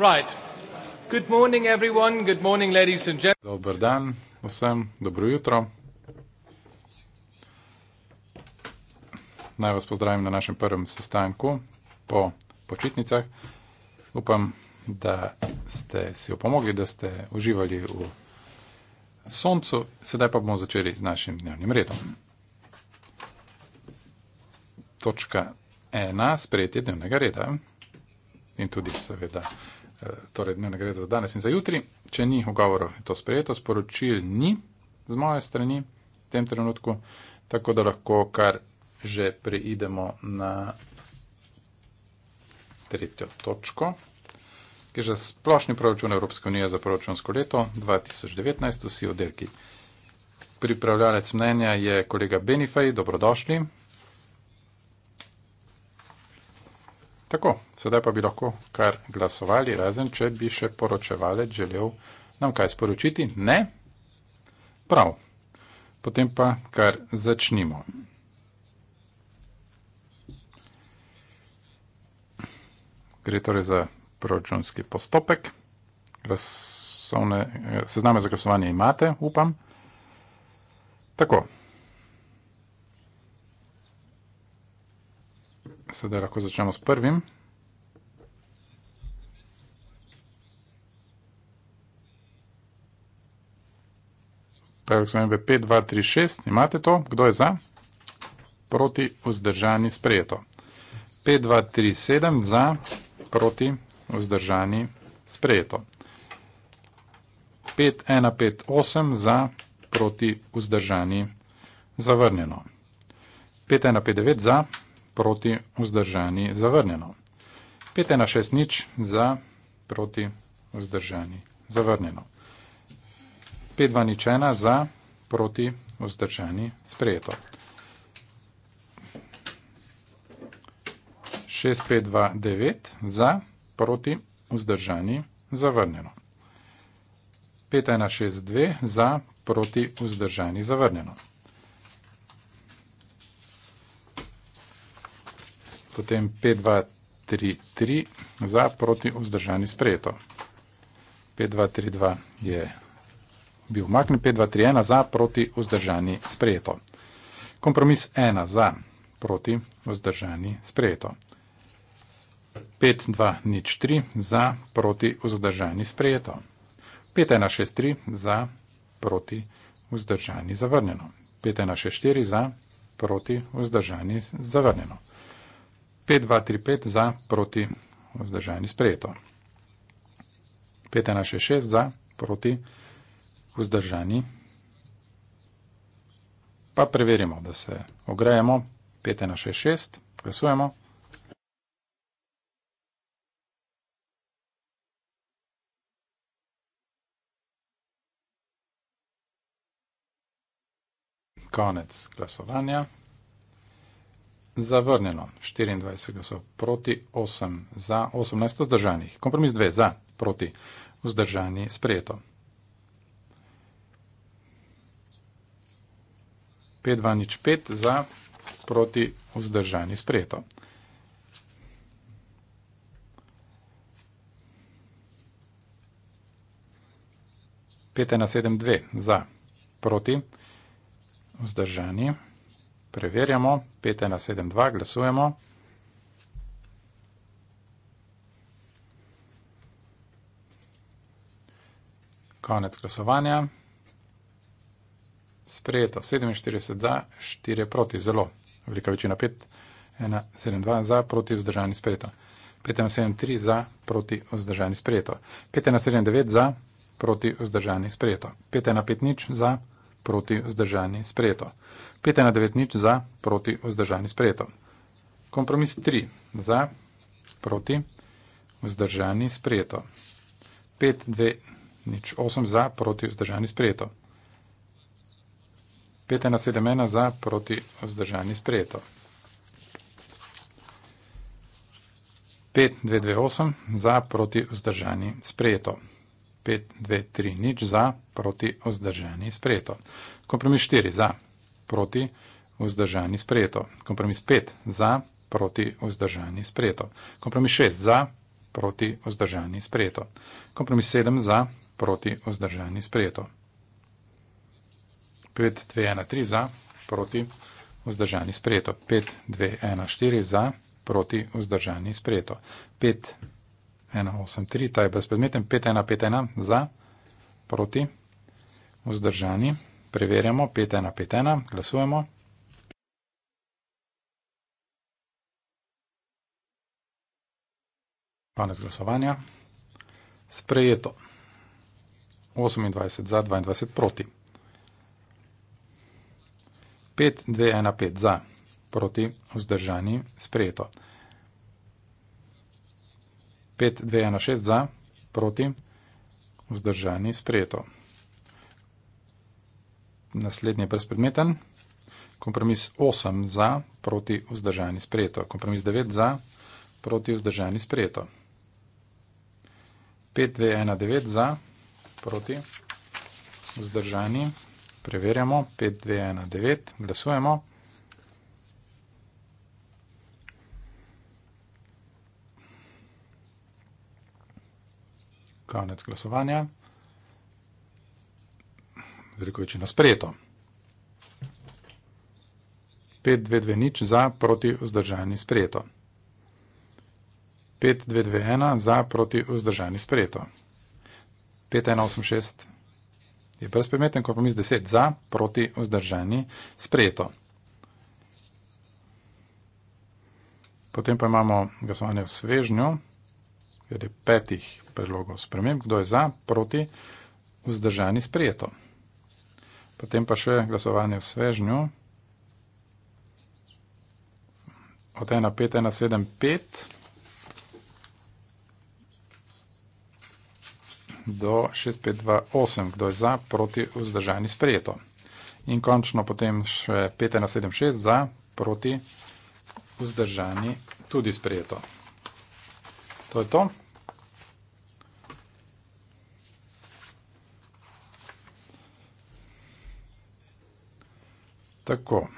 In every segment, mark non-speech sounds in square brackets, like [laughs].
Right. Good morning, everyone. Good morning, ladies and gentlemen. Dober dan vsem, dobro jutro. Naj vas pozdravim na našem prvem sestanku po počitnicah. Upam, da ste si opomogli, da ste uživali v soncu, sedaj pa bomo začeli z našim dnevnim redom. Točka ena, sprejetje dnevnega reda in tudi seveda Eh, torej dnevnega reda za danes in za jutri. Če ni ugovorov, je to sprejeto, sporočil ni z moje strani v tem trenutku, tako da lahko kar že preidemo na tretjo točko, ki je že splošni proračun Evropske unije za proračunsko leto 2019, vsi oddelki. Pripravljalec mnenja je kolega Benifej, dobrodošli. Tako, sedaj pa bi lahko kar glasovali, razen če bi še poročevalec želel nam kaj sporočiti. Ne? Prav. Potem pa kar začnimo. Gre torej za proračunski postopek. Glasovne, eh, sezname za glasovanje imate, upam. Tako, Sedaj lahko začnemo s prvim. Predlog za MVP 236, imate to? Kdo je za? Proti vzdržani sprejeto. 5237 za, proti vzdržani sprejeto. 5158 za, proti vzdržani zavrnjeno. 5159 za, proti, vzdržani, zavrnjeno. 5 na 6 nič za, proti, vzdržani, zavrnjeno. 5 2 nič ena za, proti, vzdržani, sprejeto. 6 5 2 9 za, proti, vzdržani, zavrnjeno. 5 1 6 2 za, proti, vzdržani, zavrnjeno. potem 5233 za proti vzdržani sprejeto. 5232 je bil umaknen, 5231 za proti vzdržani sprejeto. Kompromis 1 za proti vzdržani sprejeto. 5203 za proti vzdržani sprejeto. 5163 za proti vzdržani zavrnjeno. 5164 za proti vzdržani zavrnjeno. 5, 2, 3, 5 za, proti, vzdržani, sprejeto. 5, 1, 6, 6 za, proti, vzdržani. Pa preverimo, da se ogrejemo. 5, 1, 6, 6, glasujemo. Konec glasovanja zavrnjeno, 24 glasov proti, 8 za, 18 vzdržanih. Kompromis 2 za, proti, vzdržani sprejeto. 5, 2, nič 5 za, proti, vzdržani sprejeto. Pete na 7, 2 za, proti, vzdržani sprejeto. Preverjamo, 5 na 7, 2, glasujemo. Konec glasovanja. Sprejeto 47 za, 4 proti, zelo. Velika večina 5, 1, 7, 2 za, proti, vzdržani sprejeto. 5 na 7, 3 za, proti, vzdržani sprejeto. 5 na 7, 9 za, proti, vzdržani sprejeto. 5 na 5, nič za, proti proti vzdržani sprejeto. 5 na 9 nič za proti vzdržani sprejeto. Kompromis 3 za proti vzdržani sprejeto. 5, 2 nič 8 za proti vzdržani sprejeto. 5 na 7 ena za proti vzdržani sprejeto. 5, 2, 2, 8 za proti vzdržani sprejeto. 5, 2, 3, nič za, proti, vzdržani, sprejeto. Kompromis 4, za, proti, vzdržani, sprejeto. Kompromis 5, za, proti, vzdržani, sprejeto. Kompromis 6, za, proti, vzdržani, sprejeto. Kompromis 7, za, proti, vzdržani, sprejeto. 5, 2, 1, 3, za, proti, vzdržani, sprejeto. 5, 2, 1, 4, za, proti, vzdržani, sprejeto. 5, 2, 1, 4, za, proti, vzdržani, sprejeto. 183, ta je brezpredmeten, 5151 za, proti, vzdržani, preverjamo, 5151, glasujemo. Konec glasovanja. Sprejeto. 28 za, 22 proti. 5215 za, proti, vzdržani, sprejeto. 5, 2, 1, 6 za, proti, vzdržani, sprejeto. Naslednji je brezpredmeten. Kompromis 8 za, proti, vzdržani, sprejeto. Kompromis 9 za, proti, vzdržani, sprejeto. 5, 2, 1, 9 za, proti, vzdržani, preverjamo. 5, 2, 1, 9, glasujemo. konec glasovanja. Zreko večino sprejeto. 5-2-2 nič za proti vzdržani sprejeto. 5-2-2-1 za proti vzdržani sprejeto. 5-1-8-6 je brezpremeten kompromis 10 za proti vzdržani sprejeto. Potem pa imamo glasovanje v svežnju. 5-2-2-1 glede petih predlogov sprememb, kdo je za, proti, vzdržani sprijeto. Potem pa še glasovanje v svežnju. Od 1 na 5, 1 na 7, 5 do 6, 5, 2, 8, kdo je za, proti, vzdržani sprijeto. In končno potem še 5, 1 na 7, 6 za, proti, vzdržani tudi sprijeto. To je to. Tako,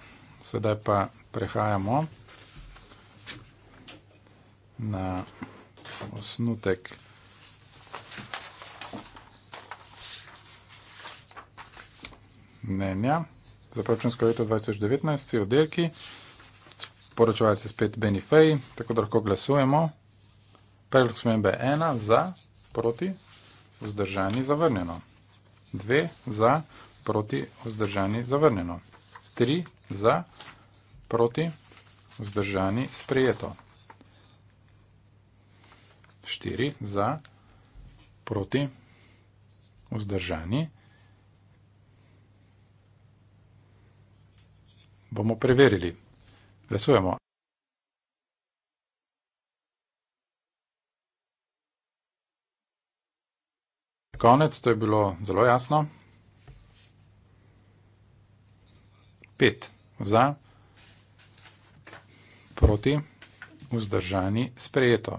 sedaj pa prehajamo na osnutek mnenja za pročunsko leto 2019 v delki. Poročevalci spet Benifej, tako da lahko glasujemo. Predlog smembe 1 za, proti, vzdržani, zavrnjeno. 2 za, proti, vzdržani, zavrnjeno. 3 za, proti, vzdržani, sprejeto. 4 za, proti, vzdržani. Bomo preverili. Glasujemo. Konec, to je bilo zelo jasno. 5 za, proti, vzdržani, sprejeto.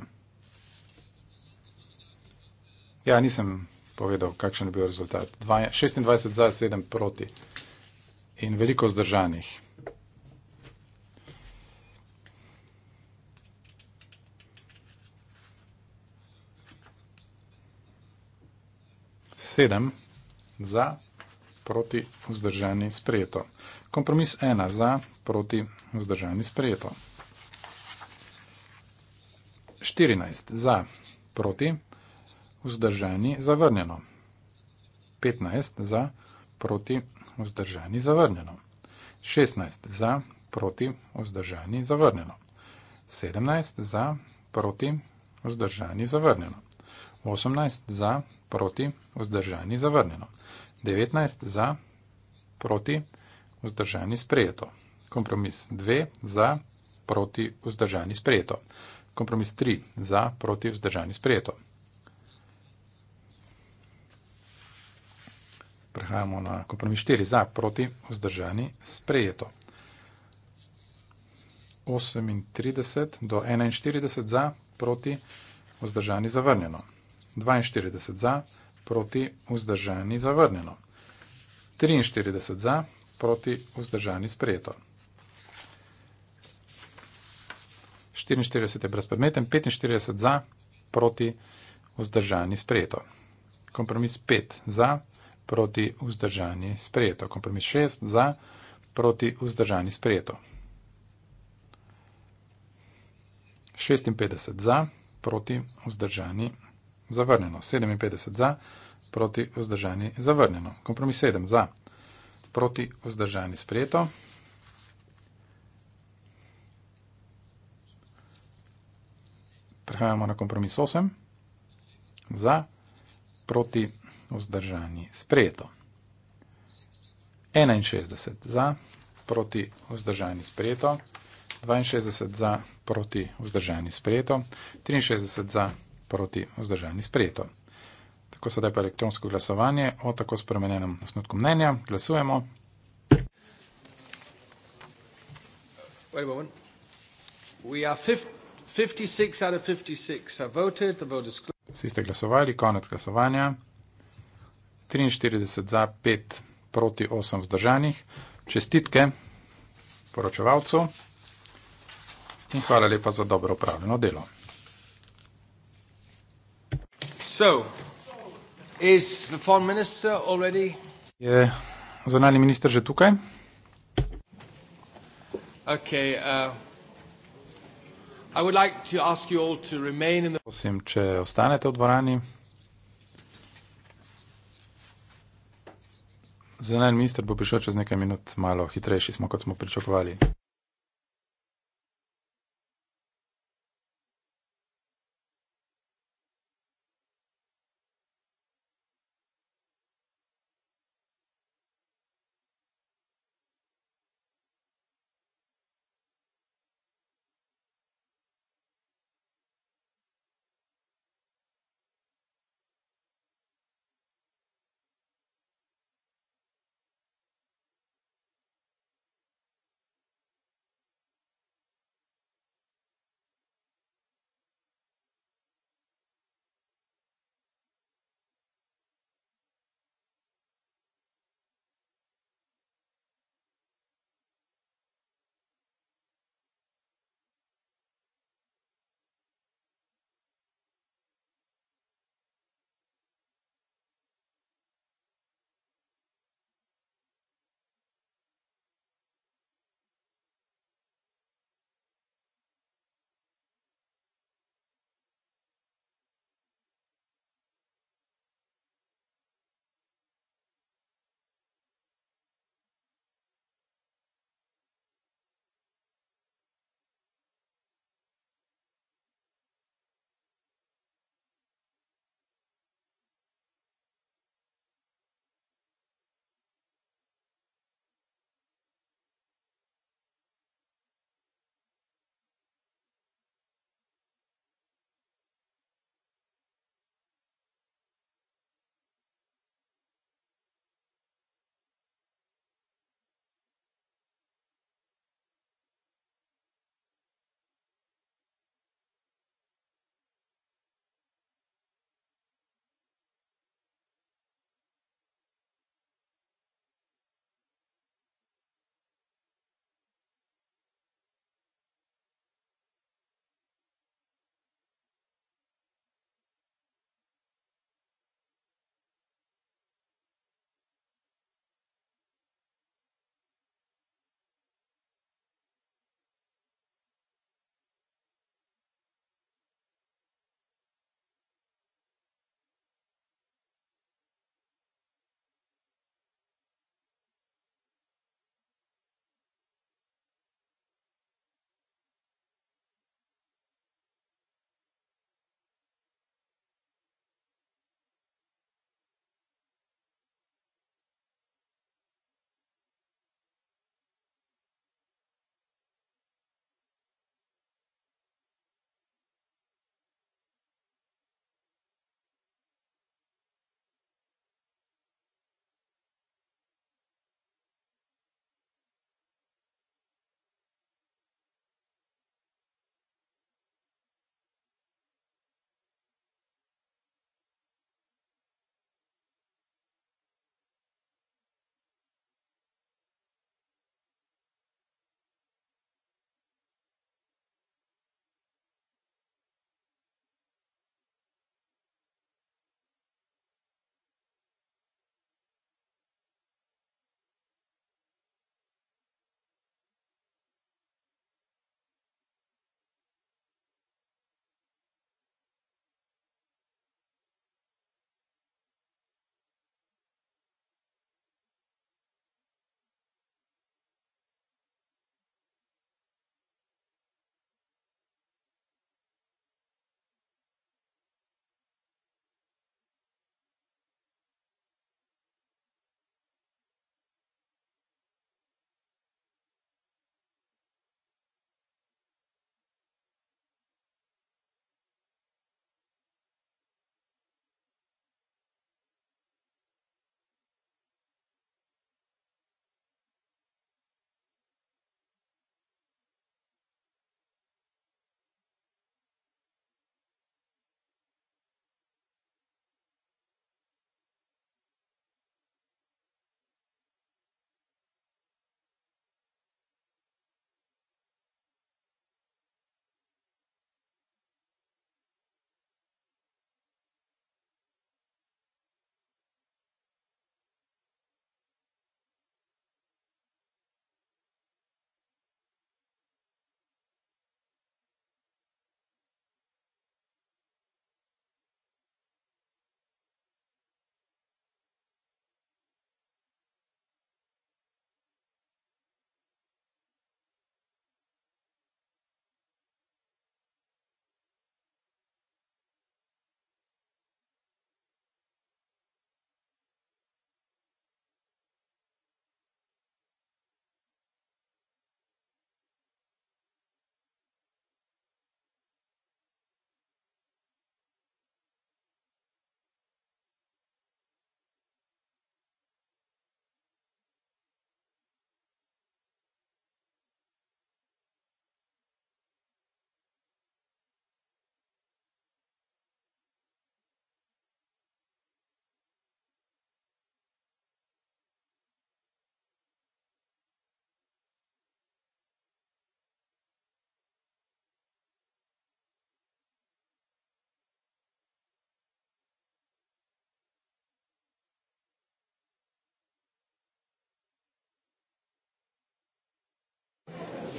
Ja, nisem povedal, kakšen je bil rezultat. 26 za, 7 proti in veliko vzdržanih. Sedem za, proti, vzdržani, sprejeto. Kompromis ena za, proti vzdržani sprejeto. 14 za, proti vzdržani zavrnjeno. 15 za, proti vzdržani zavrnjeno. 16 za, proti vzdržani zavrnjeno. 17 za, proti vzdržani zavrnjeno. 18 za, proti vzdržani zavrnjeno. 19 za, proti vzdržani zavrnjeno vzdržani sprejeto. Kompromis 2 za, proti vzdržani sprejeto. Kompromis 3 za, proti vzdržani sprejeto. Prehajamo na kompromis 4 za, proti vzdržani sprejeto. 38 do 41 za, proti vzdržani zavrnjeno. 42 za, proti vzdržani zavrnjeno. 43 za, proti vzdržani sprejeto. 44 je brezpredmeten, 45 za, proti vzdržani sprejeto. Kompromis 5 za, proti vzdržani sprejeto. Kompromis 6 za, proti vzdržani sprejeto. 56 za, proti vzdržani zavrnjeno. 57 za, proti vzdržani zavrnjeno. Kompromis 7 za proti vzdržani sprejeto. Prehajamo na kompromis 8. Za proti vzdržani sprejeto. 61 za proti vzdržani sprejeto. 62 za proti vzdržani sprejeto. 63 za proti vzdržani sprejeto ko sedaj pa elektronsko glasovanje o tako spremenjenem osnutku mnenja. Glasujemo. Vsi ste glasovali, konec glasovanja. 43 za, 5 proti, 8 vzdržanih. Čestitke poročevalcu in hvala lepa za dobro upravljeno delo. So, Je zonalni minister že tukaj? Uh, Prosim, če ostanete v dvorani. Zunanji minister bo prišel čez nekaj minut, malo hitrejši smo, kot smo pričakovali.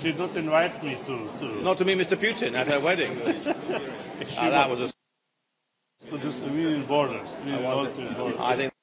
she didn't invite me to, to. Not to meet Mr. Putin at her wedding. [laughs] she oh, that was a. To just the meaning borders. I think.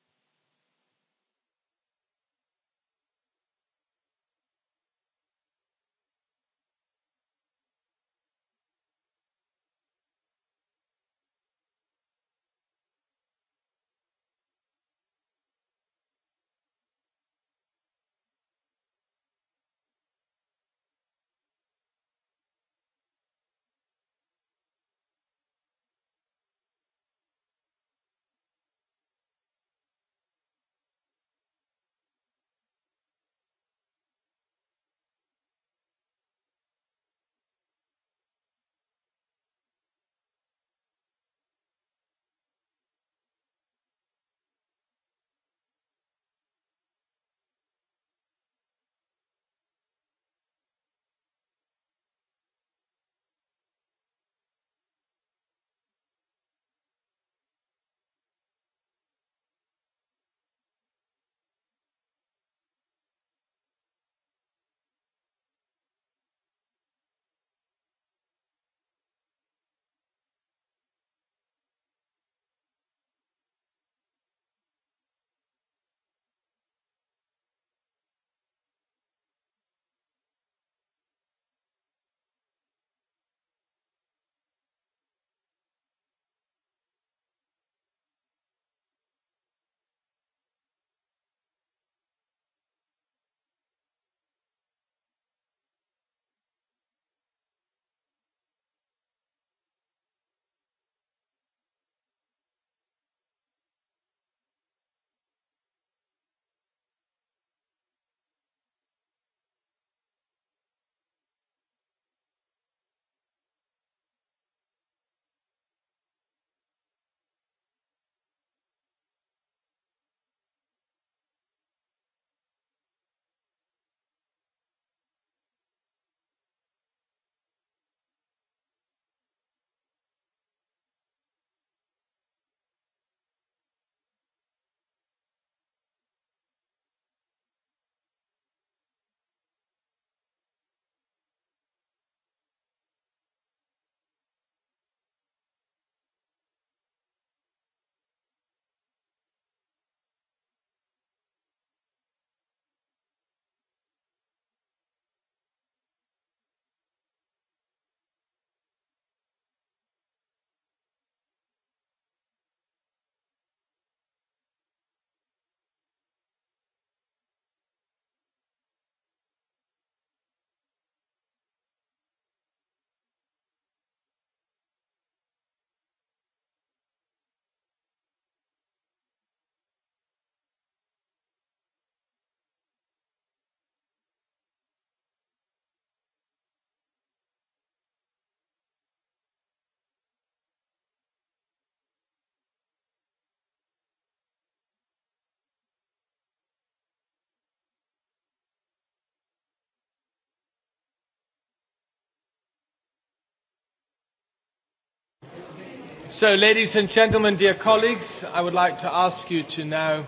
So, ladies and gentlemen, dear colleagues, I would like to ask you to now.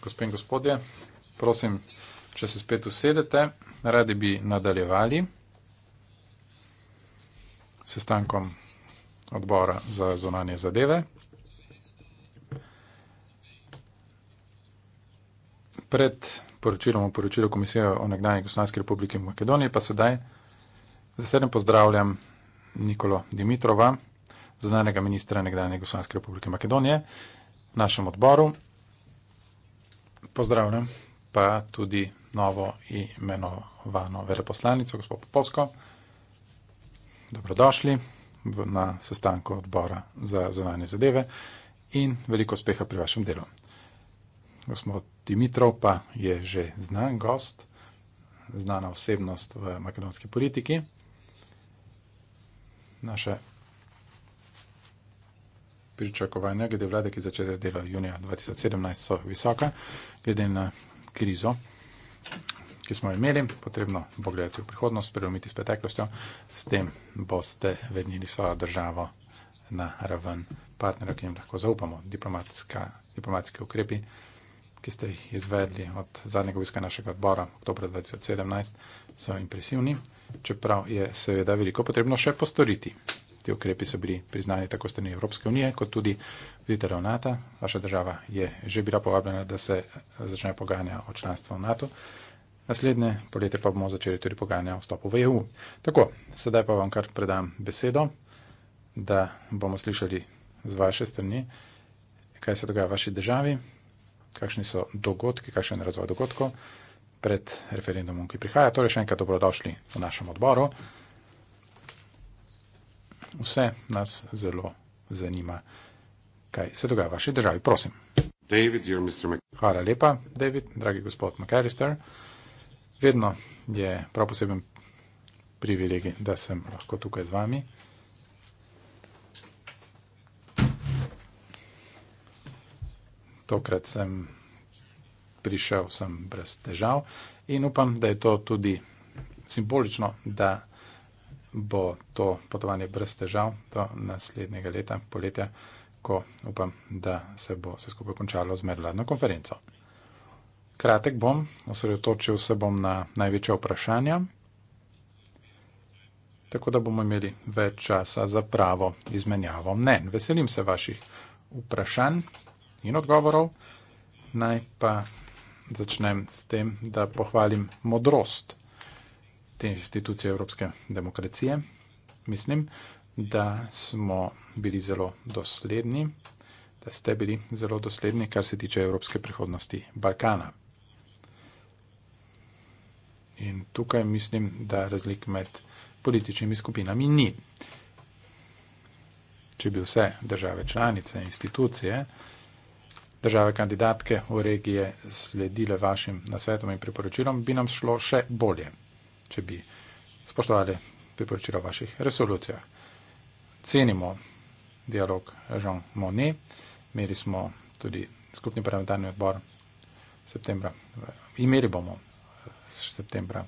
Gospod in gospodje, prosim, če se spet usedete, radi bi nadaljevali sestankom odbora za zonanje zadeve. Pred poročilom o poročilu Komisije o nekdanji Gospodarski republiki Makedoniji pa sedaj zasedem pozdravljam Nikolo Dimitrova, zunanega ministra nekdanje Jugoslavijske republike Makedonije v našem odboru. Pozdravljam pa tudi novo imenovano veleposlanico, gospod Popovsko. Dobrodošli na sestanku odbora za zunanje zadeve in veliko uspeha pri vašem delu. Gospod Dimitrov pa je že znan gost, znana osebnost v makedonski politiki. Naše pričakovanja glede vlade, ki začne delo junija 2017, so visoka, glede na krizo, ki smo imeli, potrebno bo gledati v prihodnost, prelomiti s preteklostjo, s tem boste vrnili svojo državo na raven partnera, ki jim lahko zaupamo. Diplomatski ukrepi, ki ste jih izvedli od zadnjega obiska našega odbora, oktober 2017, so impresivni, čeprav je seveda veliko potrebno še postoriti. Ti ukrepi so bili priznani tako strani Evropske unije, kot tudi vidite ravnata. Vaša država je že bila povabljena, da se začne pogajanja o članstvu v NATO. Naslednje poletje pa bomo začeli tudi pogajanja o vstopu v EU. Tako, sedaj pa vam kar predam besedo, da bomo slišali z vaše strani, kaj se dogaja v vaši državi, kakšni so dogodki, kakšen razvoj dogodkov pred referendumom, ki prihaja. Torej, še enkrat dobrodošli v našem odboru vse nas zelo zanima, kaj se dogaja v vaši državi. Prosim. David, Hvala lepa, David, dragi gospod McAllister. Vedno je prav poseben privilegij, da sem lahko tukaj z vami. Tokrat sem prišel sem brez težav in upam, da je to tudi simbolično, da bo to potovanje brez težav do naslednjega leta, poletja, ko upam, da se bo vse skupaj končalo z medvladno konferenco. Kratek bom, osredotočil se bom na največja vprašanja, tako da bomo imeli več časa za pravo izmenjavo mnen. Veselim se vaših vprašanj in odgovorov. Naj pa začnem s tem, da pohvalim modrost te institucije evropske demokracije. Mislim, da smo bili zelo dosledni, da ste bili zelo dosledni, kar se tiče evropske prihodnosti Balkana. In tukaj mislim, da razlik med političnimi skupinami ni. Če bi vse države članice, institucije, države kandidatke v regije sledile vašim nasvetom in priporočilom, bi nam šlo še bolje če bi spoštovali priporočila vaših resolucijah. Cenimo dialog Jean Monnet, imeli smo tudi skupni parlamentarni odbor septembra, imeli bomo eh, septembra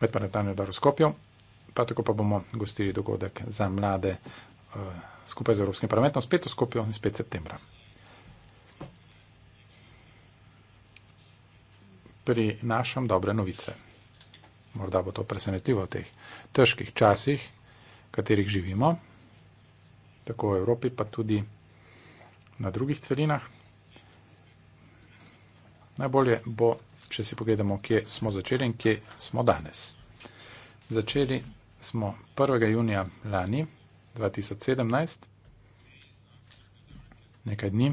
medparlamentarni odbor v Skopju, pa tako pa bomo gostili dogodek za mlade eh, skupaj z Evropskim parlamentom, spet v Skopju in spet septembra. prinašam dobre novice morda bo to presenetljivo v teh težkih časih, v katerih živimo, tako v Evropi, pa tudi na drugih celinah. Najbolje bo, če si pogledamo, kje smo začeli in kje smo danes. Začeli smo 1. junija lani 2017, nekaj dni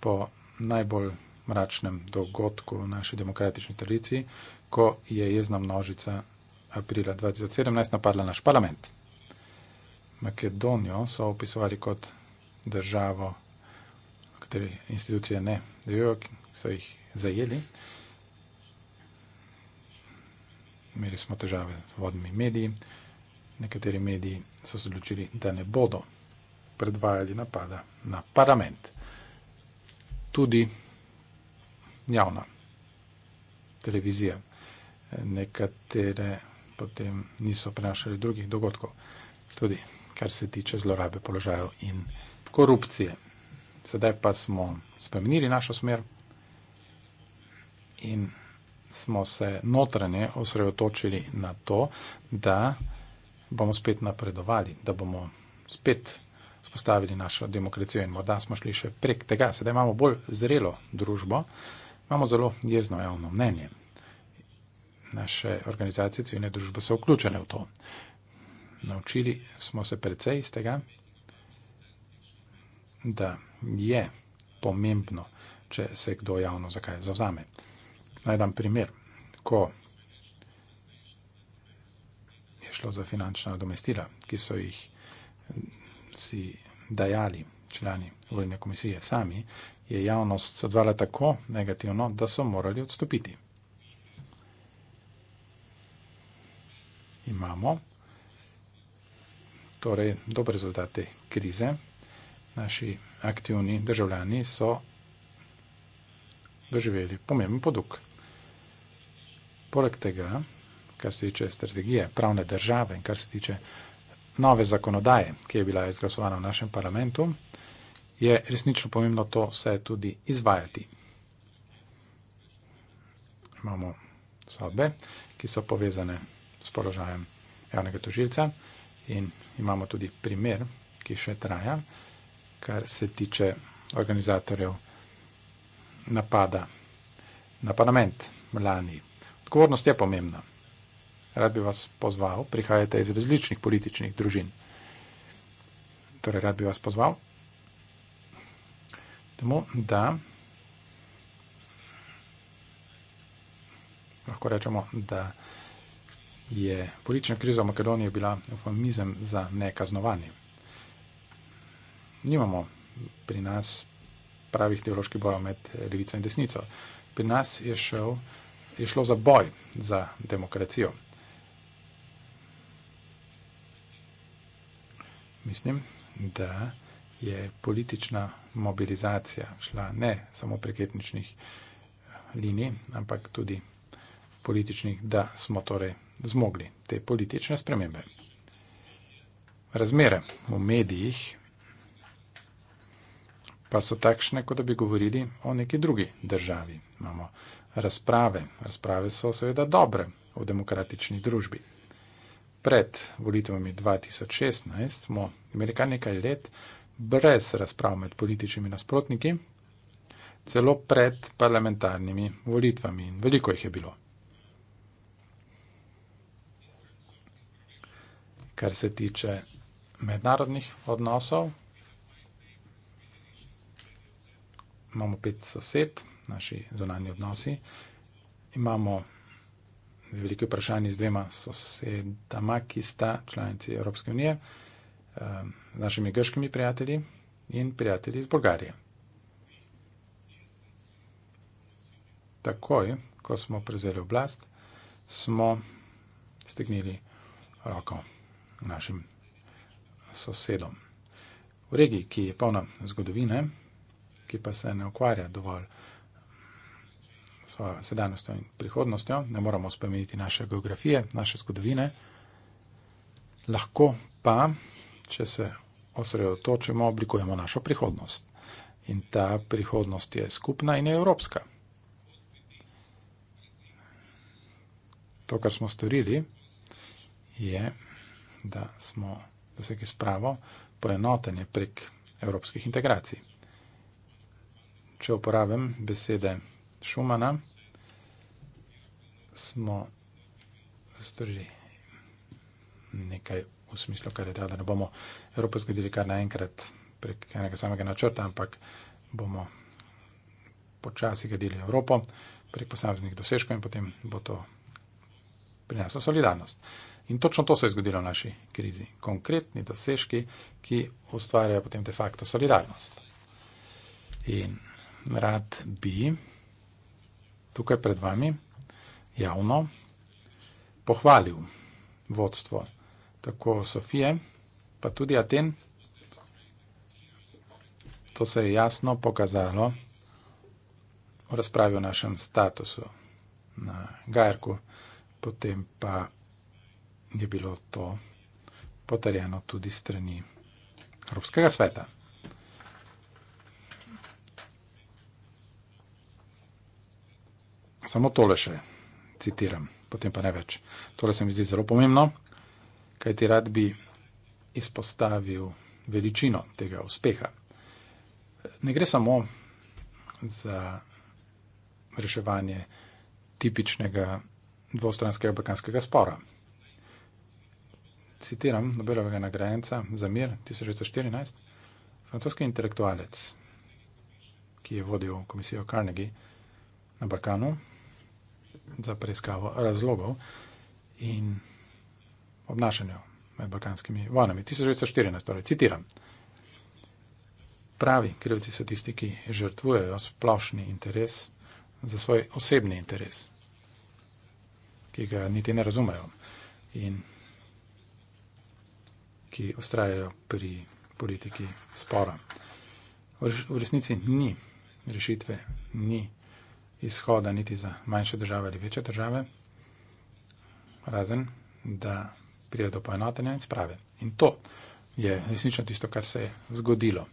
po najbolj mračnem dogodku v naši demokratični tradiciji, ko je jezna množica aprila 2017 napadla naš parlament. Makedonijo so opisovali kot državo, kateri institucije ne delujejo, so jih zajeli. Imeli smo težave z vodnimi mediji. Nekateri mediji so se odločili, da ne bodo predvajali napada na parlament. Tudi javna televizija nekatere potem niso prenašali drugih dogodkov, tudi kar se tiče zlorabe položajev in korupcije. Sedaj pa smo spremenili našo smer in smo se notranje osredotočili na to, da bomo spet napredovali, da bomo spet spostavili našo demokracijo in morda smo šli še prek tega. Sedaj imamo bolj zrelo družbo, imamo zelo jezno javno mnenje naše organizacije civilne družbe so vključene v to. Naučili smo se precej iz tega, da je pomembno, če se kdo javno zakaj zavzame. Naj dam primer, ko je šlo za finančna domestila, ki so jih mm, si dajali člani volilne komisije sami, je javnost sodvala tako negativno, da so morali odstopiti. imamo. Torej, dobre rezultate krize. Naši aktivni državljani so doživeli pomemben poduk. Poleg tega, kar se tiče strategije pravne države in kar se tiče nove zakonodaje, ki je bila izglasovana v našem parlamentu, je resnično pomembno to vse tudi izvajati. Imamo sodbe, ki so povezane s položajem javnega tožilca. In imamo tudi primer, ki še traja, kar se tiče organizatorjev napada na parlament lani. Odgovornost je pomembna. Rad bi vas pozval, prihajate iz različnih političnih družin. Torej, rad bi vas pozval, temu, da lahko rečemo, da je politična kriza v Makedoniji bila eufemizem za nekaznovanje. Nimamo pri nas pravih teoloških bojev med levico in desnico. Pri nas je, šel, je šlo za boj za demokracijo. Mislim, da je politična mobilizacija šla ne samo prek etničnih linij, ampak tudi političnih, da smo torej zmogli te politične spremembe. Razmere v medijih pa so takšne, kot da bi govorili o neki drugi državi. Imamo razprave. Razprave so seveda dobre v demokratični družbi. Pred volitvami 2016 smo imeli kar nekaj let brez razprav med političnimi nasprotniki, celo pred parlamentarnimi volitvami in veliko jih je bilo. kar se tiče mednarodnih odnosov. Imamo pet sosed, naši zonalni odnosi. Imamo veliko vprašanje z dvema sosedama, ki sta članici Evropske unije, ehm, z našimi grškimi prijatelji in prijatelji iz Bolgarije. Takoj, ko smo prevzeli oblast, smo stegnili roko našim sosedom. V regiji, ki je polna zgodovine, ki pa se ne ukvarja dovolj s sedanjostjo in prihodnostjo, ne moramo spremeniti naše geografije, naše zgodovine, lahko pa, če se osredotočimo, oblikujemo našo prihodnost. In ta prihodnost je skupna in je evropska. To, kar smo storili, je da smo dosegli spravo poenotenje prek evropskih integracij. Če uporabim besede Šumana, smo strži nekaj v smislu, kar je teda, da ne bomo Evropo zgodili kar naenkrat prek enega samega načrta, ampak bomo počasi gradili Evropo prek posameznih dosežkov in potem bo to prinesla solidarnost. In točno to se je zgodilo v naši krizi. Konkretni dosežki, ki ustvarjajo potem de facto solidarnost. In rad bi tukaj pred vami javno pohvalil vodstvo tako Sofije, pa tudi Aten. To se je jasno pokazalo v razpravi o našem statusu na Gajerku, potem pa je bilo to potrjeno tudi strani Evropskega sveta. Samo tole še citiram, potem pa ne več. Tole se mi zdi zelo pomembno, kaj ti rad bi izpostavil veličino tega uspeha. Ne gre samo za reševanje tipičnega dvostranskega balkanskega spora citiram Nobelovega nagrajenca za mir 1914, francoski intelektualec, ki je vodil komisijo Carnegie na Balkanu za preiskavo razlogov in obnašanja med balkanskimi vojnami 1914. Torej, citiram. Pravi krivci so tisti, ki žrtvujejo splošni interes za svoj osebni interes, ki ga niti ne razumejo. In ki ustrajajo pri politiki spora. V resnici ni rešitve, ni izhoda niti za manjše države ali večje države, razen da prije do poenotenja in sprave. In to je resnično tisto, kar se je zgodilo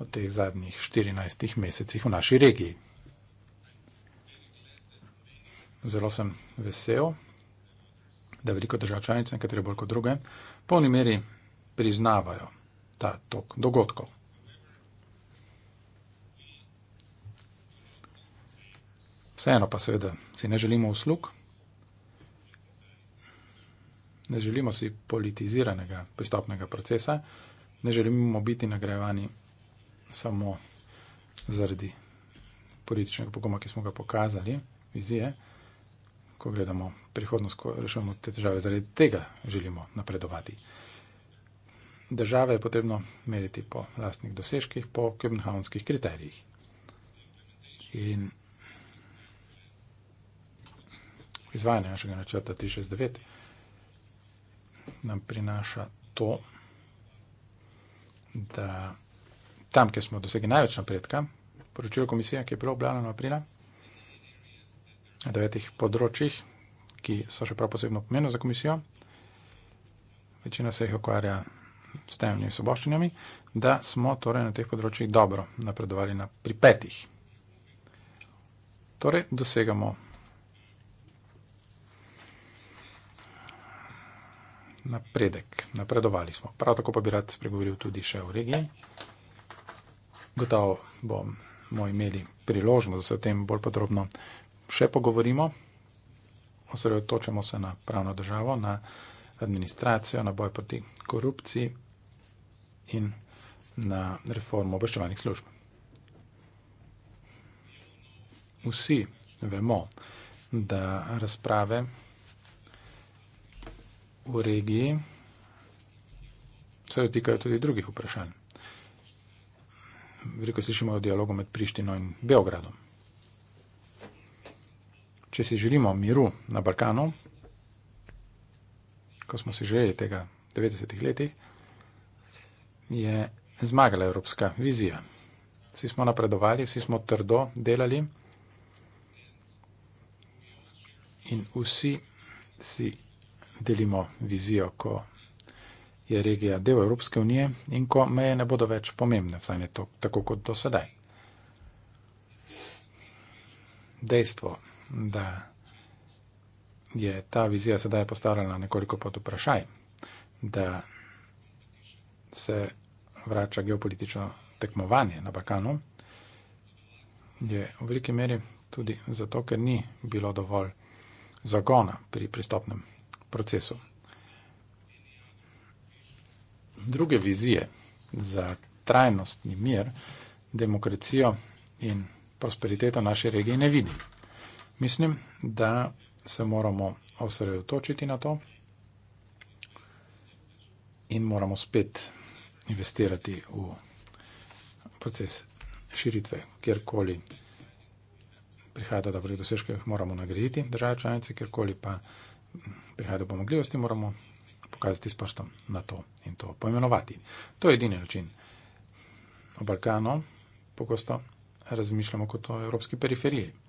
v teh zadnjih 14 mesecih v naši regiji. Zelo sem vesel, da veliko držav članic, nekatere bolj kot druge, polni meri priznavajo ta tok dogodkov. Vseeno pa seveda si ne želimo uslug, ne želimo si politiziranega pristopnega procesa, ne želimo biti nagrajevani samo zaradi političnega pogoma, ki smo ga pokazali, vizije ko gledamo prihodnost, ko rešujemo te težave, zaradi tega želimo napredovati. Države je potrebno meriti po lastnih dosežkih, po kebnhavnskih kriterijih. In izvajanje našega načrta 369 nam prinaša to, da tam, kjer smo dosegli največ napredka, poročilo komisije, ki je bilo objavljeno aprila, devetih področjih, ki so še prav posebno pomembno za komisijo, večina se jih okvarja s temeljnimi soboščinami, da smo torej na teh področjih dobro napredovali na pri petih. Torej, dosegamo napredek, napredovali smo. Prav tako pa bi rad spregovoril tudi še o regiji. Gotovo bomo imeli priložnost, da se o tem bolj podrobno še pogovorimo. Osredotočamo se na pravno državo, na administracijo, na boj proti korupciji in na reformo obveščevalnih služb. Vsi vemo, da razprave v regiji se dotikajo tudi drugih vprašanj. Veliko slišimo o dialogu med Prištino in Beogradom če si želimo miru na Balkanu, ko smo si želeli tega v 90-ih letih, je zmagala evropska vizija. Vsi smo napredovali, vsi smo trdo delali in vsi si delimo vizijo, ko je regija del Evropske unije in ko meje ne bodo več pomembne, vsaj ne to, tako kot do sedaj. Dejstvo da je ta vizija sedaj postavljena nekoliko pod vprašaj, da se vrača geopolitično tekmovanje na Balkanu, je v veliki meri tudi zato, ker ni bilo dovolj zagona pri pristopnem procesu. Druge vizije za trajnostni mir, demokracijo in prosperiteto naše regije ne vidim. Mislim, da se moramo osredotočiti na to in moramo spet investirati v proces širitve, kjerkoli prihaja do dobrih dosežkov, moramo nagraditi države članice, kjerkoli pa prihaja do pomogljivosti, moramo pokazati s prstom na to in to poimenovati. To je edini način. O Balkanu pogosto razmišljamo kot o evropski periferiji.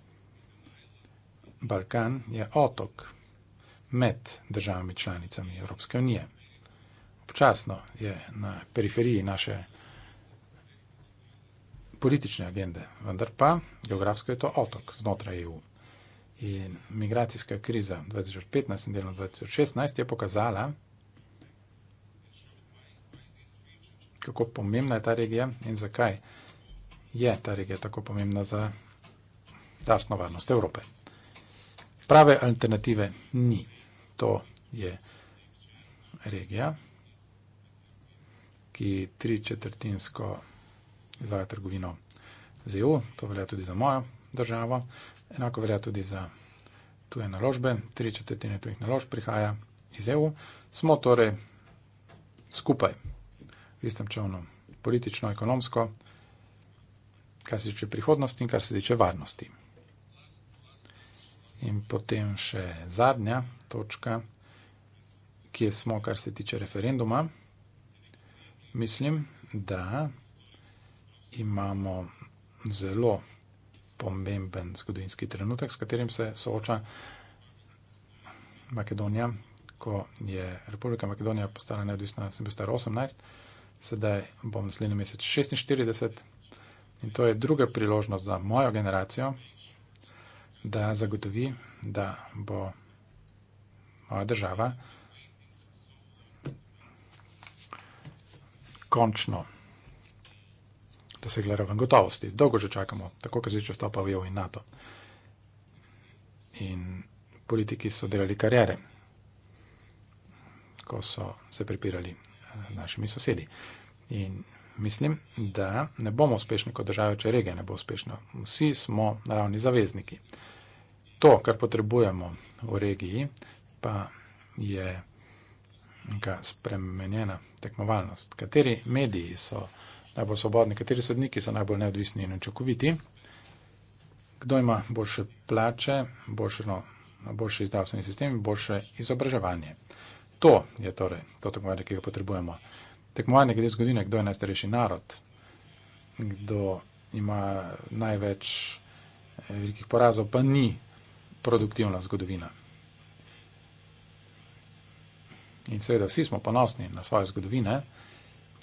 Balkan je otok med državami članicami Evropske unije. Občasno je na periferiji naše politične agende, vendar pa geografsko je to otok znotraj EU. In migracijska kriza 2015 in delno 2016 je pokazala, kako pomembna je ta regija in zakaj je ta regija tako pomembna za jasno varnost Evrope. Prave alternative ni. To je regija, ki tri četrtinsko izvaja trgovino z EU, to velja tudi za mojo državo, enako velja tudi za tuje naložbe, tri četrtine tujih naložb prihaja iz EU. Smo torej skupaj v istem čovnu, politično, ekonomsko, kar se tiče prihodnosti in kar se tiče varnosti. In potem še zadnja točka, kje smo, kar se tiče referenduma. Mislim, da imamo zelo pomemben zgodovinski trenutek, s katerim se sooča Makedonija, ko je Republika Makedonija postala neodvisna, sem bil star 18, sedaj bom naslednji mesec 46 in to je druga priložnost za mojo generacijo, da zagotovi, da bo moja država končno dosegla raven gotovosti. Dolgo že čakamo, tako kot zdaj, če stopa v EU in NATO. In politiki so delali karijere, ko so se prepirali eh, našimi sosedi. In mislim, da ne bomo uspešni kot država, če regija ne bo uspešna. Vsi smo naravni zavezniki to, kar potrebujemo v regiji, pa je neka spremenjena tekmovalnost. Kateri mediji so najbolj svobodni, kateri sodniki so najbolj neodvisni in očakoviti, kdo ima boljše plače, boljše, no, boljše izdavstveni sistem in boljše izobraževanje. To je torej to tekmovanje, ki ga potrebujemo. Tekmovanje glede zgodovine, kdo je najstarejši narod, kdo ima največ eh, velikih porazov, pa ni produktivna zgodovina. In seveda vsi smo ponosni na svoje zgodovine,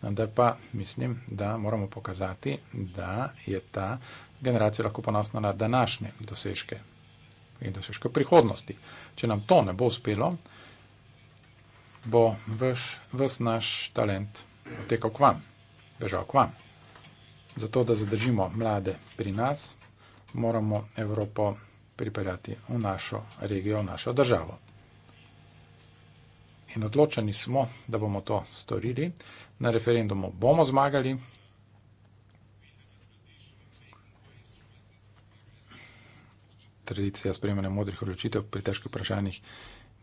vendar pa mislim, da moramo pokazati, da je ta generacija lahko ponosna na današnje dosežke in dosežke prihodnosti. Če nam to ne bo uspelo, bo vš, vs naš talent otekal k vam, bežal k vam. Zato, da zadržimo mlade pri nas, moramo Evropo pripeljati v našo regijo, v našo državo. In odločeni smo, da bomo to storili, na referendumu bomo zmagali. Tradicija sprejemanja modrih odločitev pri težkih vprašanjih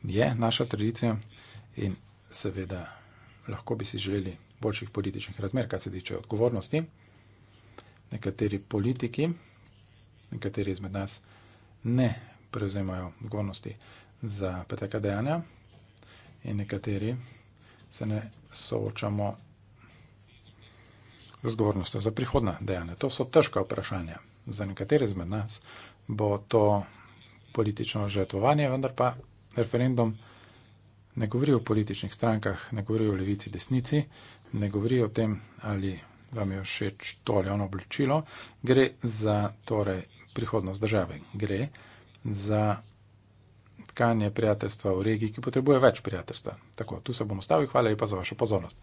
je naša tradicija in seveda lahko bi si želeli boljših političnih razmer, kar se tiče odgovornosti. Nekateri politiki, nekateri izmed nas, ne prevzemajo odgovornosti za pretekla dejanja, in nekateri se ne soočamo z odgovornostjo za prihodna dejanja. To so težka vprašanja. Za nekatere izmed nas bo to politično žrtvovanje, vendar pa referendum ne govori o političnih strankah, ne govori o levici, desnici, ne govori o tem, ali vam je všeč to ali ono obličilo. Gre za torej prihodnost države. Gre za tkanje prijateljstva v regiji, ki potrebuje več prijateljstva. Tako, tu se bom ustavil, hvala lepa za vašo pozornost.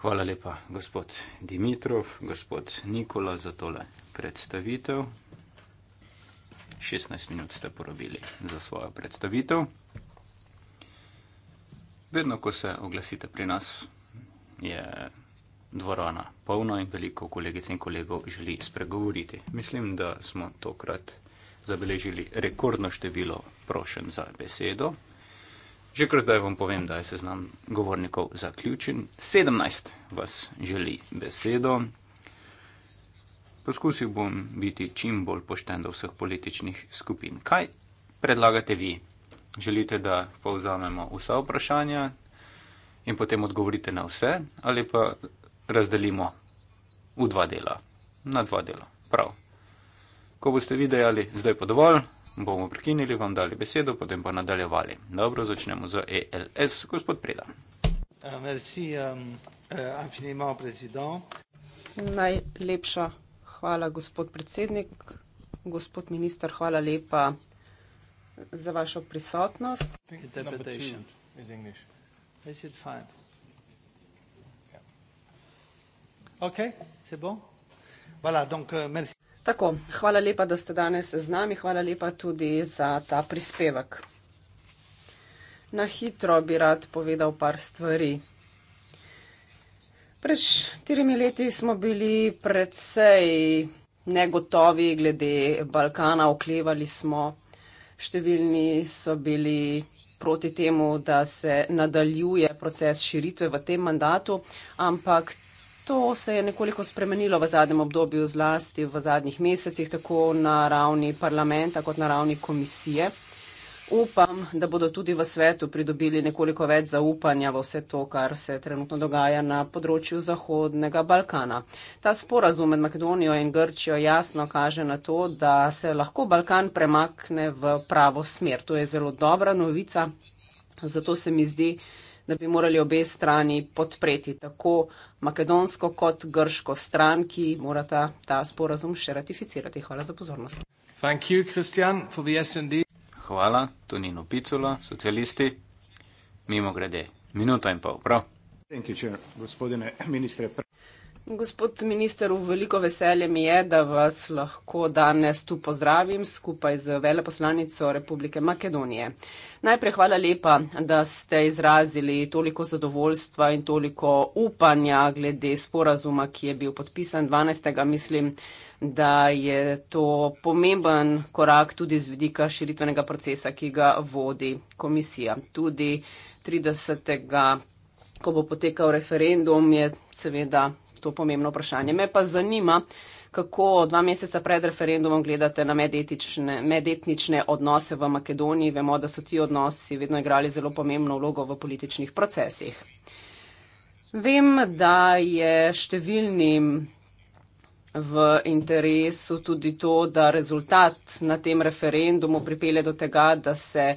Hvala lepa, gospod Dimitrov, gospod Nikola, za tole predstavitev. 16 minut ste porabili za svojo predstavitev. Vedno, ko se oglasite pri nas, je dvorana polna in veliko kolegic in kolegov želi spregovoriti. Mislim, da smo tokrat zabeležili rekordno število prošen za besedo. Že kar zdaj vam povem, da je seznam govornikov zaključen. 17 vas želi besedo. Poskusil bom biti čim bolj pošten do vseh političnih skupin. Kaj predlagate vi? želite, da povzamemo vsa vprašanja in potem odgovorite na vse, ali pa razdelimo v dva dela. Na dva dela. Prav. Ko boste videli, zdaj pa dovolj, bomo prekinili, vam dali besedo, potem pa nadaljevali. Dobro, začnemo z ELS, gospod Preda. Eh, merci, um, eh, infiniment president. Najlepša hvala, gospod predsednik. Gospod minister, hvala lepa za vašo prisotnost. Euh, Tako, hvala lepa, da ste danes z nami, hvala lepa tudi za ta prispevek. Na hitro bi rad povedal par stvari. Pred štirimi leti smo bili predvsej negotovi glede Balkana, oklevali smo številni so bili proti temu, da se nadaljuje proces širitve v tem mandatu, ampak to se je nekoliko spremenilo v zadnjem obdobju, zlasti v zadnjih mesecih, tako na ravni parlamenta kot na ravni komisije. Upam, da bodo tudi v svetu pridobili nekoliko več zaupanja v vse to, kar se trenutno dogaja na področju Zahodnega Balkana. Ta sporazum med Makedonijo in Grčijo jasno kaže na to, da se lahko Balkan premakne v pravo smer. To je zelo dobra novica, zato se mi zdi, da bi morali obe strani podpreti tako makedonsko kot grško stran, ki morata ta sporazum še ratificirati. Hvala za pozornost. Hvala, Kristjan, za SND. Hvala, Tonino Piculo, socialisti. Mimo grede, minuta in pol, prav. Thank you, gospodine ministre. Gospod minister, v veliko veselje mi je, da vas lahko danes tu pozdravim skupaj z veleposlanico Republike Makedonije. Najprej hvala lepa, da ste izrazili toliko zadovoljstva in toliko upanja glede sporazuma, ki je bil podpisan 12. mislim, da je to pomemben korak tudi z vidika širitvenega procesa, ki ga vodi komisija. Tudi 30. ko bo potekal referendum, je seveda to pomembno vprašanje. Me pa zanima, kako dva meseca pred referendumom gledate na medetične, medetnične odnose v Makedoniji. Vemo, da so ti odnosi vedno igrali zelo pomembno vlogo v političnih procesih. Vem, da je številnim v interesu tudi to, da rezultat na tem referendumu pripelje do tega, da se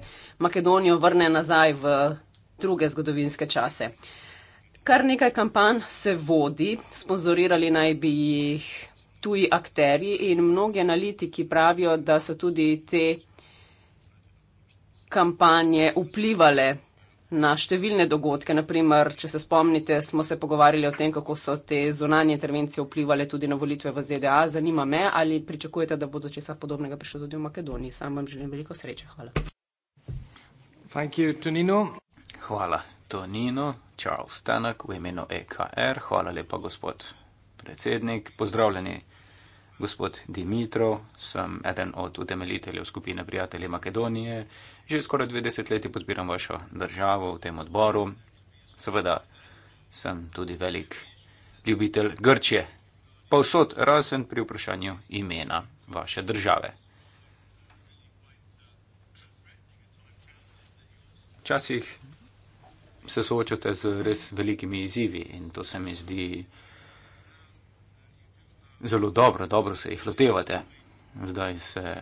Makedonijo vrne nazaj v druge zgodovinske čase. Uh, Kar nekaj kampanj se vodi, sponzorirali naj bi jih tuji akteri in mnogi analitiki pravijo, da so tudi te kampanje vplivale na številne dogodke. Naprimer, če se spomnite, smo se pogovarjali o tem, kako so te zunanje intervencije vplivale tudi na volitve v ZDA. Zanima me, ali pričakujete, da bodo česa podobnega prišlo tudi v Makedoniji. Sam vam želim veliko sreče. Hvala. Thank you, Tonino. Hvala, Tonino. Charles Tanak v imenu EKR. Hvala lepa, gospod predsednik. Pozdravljeni, gospod Dimitro, sem eden od utemeljiteljev skupine Prijatelji Makedonije. Že skoraj dve desetletji podpiram vašo državo v tem odboru. Seveda sem tudi velik ljubitelj Grčije. Pa vsod razen pri vprašanju imena vaše države. Včasih se soočate z res velikimi izzivi in to se mi zdi zelo dobro, dobro se jih lotevate. Zdaj se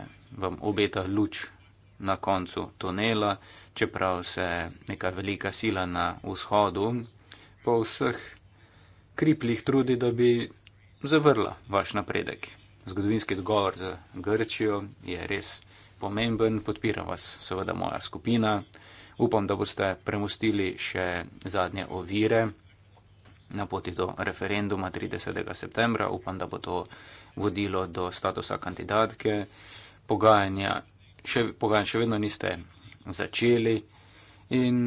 vam obeta luč na koncu tunela, čeprav se neka velika sila na vzhodu po vseh kriplih trudi, da bi zavrla vaš napredek. Zgodovinski dogovor z Grčijo je res pomemben, podpira vas seveda moja skupina. Upam, da boste premustili še zadnje ovire na poti do referenduma 30. septembra. Upam, da bo to vodilo do statusa kandidatke. Pogajanja še, pogajanja še vedno niste začeli in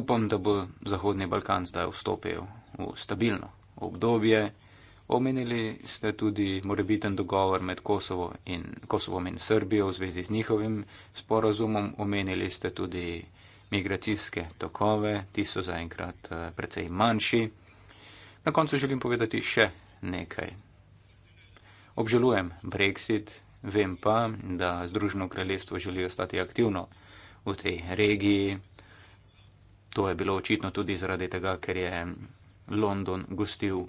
upam, da bo Zahodni Balkan zdaj vstopil v stabilno obdobje. Omenili ste tudi morebiten dogovor med Kosovo in, Kosovom in Srbijo v zvezi z njihovim sporazumom. Omenili ste tudi migracijske tokove, ti so zaenkrat eh, precej manjši. Na koncu želim povedati še nekaj. Obžalujem Brexit, vem pa, da Združeno kraljestvo želi ostati aktivno v tej regiji. To je bilo očitno tudi zaradi tega, ker je London gostil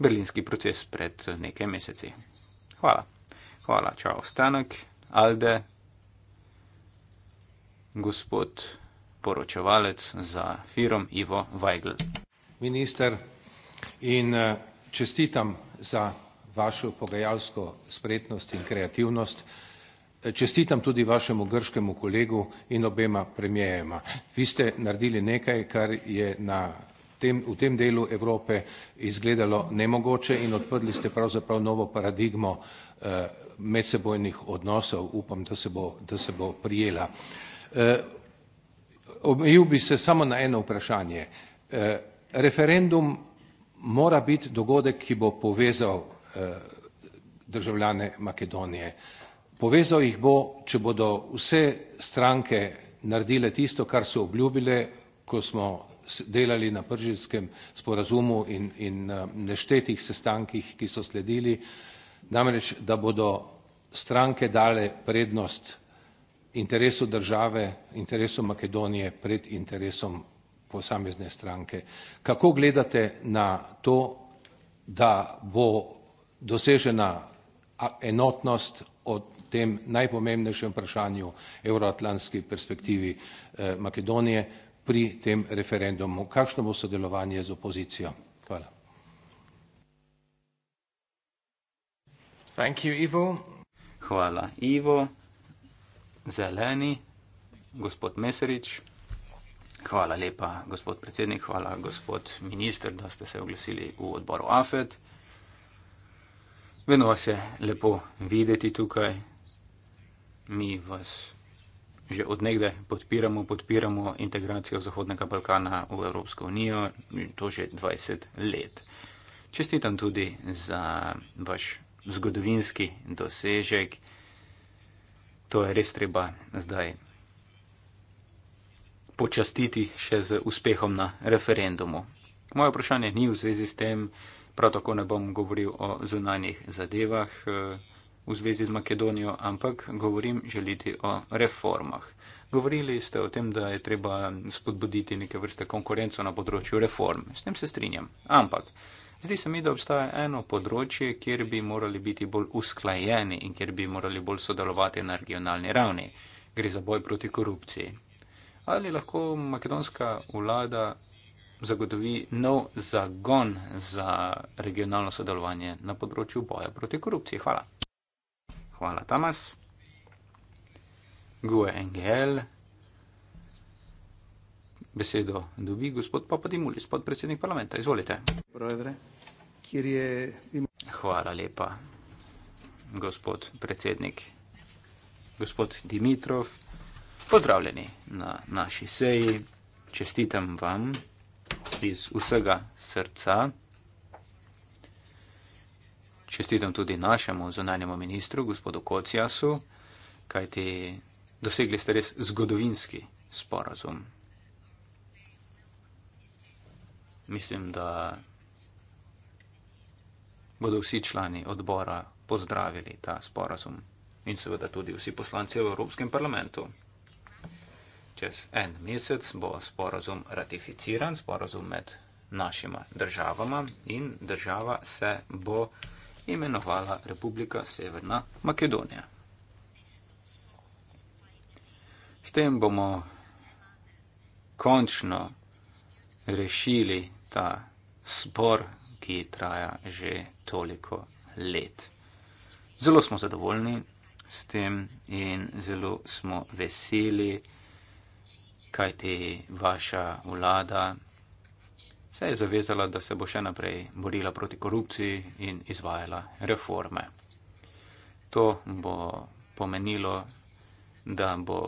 berlinski proces pred eh, nekaj meseci. Hvala. Hvala, čau, stanek, Alde, gospod poročevalec za firom Ivo Weigl. Minister, in eh, čestitam za vašo pogajalsko spretnost in kreativnost. Eh, čestitam tudi vašemu grškemu kolegu in obema premijejema. Vi ste naredili nekaj, kar je na tem, v tem delu Evrope izgledalo nemogoče in odprli ste pravzaprav novo paradigmo eh, medsebojnih odnosov, upam, da se bo, da se bo prijela. Eh, Omejil bi se samo na eno vprašanje. Eh, referendum mora biti dogodek, ki bo povezal eh, državljane Makedonije. Povezal jih bo, če bodo vse stranke naredile tisto, kar so obljubile, ko smo delali na pržijskem sporazumu in, in eh, neštetih sestankih, ki so sledili, namreč, da bodo stranke dale prednost interesu države, interesu Makedonije pred interesom posamezne stranke. Kako gledate na to, da bo dosežena enotnost o tem najpomembnejšem vprašanju evroatlantski perspektivi eh, Makedonije? pri tem referendumu. Kakšno bo sodelovanje z opozicijo? Hvala. Thank you, Ivo. Hvala, Ivo. Zeleni, gospod Meserič. Hvala lepa, gospod predsednik. Hvala, gospod minister, da ste se oglasili v odboru AFED. Vedno vas je lepo videti tukaj. Mi vas že odnegde podpiramo, podpiramo integracijo Zahodnega Balkana v Evropsko unijo in to že 20 let. Čestitam tudi za vaš zgodovinski dosežek. To je res treba zdaj počastiti še z uspehom na referendumu. Moje vprašanje ni v zvezi s tem, prav tako ne bom govoril o zunanjih zadevah v zvezi z Makedonijo, ampak govorim želiti o reformah. Govorili ste o tem, da je treba spodbuditi neke vrste konkurenco na področju reform. S tem se strinjam. Ampak zdi se mi, da obstaja eno področje, kjer bi morali biti bolj usklajeni in kjer bi morali bolj sodelovati na regionalni ravni. Gre za boj proti korupciji. Ali lahko makedonska vlada zagotovi nov zagon za regionalno sodelovanje na področju boja proti korupciji? Hvala. Hvala, Tamas. Gue Engel. Besedo dobi gospod Papadimulis, podpredsednik parlamenta. Izvolite. Hvala lepa, gospod predsednik. Gospod Dimitrov, pozdravljeni na naši seji. Čestitam vam iz vsega srca. Čestitam tudi našemu zunanjemu ministru, gospodu Kociasu, kajti dosegli ste res zgodovinski sporazum. Mislim, da bodo vsi člani odbora pozdravili ta sporazum in seveda tudi vsi poslanci v Evropskem parlamentu. Čez en mesec bo sporazum ratificiran, sporazum med našima državama in država se bo ratificirala imenovala Republika Severna Makedonija. S tem bomo končno rešili ta spor, ki traja že toliko let. Zelo smo zadovoljni s tem in zelo smo veseli, kajti vaša vlada se je zavezala, da se bo še naprej borila proti korupciji in izvajala reforme. To bo pomenilo, da bo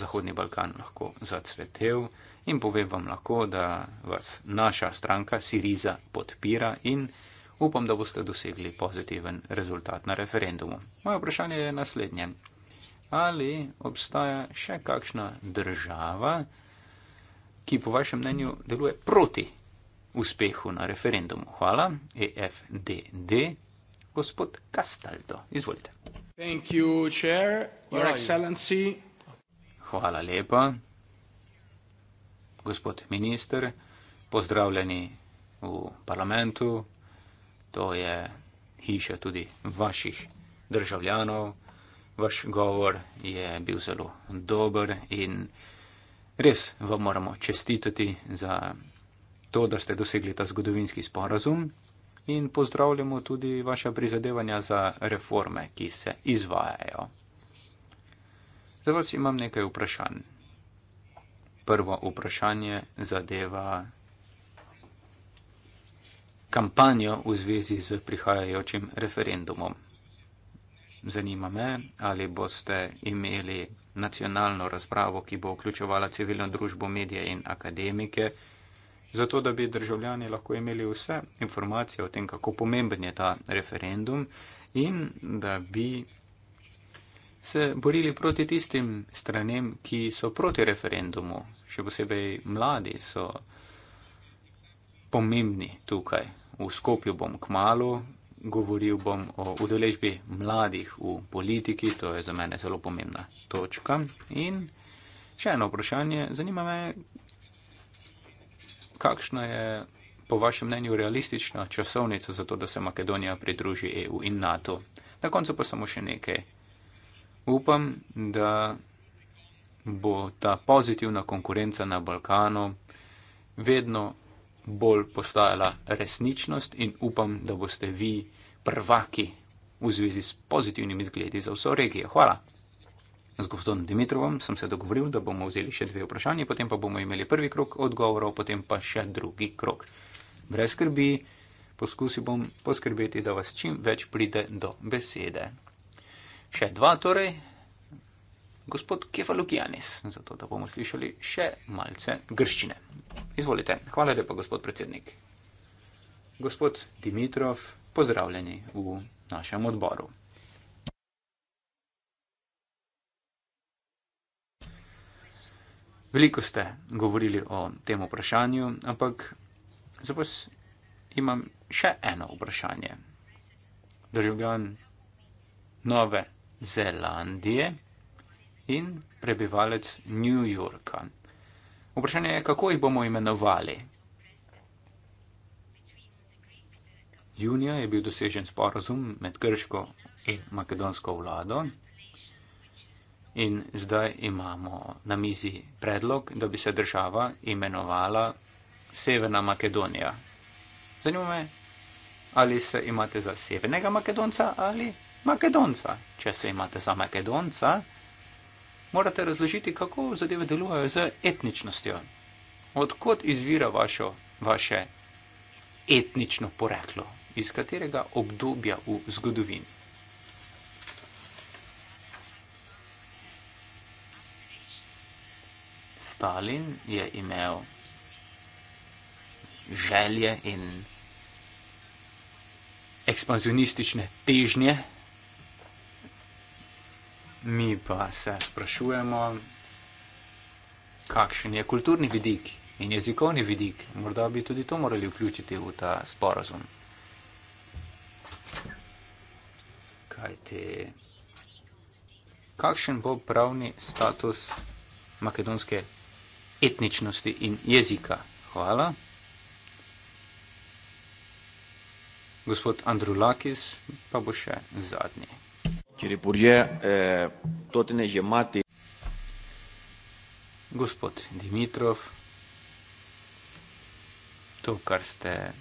Zahodni Balkan lahko zacvetel in povem vam lahko, da vas naša stranka Siriza podpira in upam, da boste dosegli pozitiven rezultat na referendumu. Moje vprašanje je naslednje. Ali obstaja še kakšna država, ki po vašem mnenju deluje proti uspehu na referendumu. Hvala, EFDD, gospod Castaldo. Izvolite. You, chair, Hvala lepa, gospod minister. Pozdravljeni v parlamentu. To je hiša tudi vaših državljanov. Vaš govor je bil zelo dober in res vam moramo čestitati za to, da ste dosegli ta zgodovinski sporazum in pozdravljamo tudi vaše prizadevanja za reforme, ki se izvajajo. Za vas imam nekaj vprašanj. Prvo vprašanje zadeva kampanjo v zvezi z prihajajočim referendumom. Zanima me, ali boste imeli nacionalno razpravo, ki bo vključovala civilno družbo, medije in akademike. Zato, da bi državljani lahko imeli vse informacije o tem, kako pomemben je ta referendum in da bi se borili proti tistim stranem, ki so proti referendumu, še posebej mladi so pomembni tukaj. V Skopju bom k malu, govoril bom o udeležbi mladih v politiki, to je za mene zelo pomembna točka. In še eno vprašanje, zanima me, kakšna je po vašem mnenju realistična časovnica za to, da se Makedonija pridruži EU in NATO? Na koncu pa samo še nekaj. Upam, da bo ta pozitivna konkurenca na Balkanu vedno bolj postajala resničnost in upam, da boste vi prvaki v zvezi s pozitivnimi zgledi za vso regijo. Hvala z gospodom Dimitrovom sem se dogovoril, da bomo vzeli še dve vprašanje, potem pa bomo imeli prvi krok odgovorov, potem pa še drugi krok. Brez skrbi, poskusil bom poskrbeti, da vas čim več pride do besede. Še dva torej, gospod Kefalukianis, zato da bomo slišali še malce grščine. Izvolite, hvala lepa, gospod predsednik. Gospod Dimitrov, pozdravljeni v našem odboru. Veliko ste govorili o tem vprašanju, ampak za vas imam še eno vprašanje. Državljan Nove Zelandije in prebivalec New Yorka. Vprašanje je, kako jih bomo imenovali. Junija je bil dosežen sporazum med grško in makedonsko vlado. In zdaj imamo na mizi predlog, da bi se država imenovala Severna Makedonija. Zanima me, ali se imate za Severnega Makedonca ali Makedonca. Če se imate za Makedonca, morate razložiti, kako zadeve delujejo z etničnostjo. Odkot izvira vašo, vaše etnično poreklo, iz katerega obdobja v zgodovini. Stalin je imel želje in ekspanzionistične težnje, mi pa se sprašujemo, kakšen je kulturni vidik in jezikovni vidik. Morda bi tudi to morali vključiti v ta sporazum. Kajte, kakšen bo pravni status makedonske etničnosti in jezika. Hvala. Gospod Andrulakis pa bo še zadnji. Kiripurje, eh, totine že mati. Gospod Dimitrov, to, kar ste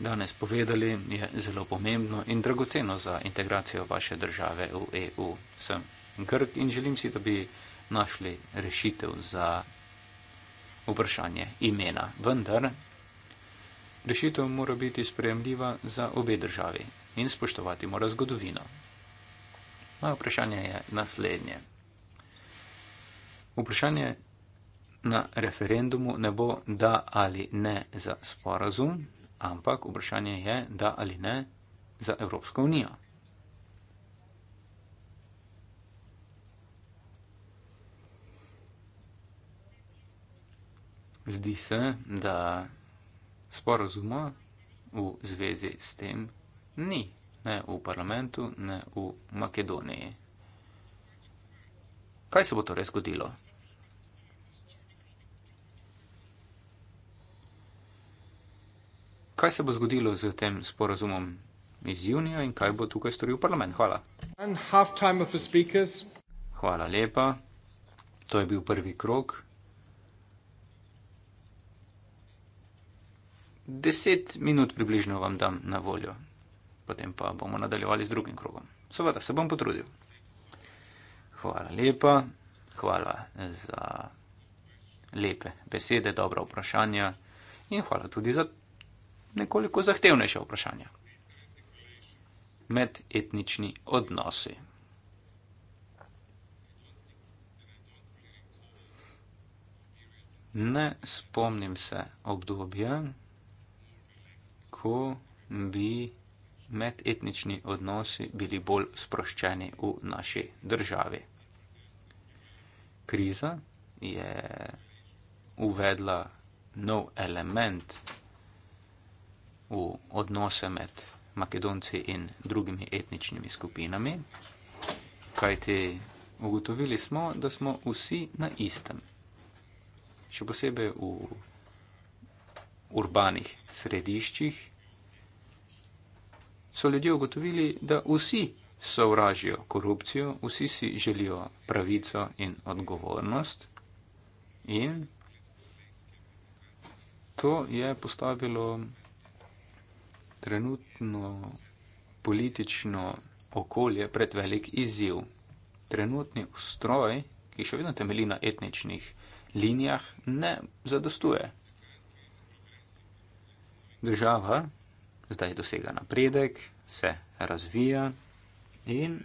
danes povedali, je zelo pomembno in dragoceno za integracijo vaše države v EU. Sem grk in želim si, da bi našli rešitev za vprašanje imena. Vendar rešitev mora biti sprejemljiva za obe državi in spoštovati mora zgodovino. Moje vprašanje je naslednje. Vprašanje na referendumu ne bo da ali ne za sporazum, ampak vprašanje je da ali ne za Evropsko unijo. Zdi se, da sporozuma v zvezi s tem ni, ne v parlamentu, ne v Makedoniji. Kaj se bo torej zgodilo? Kaj se bo zgodilo z tem sporozumom iz junija in kaj bo tukaj storil parlament? Hvala. Hvala lepa. To je bil prvi krok. deset minut približno vam dam na voljo, potem pa bomo nadaljevali z drugim krogom. Seveda, se bom potrudil. Hvala lepa, hvala za lepe besede, dobra vprašanja in hvala tudi za nekoliko zahtevnejše vprašanja. Medetnični odnosi. Ne spomnim se obdobja, kako bi medetnični odnosi bili bolj sproščeni v naši državi. Kriza je uvedla nov element v odnose med Makedonci in drugimi etničnimi skupinami, kajti ugotovili smo, da smo vsi na istem, še posebej v urbanih središčih, so ljudje ugotovili, da vsi sovražijo korupcijo, vsi si želijo pravico in odgovornost. In to je postavilo trenutno politično okolje pred velik izziv. Trenutni ustroj, ki še vedno temelji na etničnih linijah, ne zadostuje. Država zdaj dosega napredek, se razvija in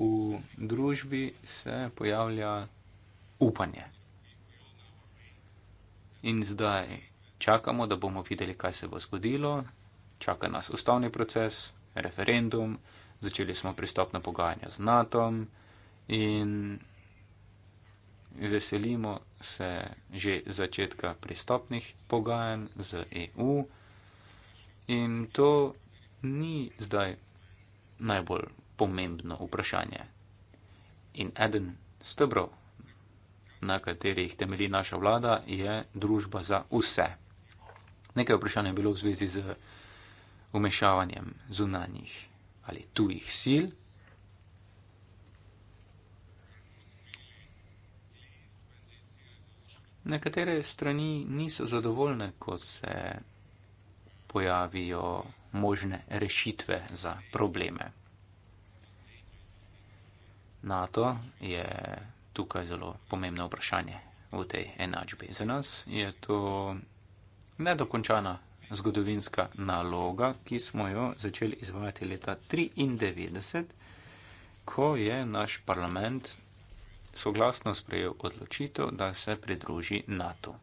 v družbi se pojavlja upanje. In zdaj čakamo, da bomo videli, kaj se bo zgodilo. Čaka nas ustavni proces, referendum, začeli smo pristopno pogajanje z NATO in veselimo se že začetka pristopnih pogajanj z EU in to ni zdaj najbolj pomembno vprašanje. In eden stebrov, na katerih temelji naša vlada, je družba za vse. Nekaj vprašanj je bilo v zvezi z umešavanjem zunanjih ali tujih sil. Nekatere strani niso zadovoljne, ko se pojavijo možne rešitve za probleme. NATO je tukaj zelo pomembno vprašanje v tej enačbi. Za nas je to nedokončana zgodovinska naloga, ki smo jo začeli izvajati leta 1993, ko je naš parlament soglasno sprejel odločitev, da se pridruži NATO.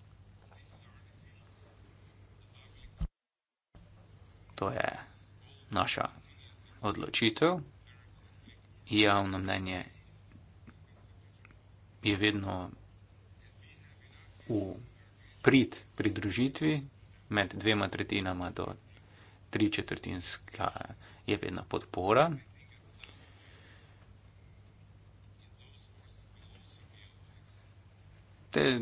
To je naša odločitev. Javno mnenje je vedno v prid pridružitvi med dvema tretjinama do tri četrtinska je vedno podpora te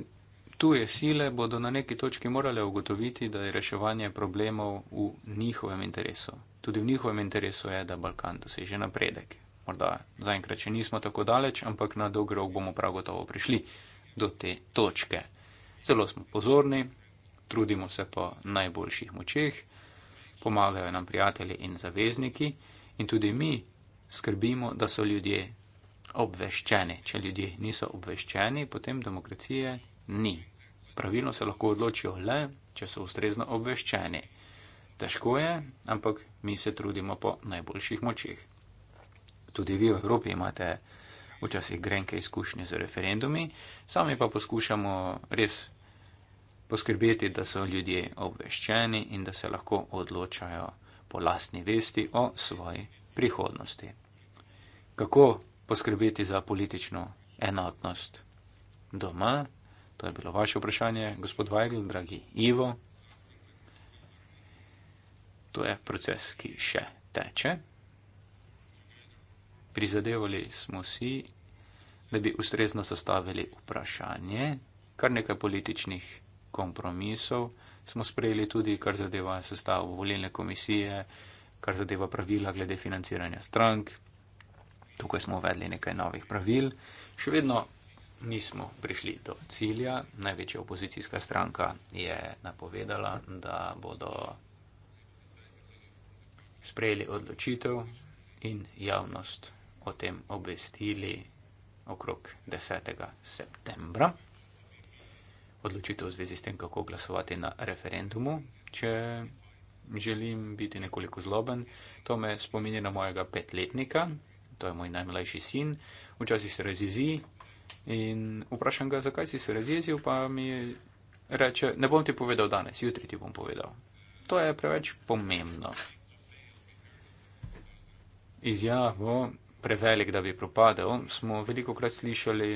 tuje sile bodo na neki točki morale ugotoviti, da je reševanje problemov v njihovem interesu. Tudi v njihovem interesu je, da Balkan doseže napredek. Morda zaenkrat še nismo tako daleč, ampak na dolg rok bomo prav gotovo prišli do te točke. Zelo smo pozorni, trudimo se po najboljših močeh, pomagajo nam prijatelji in zavezniki in tudi mi skrbimo, da so ljudje obveščeni. Če ljudje niso obveščeni, potem demokracije ni. Pravilno se lahko odločijo le, če so ustrezno obveščeni. Težko je, ampak mi se trudimo po najboljših močih. Tudi vi v Evropi imate včasih grenke izkušnje z referendumi, sami pa poskušamo res poskrbeti, da so ljudje obveščeni in da se lahko odločajo po lastni vesti o svoji prihodnosti. Kako poskrbeti za politično enotnost doma? To je bilo vaše vprašanje, gospod Vajgl, dragi Ivo. To je proces, ki še teče. Prizadevali smo si, da bi ustrezno sestavili vprašanje, kar nekaj političnih kompromisov smo sprejeli tudi, kar zadeva sestavo volilne komisije, kar zadeva pravila glede financiranja strank, tukaj smo uvedli nekaj novih pravil, še vedno nismo prišli do cilja. Največja opozicijska stranka je napovedala, da bodo sprejeli odločitev in javnost o tem obvestili okrog 10. septembra. Odločitev v zvezi s tem, kako glasovati na referendumu, če želim biti nekoliko zloben, to me spominja na mojega petletnika, to je moj najmlajši sin, včasih se razjezi in vprašam ga, zakaj si se razjezil, pa mi reče, ne bom ti povedal danes, jutri ti bom povedal. To je preveč pomembno. Izjavo, prevelik, da bi propadel, smo veliko krat slišali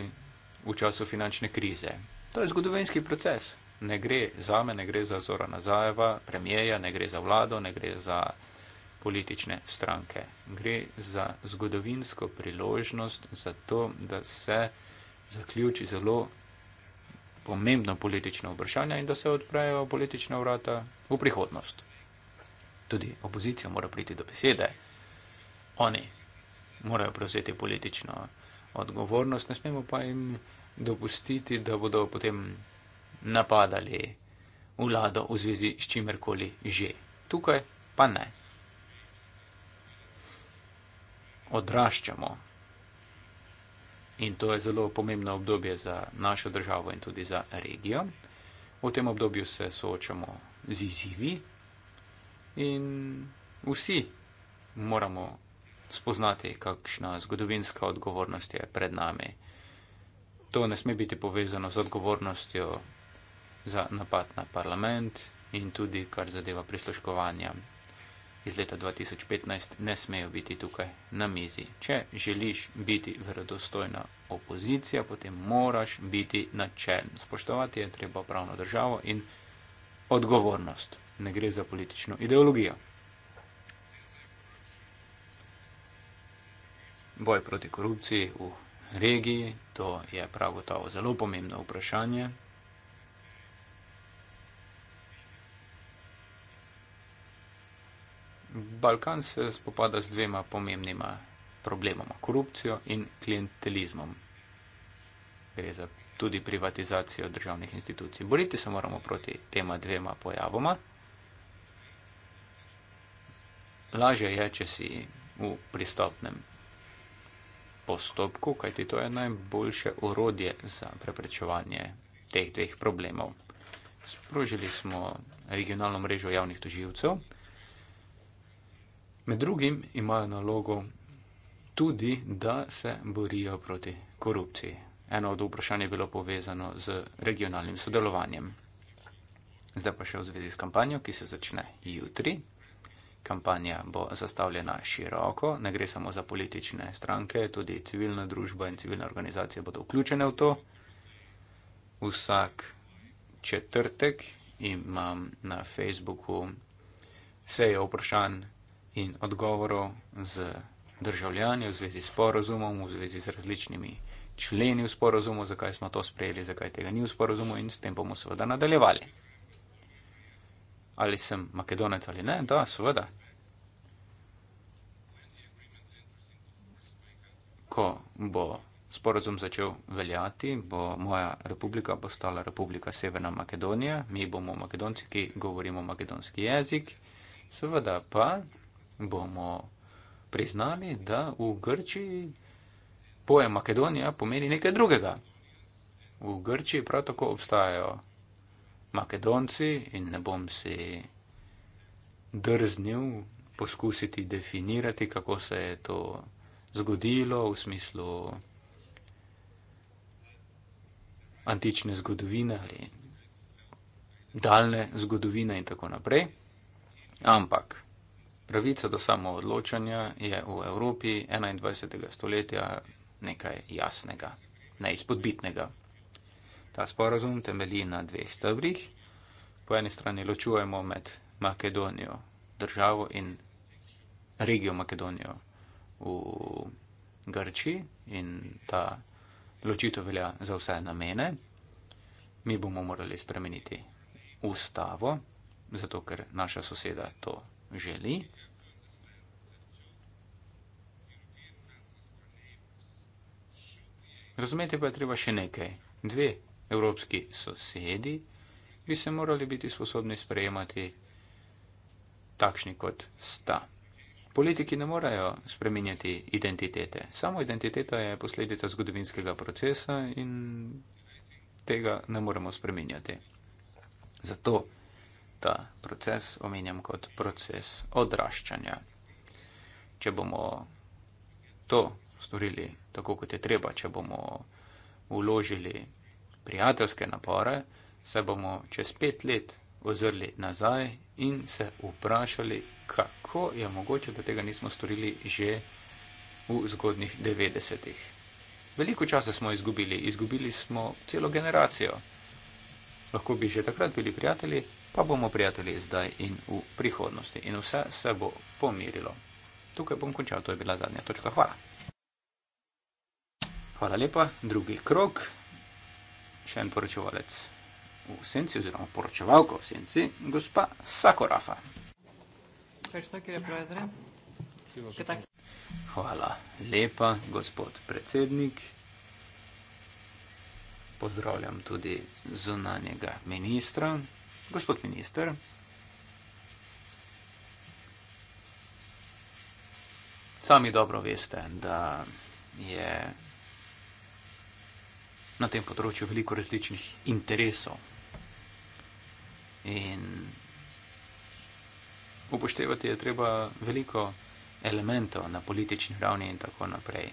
v času finančne krize. To je zgodovinski proces. Ne gre za me, ne gre za Zora Nazajeva, premijeja, ne gre za vlado, ne gre za politične stranke. Gre za zgodovinsko priložnost za to, da se zaključi zelo pomembno politično vprašanje in da se odprejo politična vrata v prihodnost. Tudi opozicija mora priti do besede. Oni morajo prevzeti politično odgovornost, ne smemo pa jim dopustiti, da bodo potem napadali vlado v zvezi s čimerkoli že. Tukaj pa ne odraščamo. In to je zelo pomembno obdobje za našo državo in tudi za regijo. V tem obdobju se soočamo z izzivi in vsi moramo spoznati, kakšna zgodovinska odgovornost je pred nami. To ne sme biti povezano z odgovornostjo za napad na parlament in tudi kar zadeva prisluškovanja iz leta 2015 ne smejo biti tukaj na mizi. Če želiš biti verodostojna opozicija, potem moraš biti načelen. Spoštovati je treba pravno državo in odgovornost. Ne gre za politično ideologijo. Boj proti korupciji v regiji, to je prav gotovo zelo pomembno vprašanje. Balkan se spopada z dvema pomembnima problemoma: korupcijo in klientelizmom. Gre za tudi privatizacijo državnih institucij. Boriti se moramo proti tema dvema pojavoma. Lažje je, če si v pristopnem postopku, kajti to je najboljše orodje za preprečevanje teh dveh problemov. Sprožili smo regionalno mrežo javnih toživcev. Med drugim imajo nalogo tudi, da se borijo proti korupciji. Eno od vprašanj je bilo povezano z regionalnim sodelovanjem. Zdaj pa še v zvezi s kampanjo, ki se začne jutri. Kampanja bo zastavljena široko, ne gre samo za politične stranke, tudi civilna družba in civilne organizacije bodo vključene v to. Vsak četrtek imam na Facebooku sejo vprašanj, in odgovorov z državljani v zvezi s sporozumom, v zvezi z različnimi členi v sporozumu, zakaj smo to sprejeli, zakaj tega ni v sporozumu in s tem bomo seveda nadaljevali. Ali sem makedonec ali ne? Da, seveda. Ko bo sporozum začel veljati, bo moja republika postala Republika Severna Makedonija, mi bomo makedonci, ki govorimo makedonski jezik, seveda pa bomo priznali, da v Grčiji pojem Makedonija pomeni nekaj drugega. V Grčiji prav tako obstajajo Makedonci in ne bom si drznil poskusiti definirati, kako se je to zgodilo v smislu antične zgodovine ali daljne zgodovine in tako naprej. Ampak Pravica do samoodločanja je v Evropi 21. stoletja nekaj jasnega, neizpodbitnega. Ta sporazum temelji na dveh stebrih. Po eni strani ločujemo med Makedonijo državo in regijo Makedonijo v Grči in ta ločitev velja za vse namene. Mi bomo morali spremeniti ustavo, zato ker naša soseda to želi. Razumeti pa je treba še nekaj. Dve evropski sosedi bi se morali biti sposobni sprejemati takšni kot sta. Politiki ne morejo spreminjati identitete. Samo identiteta je posledica zgodovinskega procesa in tega ne moremo spreminjati. Zato ta proces omenjam kot proces odraščanja. Če bomo to storili tako, kot je treba, če bomo vložili prijateljske napore, se bomo čez pet let ozrli nazaj in se vprašali, kako je mogoče, da tega nismo storili že v zgodnih 90-ih. Veliko časa smo izgubili, izgubili smo celo generacijo. Lahko bi že takrat bili prijatelji, pa bomo prijatelji zdaj in v prihodnosti in vse se bo pomirilo. Tukaj bom končal, to je bila zadnja točka, hvala. Hvala lepa, drugi krok, še en poročevalec v senci oziroma poročevalko v senci, gospa Sakorafa. Hvala lepa, gospod predsednik. Pozdravljam tudi zunanjega ministra, Gospod minister. Sami dobro veste, da je na tem področju veliko različnih interesov in upoštevati je treba veliko elementov na politični ravni in tako naprej.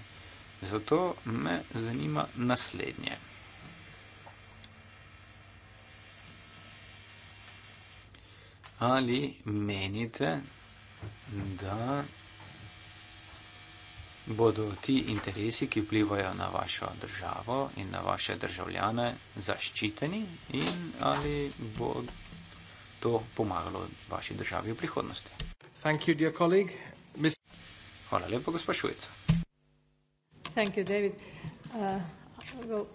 Zato me zanima naslednje. ali menite, da bodo ti interesi, ki vplivajo na vašo državo in na vaše državljane, zaščiteni in ali bo to pomagalo vaši državi v prihodnosti. Thank you, dear colleague. Ms. Hvala lepa, gospa Šujica. Thank you, David. Uh, go,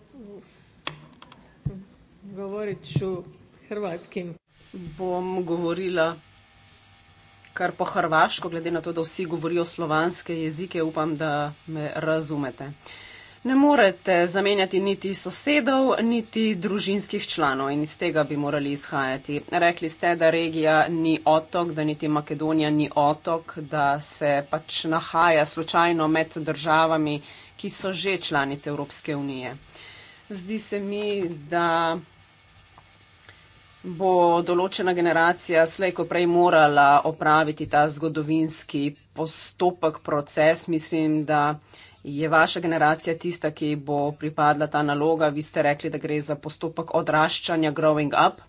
govorit ću hrvatskim bom govorila kar po hrvaško, glede na to, da vsi govorijo slovanske jezike, upam, da me razumete. Ne morete zamenjati niti sosedov, niti družinskih članov in iz tega bi morali izhajati. Rekli ste, da regija ni otok, da niti Makedonija ni otok, da se pač nahaja slučajno med državami, ki so že članice Evropske unije. Zdi se mi, da bo določena generacija slej, ko prej morala opraviti ta zgodovinski postopek, proces. Mislim, da je vaša generacija tista, ki bo pripadla ta naloga. Vi ste rekli, da gre za postopek odraščanja, growing up.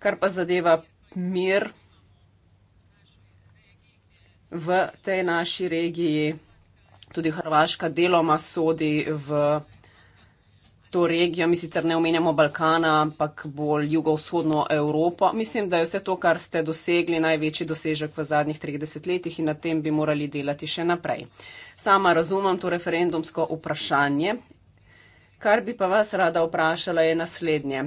Kar pa zadeva mir v tej naši regiji, tudi Hrvaška deloma sodi v to regijo, mi sicer ne omenjamo Balkana, ampak bolj jugovzhodno Evropo. Mislim, da je vse to, kar ste dosegli, največji dosežek v zadnjih 30 letih in na tem bi morali delati še naprej. Sama razumem to referendumsko vprašanje. Kar bi pa vas rada vprašala je naslednje.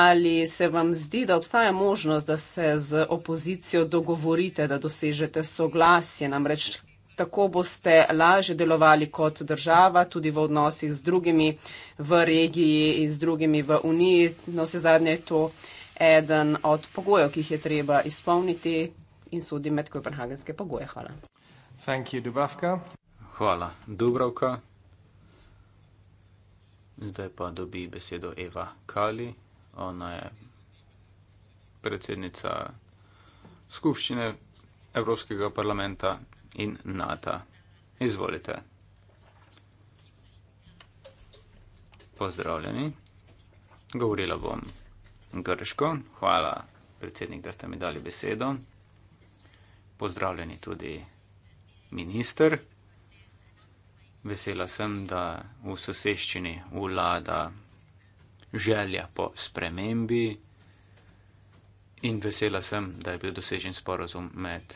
Ali se vam zdi, da obstaja možnost, da se z opozicijo dogovorite, da dosežete soglasje? Namreč tako boste lažje delovali kot država, tudi v odnosih z drugimi v regiji in z drugimi v Uniji. Na vse zadnje je to eden od pogojev, ki jih je treba izpolniti in sodi med kopenhagenske pogoje. Hvala. You, Hvala, Dubravka. Zdaj pa dobi besedo Eva Kali. Ona je predsednica skupščine Evropskega parlamenta in Nata. Izvolite. Pozdravljeni. Govorila bom grško. Hvala, predsednik, da ste mi dali besedo. Pozdravljeni tudi minister. Vesela sem, da v soseščini vlada želja po spremembi in vesela sem, da je bil dosežen sporozum med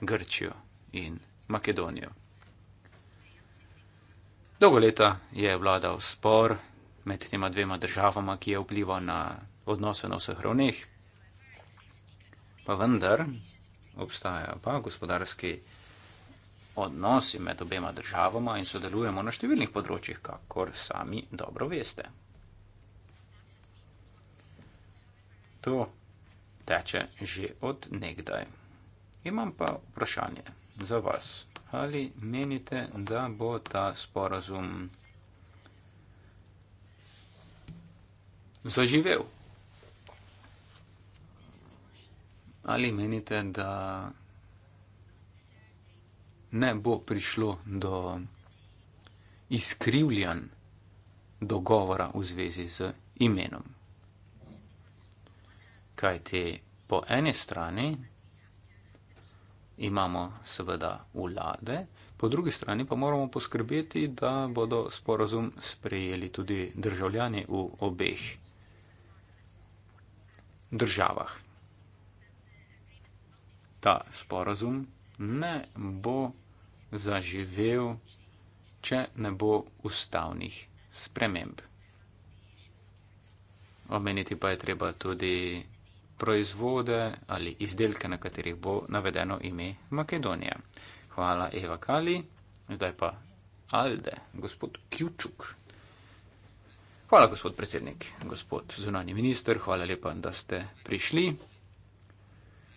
Grčijo in Makedonijo. Dolgo leta je vladal spor med tema dvema državama, ki je vplival na odnose na vseh ravneh, pa vendar obstajajo pa gospodarski odnosi med obema državama in sodelujemo na številnih področjih, kakor sami dobro veste. To teče že od nekdaj. Imam pa vprašanje za vas. Ali menite, da bo ta sporazum zaživel? Ali menite, da ne bo prišlo do izkrivljanj dogovora v zvezi z imenom? Kaj ti po eni strani imamo seveda vlade, po drugi strani pa moramo poskrbeti, da bodo sporozum sprejeli tudi državljani v obeh državah. Ta sporozum ne bo zaživel, če ne bo ustavnih sprememb. Omeniti pa je treba tudi proizvode ali izdelke, na katerih bo navedeno ime Makedonija. Hvala Eva Kali, zdaj pa Alde, gospod Kjučuk. Hvala, gospod predsednik, gospod zunani minister, hvala lepa, da ste prišli.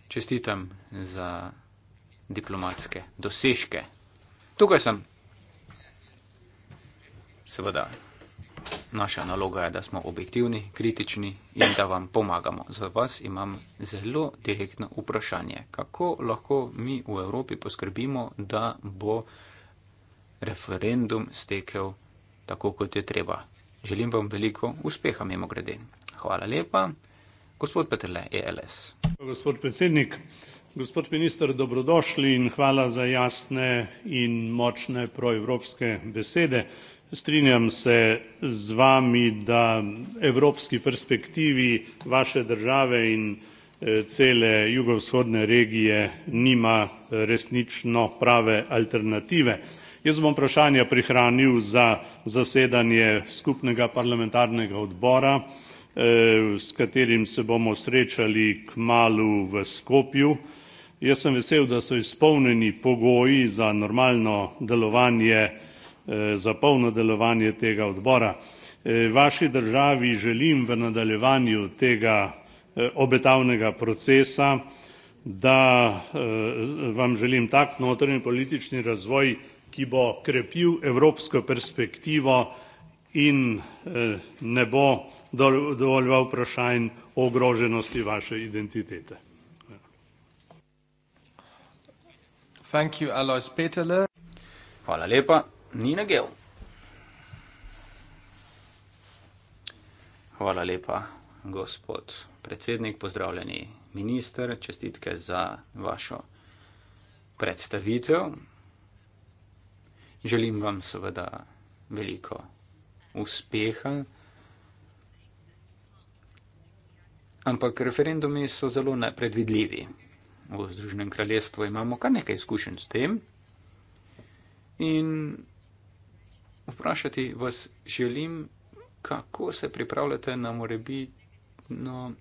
Čestitam za diplomatske dosežke. Tukaj sem. Seveda naša naloga je, da smo objektivni, kritični in da vam pomagamo. Za vas imam zelo direktno vprašanje. Kako lahko mi v Evropi poskrbimo, da bo referendum stekel tako, kot je treba? Želim vam veliko uspeha, mimo grede. Hvala lepa. Gospod Petrle, ELS. Gospod predsednik, gospod minister, dobrodošli in hvala za jasne in močne proevropske besede. Strinjam se z vami, da evropski perspektivi vaše države in eh, cele jugovzhodne regije nima eh, resnično prave alternative. Jaz bom vprašanje prihranil za zasedanje skupnega parlamentarnega odbora, eh, s katerim se bomo srečali k malu v Skopju. Jaz sem vesel, da so izpolnjeni pogoji za normalno delovanje Eh, za polno delovanje tega odbora. Eh, vaši državi želim v nadaljevanju tega eh, obetavnega procesa, da vam želim tak notranji politični razvoj, ki bo krepil evropsko perspektivo in ne bo dovoljval vprašanj o ogroženosti vaše identitete. Thank you, Alois Peterle. Hvala lepa. Nina Gel. Hvala lepa, gospod predsednik, pozdravljeni minister, čestitke za vašo predstavitev. Želim vam seveda veliko uspeha. Ampak referendumi so zelo nepredvidljivi. V Združenem kraljestvu imamo kar nekaj izkušenj s tem. In vprašati vas želim, kako se pripravljate na morebitno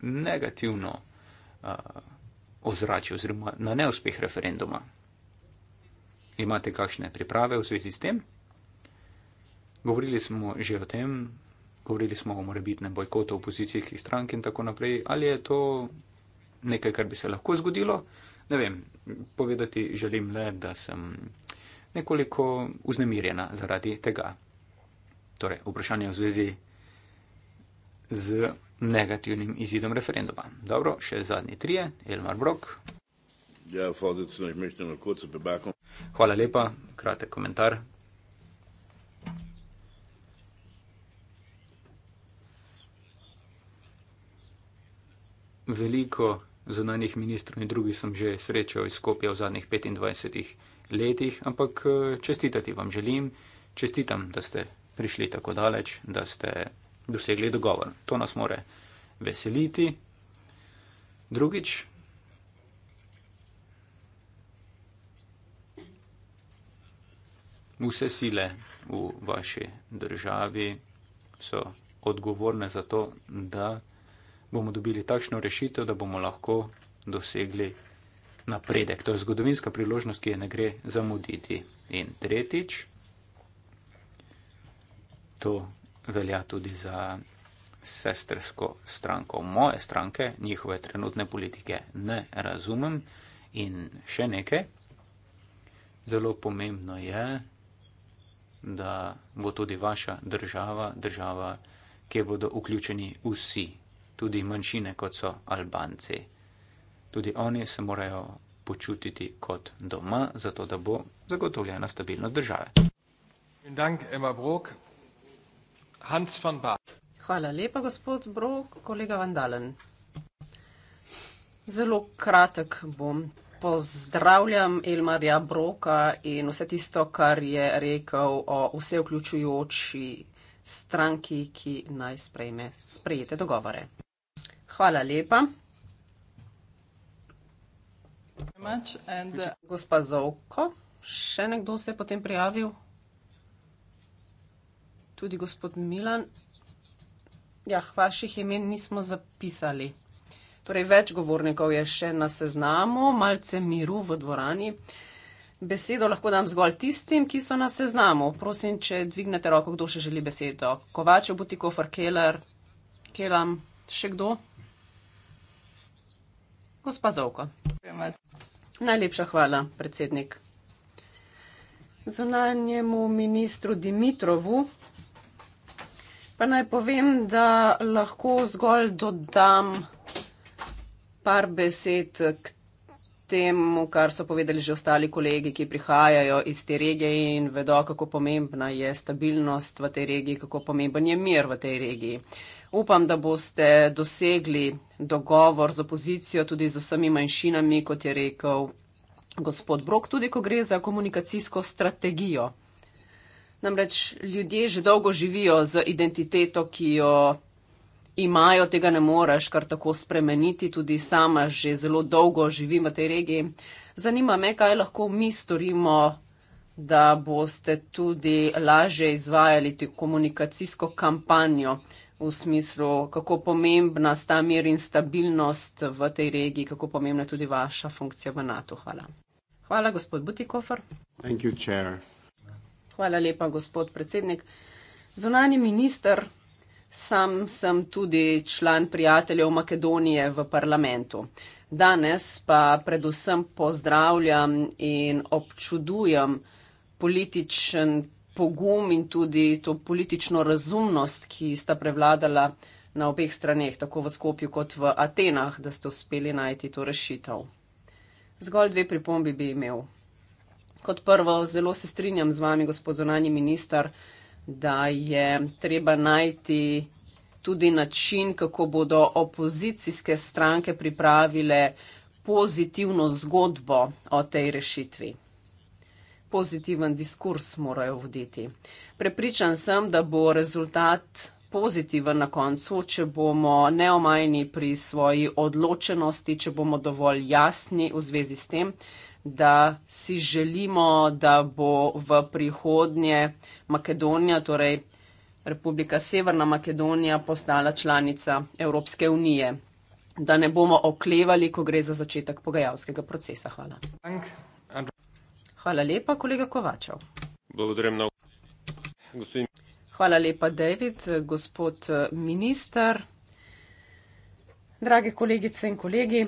negativno uh, ozračje oziroma na neuspeh referenduma. Imate kakšne priprave v zvezi s tem? Govorili smo že o tem, govorili smo o morebitnem bojkotu opozicijskih strank in tako naprej. Ali je to nekaj, kar bi se lahko zgodilo? Ne vem, povedati želim le, da sem nekoliko uznemirjena zaradi tega. Torej, vprašanje v zvezi z negativnim izidom referenduma. Dobro, še zadnji trije, Elmar Brok. Ja, vzicu, Hvala lepa, kratek komentar. Veliko zunanjih ministrov in drugih sem že srečal iz Skopja v zadnjih 25 letih, ampak eh, čestitati vam želim, čestitam, da ste prišli tako daleč, da ste dosegli dogovor. To nas more veseliti. Drugič, vse sile v vaši državi so odgovorne za to, da bomo dobili takšno rešitev, da bomo lahko dosegli napredek. To je zgodovinska priložnost, ki je ne gre zamuditi. In tretjič, to velja tudi za sestrsko stranko. Moje stranke, njihove trenutne politike ne razumem. In še nekaj, zelo pomembno je, da bo tudi vaša država država, kjer bodo vključeni vsi, tudi manjšine, kot so Albanci tudi oni se morajo počutiti kot doma, zato da bo zagotovljena stabilnost države. Hvala lepa, gospod Brok, kolega Vandalen. Zelo kratek bom. Pozdravljam Elmarja Broka in vse tisto, kar je rekel o vse vključujoči stranki, ki naj sprejme sprejete dogovore. Hvala lepa. Uh, Gospa Zovko, še nekdo se je potem prijavil? Tudi gospod Milan. Ja, vaših imen nismo zapisali. Torej, več govornikov je še na seznamu, malce miru v dvorani. Besedo lahko dam zgolj tistim, ki so na seznamu. Prosim, če dvignete roko, kdo še želi besedo. Kovač, Butikofer, Keller, Kelam, še kdo? Gospa Zovko. Najlepša hvala, predsednik. Zunanjemu ministru Dimitrovu pa naj povem, da lahko zgolj dodam par besed k temu, kar so povedali že ostali kolegi, ki prihajajo iz te regije in vedo, kako pomembna je stabilnost v tej regiji, kako pomemben je mir v tej regiji. Uh, Upam, da boste dosegli dogovor z opozicijo tudi z vsemi manjšinami, kot je rekel gospod Brok, tudi ko gre za komunikacijsko strategijo. Namreč ljudje že dolgo živijo z identiteto, ki jo imajo, tega ne moreš kar tako spremeniti, tudi sama že zelo dolgo živim v tej regiji. Zanima me, kaj lahko mi storimo, da boste tudi lažje izvajali komunikacijsko kampanjo v smislu, kako pomembna sta mir in stabilnost v tej regiji, kako pomembna je tudi vaša funkcija v NATO. Hvala. Hvala, gospod Butikofer. You, Hvala lepa, gospod predsednik. Zunani minister, sam sem tudi član prijateljev Makedonije v parlamentu. Danes pa predvsem pozdravljam in občudujem političen pogum in tudi to politično razumnost, ki sta prevladala na obeh straneh, tako v Skopju kot v Atenah, da ste uspeli najti to rešitev. Zgolj dve pripombi bi imel. Kot prvo, zelo se strinjam z vami, gospod zonani minister, da je treba najti tudi način, kako bodo opozicijske stranke pripravile pozitivno zgodbo o tej rešitvi pozitiven diskurs morajo voditi. Prepričan sem, da bo rezultat pozitiven na koncu, če bomo neomajni pri svoji odločenosti, če bomo dovolj jasni v zvezi s tem, da si želimo, da bo v prihodnje Makedonija, torej Republika Severna Makedonija, postala članica Evropske unije. Da ne bomo oklevali, ko gre za začetek pogajalskega procesa. Hvala. Dank. Hvala lepa, kolega Kovačev. Blagodarim na gospodin. Hvala lepa, David, gospod eh, minister. Drage kolegice in kolegi,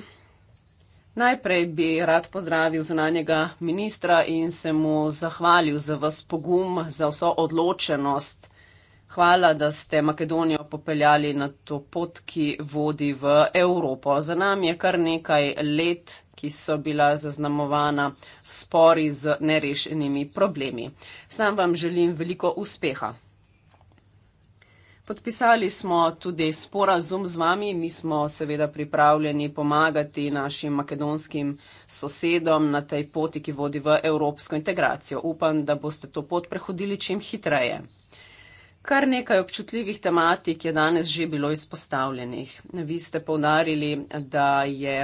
najprej bi rad pozdravil zunanjega ministra in se mu zahvalil za vas pogum, za vso odločenost. Hvala, da ste Makedonijo popeljali na to pot, ki vodi v Evropo. Za nami je kar nekaj let, ki so bila zaznamovana spori z nerešenimi problemi. Sam vam želim veliko uspeha. Podpisali smo tudi sporazum z vami. Mi smo seveda pripravljeni pomagati našim makedonskim sosedom na tej poti, ki vodi v evropsko integracijo. Upam, da boste to pot prehodili čim hitreje. Kar nekaj občutljivih tematik je danes že bilo izpostavljenih. Vi ste povdarili, da je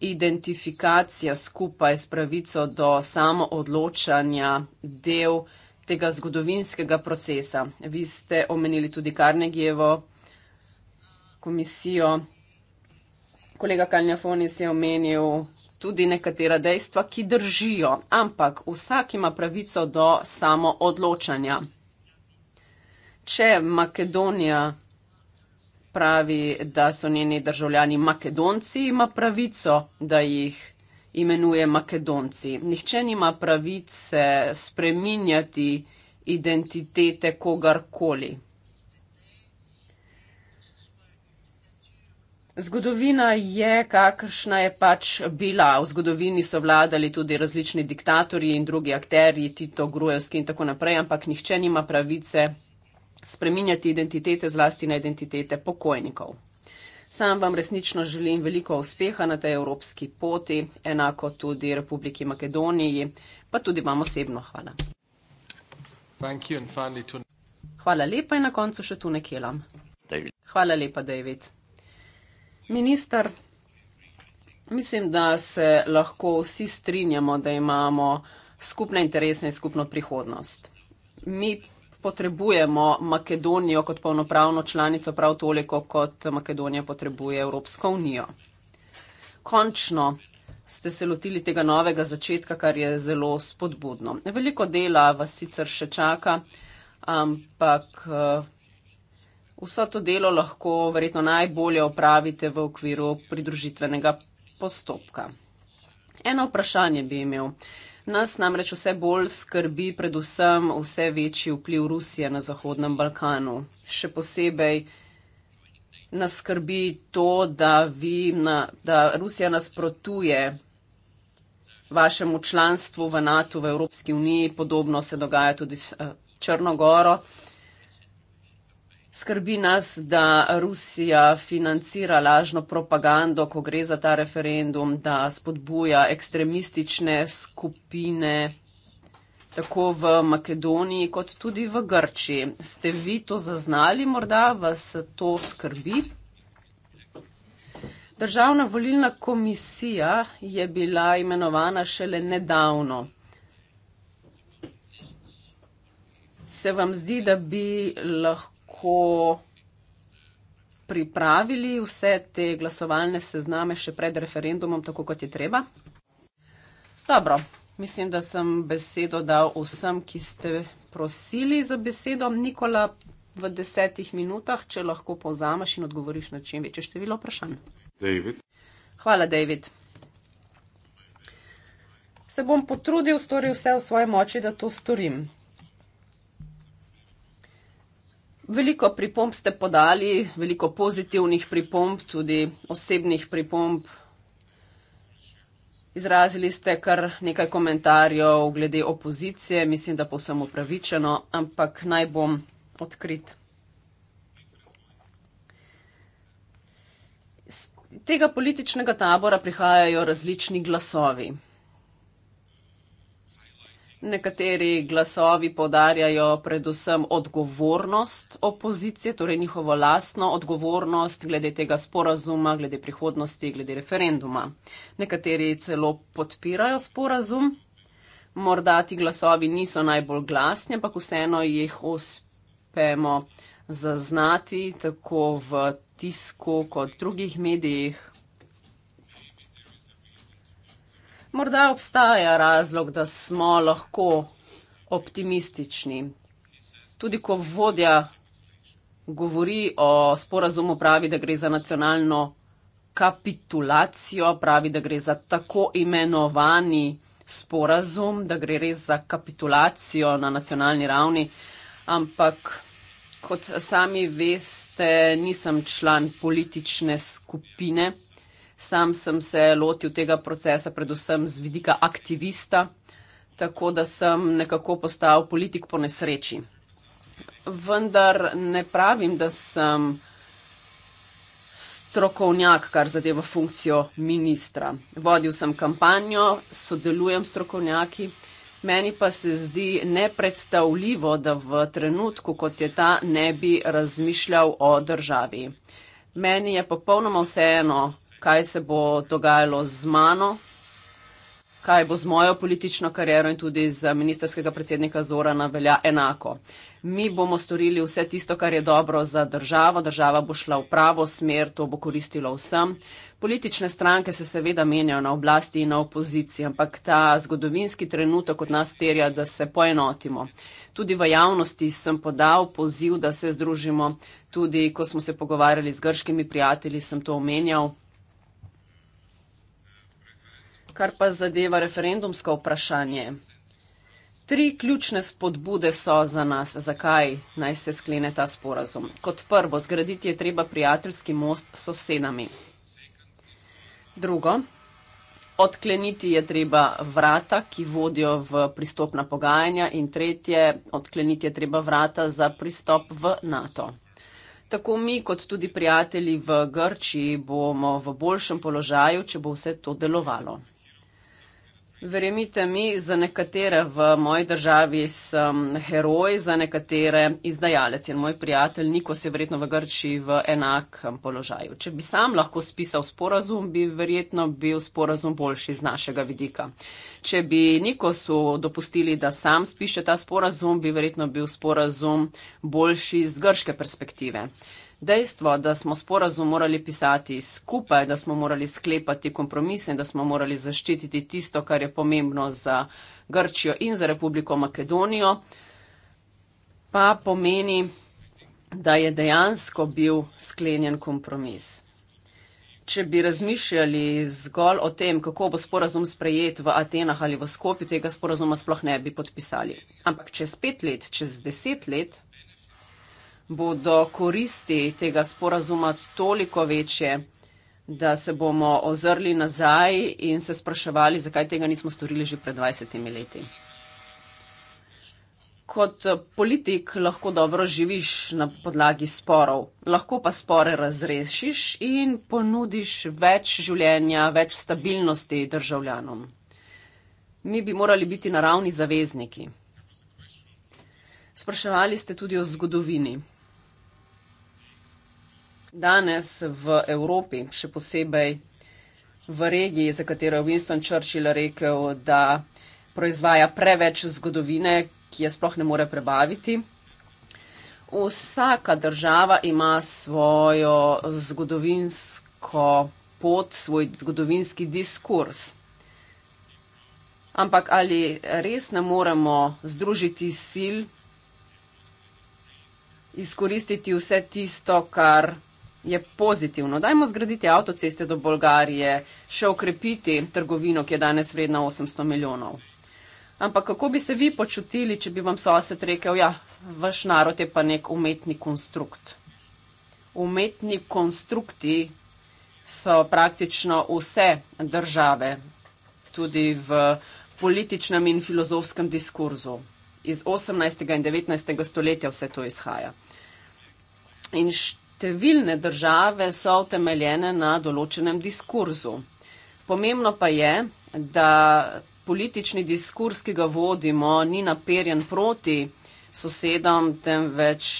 identifikacija skupaj s pravico do samoodločanja del tega zgodovinskega procesa. Vi ste omenili tudi Karnegijevo komisijo. Kolega Kaljafonis je omenil tudi nekatera dejstva, ki držijo, ampak vsak ima pravico do samoodločanja če Makedonija pravi, da so njeni državljani Makedonci, ima pravico, da jih imenuje Makedonci. Nihče nima pravice spreminjati identitete kogarkoli. Zgodovina je, kakršna je pač bila. V zgodovini so vladali tudi različni diktatorji in drugi akteri, Tito, Grujevski in tako naprej, ampak nihče nima pravice spreminjati identitete, zlasti na identitete pokojnikov. Sam vam resnično želim veliko uspeha na tej evropski poti, enako tudi Republiki Makedoniji, pa tudi vam osebno hvala. Hvala lepa in na koncu še tu nekelam. Hvala lepa, David. Minister, mislim, da se lahko vsi strinjamo, da imamo skupne interese in skupno prihodnost. Mi potrebujemo Makedonijo kot polnopravno članico prav toliko, kot Makedonija potrebuje Evropsko unijo. Končno ste se lotili tega novega začetka, kar je zelo spodbudno. Veliko dela vas sicer še čaka, ampak vso to delo lahko verjetno najbolje opravite v okviru pridružitvenega postopka. Eno vprašanje bi imel. Nas namreč vse bolj skrbi predvsem vse večji vpliv Rusije na Zahodnem Balkanu. Še posebej nas skrbi to, da, vi, na, da Rusija nasprotuje vašemu članstvu v NATO, v Evropski uniji, podobno se dogaja tudi s uh, Črnogoro. Skrbi nas, da Rusija financira lažno propagando, ko gre za ta referendum, da spodbuja ekstremistične skupine tako v Makedoniji kot tudi v Grčiji. Ste vi to zaznali, morda vas to skrbi? Državna volilna komisija je bila imenovana šele nedavno. Se vam zdi, da bi lahko lahko pripravili vse te glasovalne sezname še pred referendumom, tako kot je treba? Dobro, mislim, da sem besedo dal vsem, ki ste prosili za besedo. Nikola, v desetih minutah, če lahko povzamaš in odgovoriš na čim večje število vprašanj. David. Hvala, David. Se bom potrudil, storil vse v svoji moči, da to storim. Veliko pripomb ste podali, veliko pozitivnih pripomb, tudi osebnih pripomb. Izrazili ste kar nekaj komentarjev glede opozicije, mislim, da povsem upravičeno, ampak naj bom odkrit. Iz tega političnega tabora prihajajo različni glasovi. Nekateri glasovi podarjajo predvsem odgovornost opozicije, torej njihovo lastno odgovornost glede tega sporazuma, glede prihodnosti, glede referenduma. Nekateri celo podpirajo sporazum. Morda ti glasovi niso najbolj glasni, ampak vseeno jih uspemo zaznati tako v tisku kot drugih medijih. morda obstaja razlog, da smo lahko optimistični. Tudi ko vodja govori o sporazumu, pravi, da gre za nacionalno kapitulacijo, pravi, da gre za tako imenovani sporazum, da gre res za kapitulacijo na nacionalni ravni. Ampak, kot sami veste, nisem član politične skupine. Sam sem se lotil tega procesa predvsem z vidika aktivista, tako da sem nekako postal politik po nesreči. Vendar ne pravim, da sem strokovnjak, kar zadeva funkcijo ministra. Vodil sem kampanjo, sodelujem strokovnjaki. Meni pa se zdi nepredstavljivo, da v trenutku, kot je ta, ne bi razmišljal o državi. Meni je popolnoma vseeno, kaj se bo dogajalo z mano, kaj bo z mojo politično kariero in tudi z ministerskega predsednika Zorana velja enako. Mi bomo storili vse tisto, kar je dobro za državo, država bo šla v pravo smer, to bo koristilo vsem. Politične stranke se seveda menjajo na oblasti in na opoziciji, ampak ta zgodovinski trenutek od nas terja, da se poenotimo. Tudi v javnosti sem podal poziv, da se združimo, tudi ko smo se pogovarjali z grškimi prijatelji, sem to omenjal kar pa zadeva referendumsko vprašanje. Tri ključne spodbude so za nas, zakaj naj se sklene ta sporazum. Kot prvo, zgraditi je treba prijateljski most s sosedami. Drugo, odkleniti je treba vrata, ki vodijo v pristopna pogajanja. In tretje, odkleniti je treba vrata za pristop v NATO. Tako mi, kot tudi prijatelji v Grčiji, bomo v boljšem položaju, če bo vse to delovalo. Verjemite mi, za nekatere v moji državi sem heroj, za nekatere izdajalec in moj prijatelj Niko se je verjetno v Grči v enakem položaju. Če bi sam lahko spisal sporazum, bi verjetno bil sporazum boljši z našega vidika. Če bi Niko so dopustili, da sam spiše ta sporazum, bi verjetno bil sporazum boljši z grške perspektive. Dejstvo, da smo sporazum morali pisati skupaj, da smo morali sklepati kompromise in da smo morali zaščititi tisto, kar je pomembno za Grčijo in za Republiko Makedonijo, pa pomeni, da je dejansko bil sklenjen kompromis. Če bi razmišljali zgolj o tem, kako bo sporazum sprejet v Atenah ali v Skopju, tega sporazuma sploh ne bi podpisali. Ampak čez pet let, čez deset let bodo koristi tega sporazuma toliko večje, da se bomo ozrli nazaj in se spraševali, zakaj tega nismo storili že pred 20 leti. Kot politik lahko dobro živiš na podlagi sporov, lahko pa spore razrešiš in ponudiš več življenja, več stabilnosti državljanom. Mi bi morali biti naravni zavezniki. Spraševali ste tudi o zgodovini. Danes v Evropi, še posebej v regiji, za katero je Winston Churchill rekel, da proizvaja preveč zgodovine, ki je sploh ne more prebaviti. Vsaka država ima svojo zgodovinsko pot, svoj zgodovinski diskurs. Ampak ali res ne moremo združiti sil, izkoristiti vse tisto, kar je pozitivno. Dajmo zgraditi avtoceste do Bolgarije, še okrepiti trgovino, ki je danes vredna 800 milijonov. Ampak kako bi se vi počutili, če bi vam sosed rekel, ja, vaš narod je pa nek umetni konstrukt. Umetni konstrukti so praktično vse države, tudi v političnem in filozofskem diskurzu. Iz 18. in 19. stoletja vse to izhaja. In številne države so utemeljene na določenem diskurzu. Pomembno pa je, da politični diskurs, ki ga vodimo, ni naperjen proti sosedom, temveč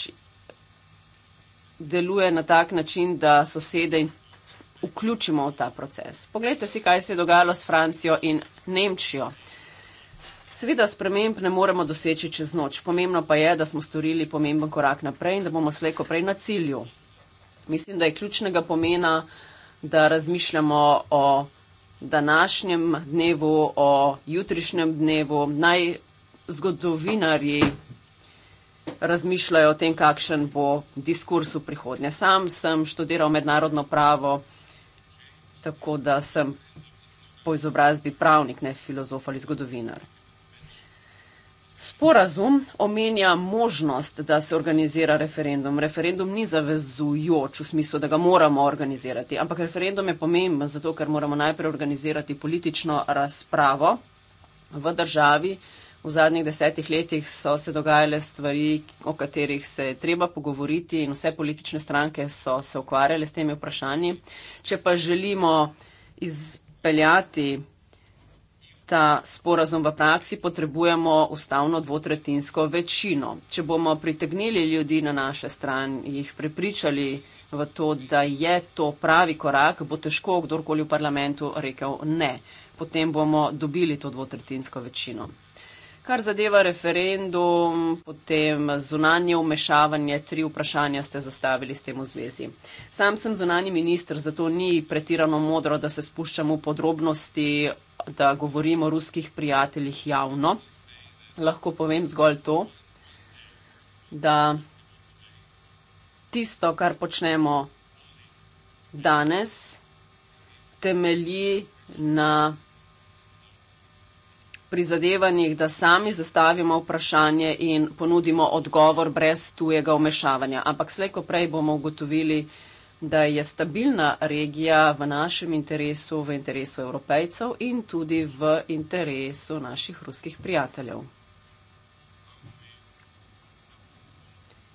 deluje na tak način, da sosede vključimo v ta proces. Poglejte si, kaj se je dogajalo s Francijo in Nemčijo. Seveda sprememb ne moremo doseči čez noč. Pomembno pa je, da smo storili pomemben korak naprej in da bomo slejko prej na cilju. Mislim, da je ključnega pomena, da razmišljamo o današnjem dnevu, o jutrišnjem dnevu. Naj zgodovinari razmišljajo o tem, kakšen bo diskurs v prihodnje. Sam sem študiral mednarodno pravo, tako da sem po izobrazbi pravnik, ne filozof ali zgodovinar. Sporazum omenja možnost, da se organizira referendum. Referendum ni zavezujoč v smislu, da ga moramo organizirati, ampak referendum je pomemben zato, ker moramo najprej organizirati politično razpravo v državi. V zadnjih desetih letih so se dogajale stvari, o katerih se je treba pogovoriti in vse politične stranke so se ukvarjale s temi vprašanji. Če pa želimo izpeljati ta sporazum v praksi, potrebujemo ustavno dvotretinsko večino. Če bomo pritegnili ljudi na naše stran, jih prepričali v to, da je to pravi korak, bo težko kdorkoli v parlamentu rekel ne. Potem bomo dobili to dvotretinsko večino. Kar zadeva referendum, potem zunanje umešavanje, tri vprašanja ste zastavili s tem v zvezi. Sam sem zunani minister, zato ni pretirano modro, da se spuščamo v podrobnosti, da govorimo o ruskih prijateljih javno. Lahko povem zgolj to, da tisto, kar počnemo danes, temelji na prizadevanjih, da sami zastavimo vprašanje in ponudimo odgovor brez tujega omešavanja. Ampak slejko prej bomo ugotovili, da je stabilna regija v našem interesu, v interesu evropejcev in tudi v interesu naših ruskih prijateljev.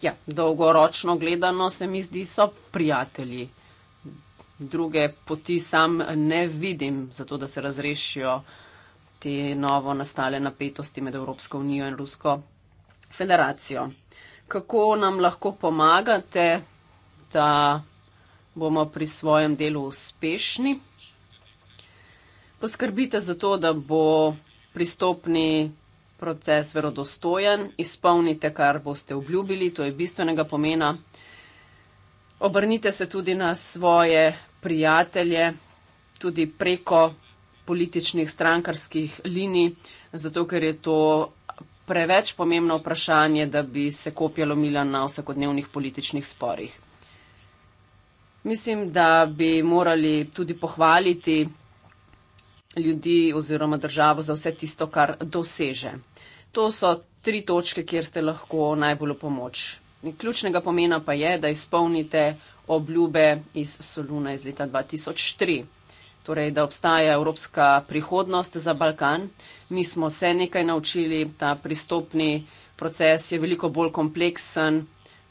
Ja, dolgoročno gledano se mi zdi, so prijatelji. Druge poti sam ne vidim, zato da se razrešijo uh, te novo nastale napetosti med Evropsko unijo in Rusko federacijo. Kako nam lahko pomagate, da bomo pri svojem delu uspešni? Poskrbite za to, da bo pristopni proces verodostojen, izpolnite, kar boste obljubili, to je bistvenega pomena. Obrnite se tudi na svoje prijatelje, tudi preko političnih, strankarskih linij, zato ker je to preveč pomembno vprašanje, da bi se kopija lomila na vsakodnevnih političnih sporih. Mislim, da bi morali tudi pohvaliti ljudi oziroma državo za vse tisto, kar doseže. To so tri točke, kjer ste lahko najbolj v pomoč. Ključnega pomena pa je, da izpolnite obljube iz Soluna iz leta 2003 torej da obstaja evropska prihodnost za Balkan. Mi smo se nekaj naučili, ta pristopni proces je veliko bolj kompleksen,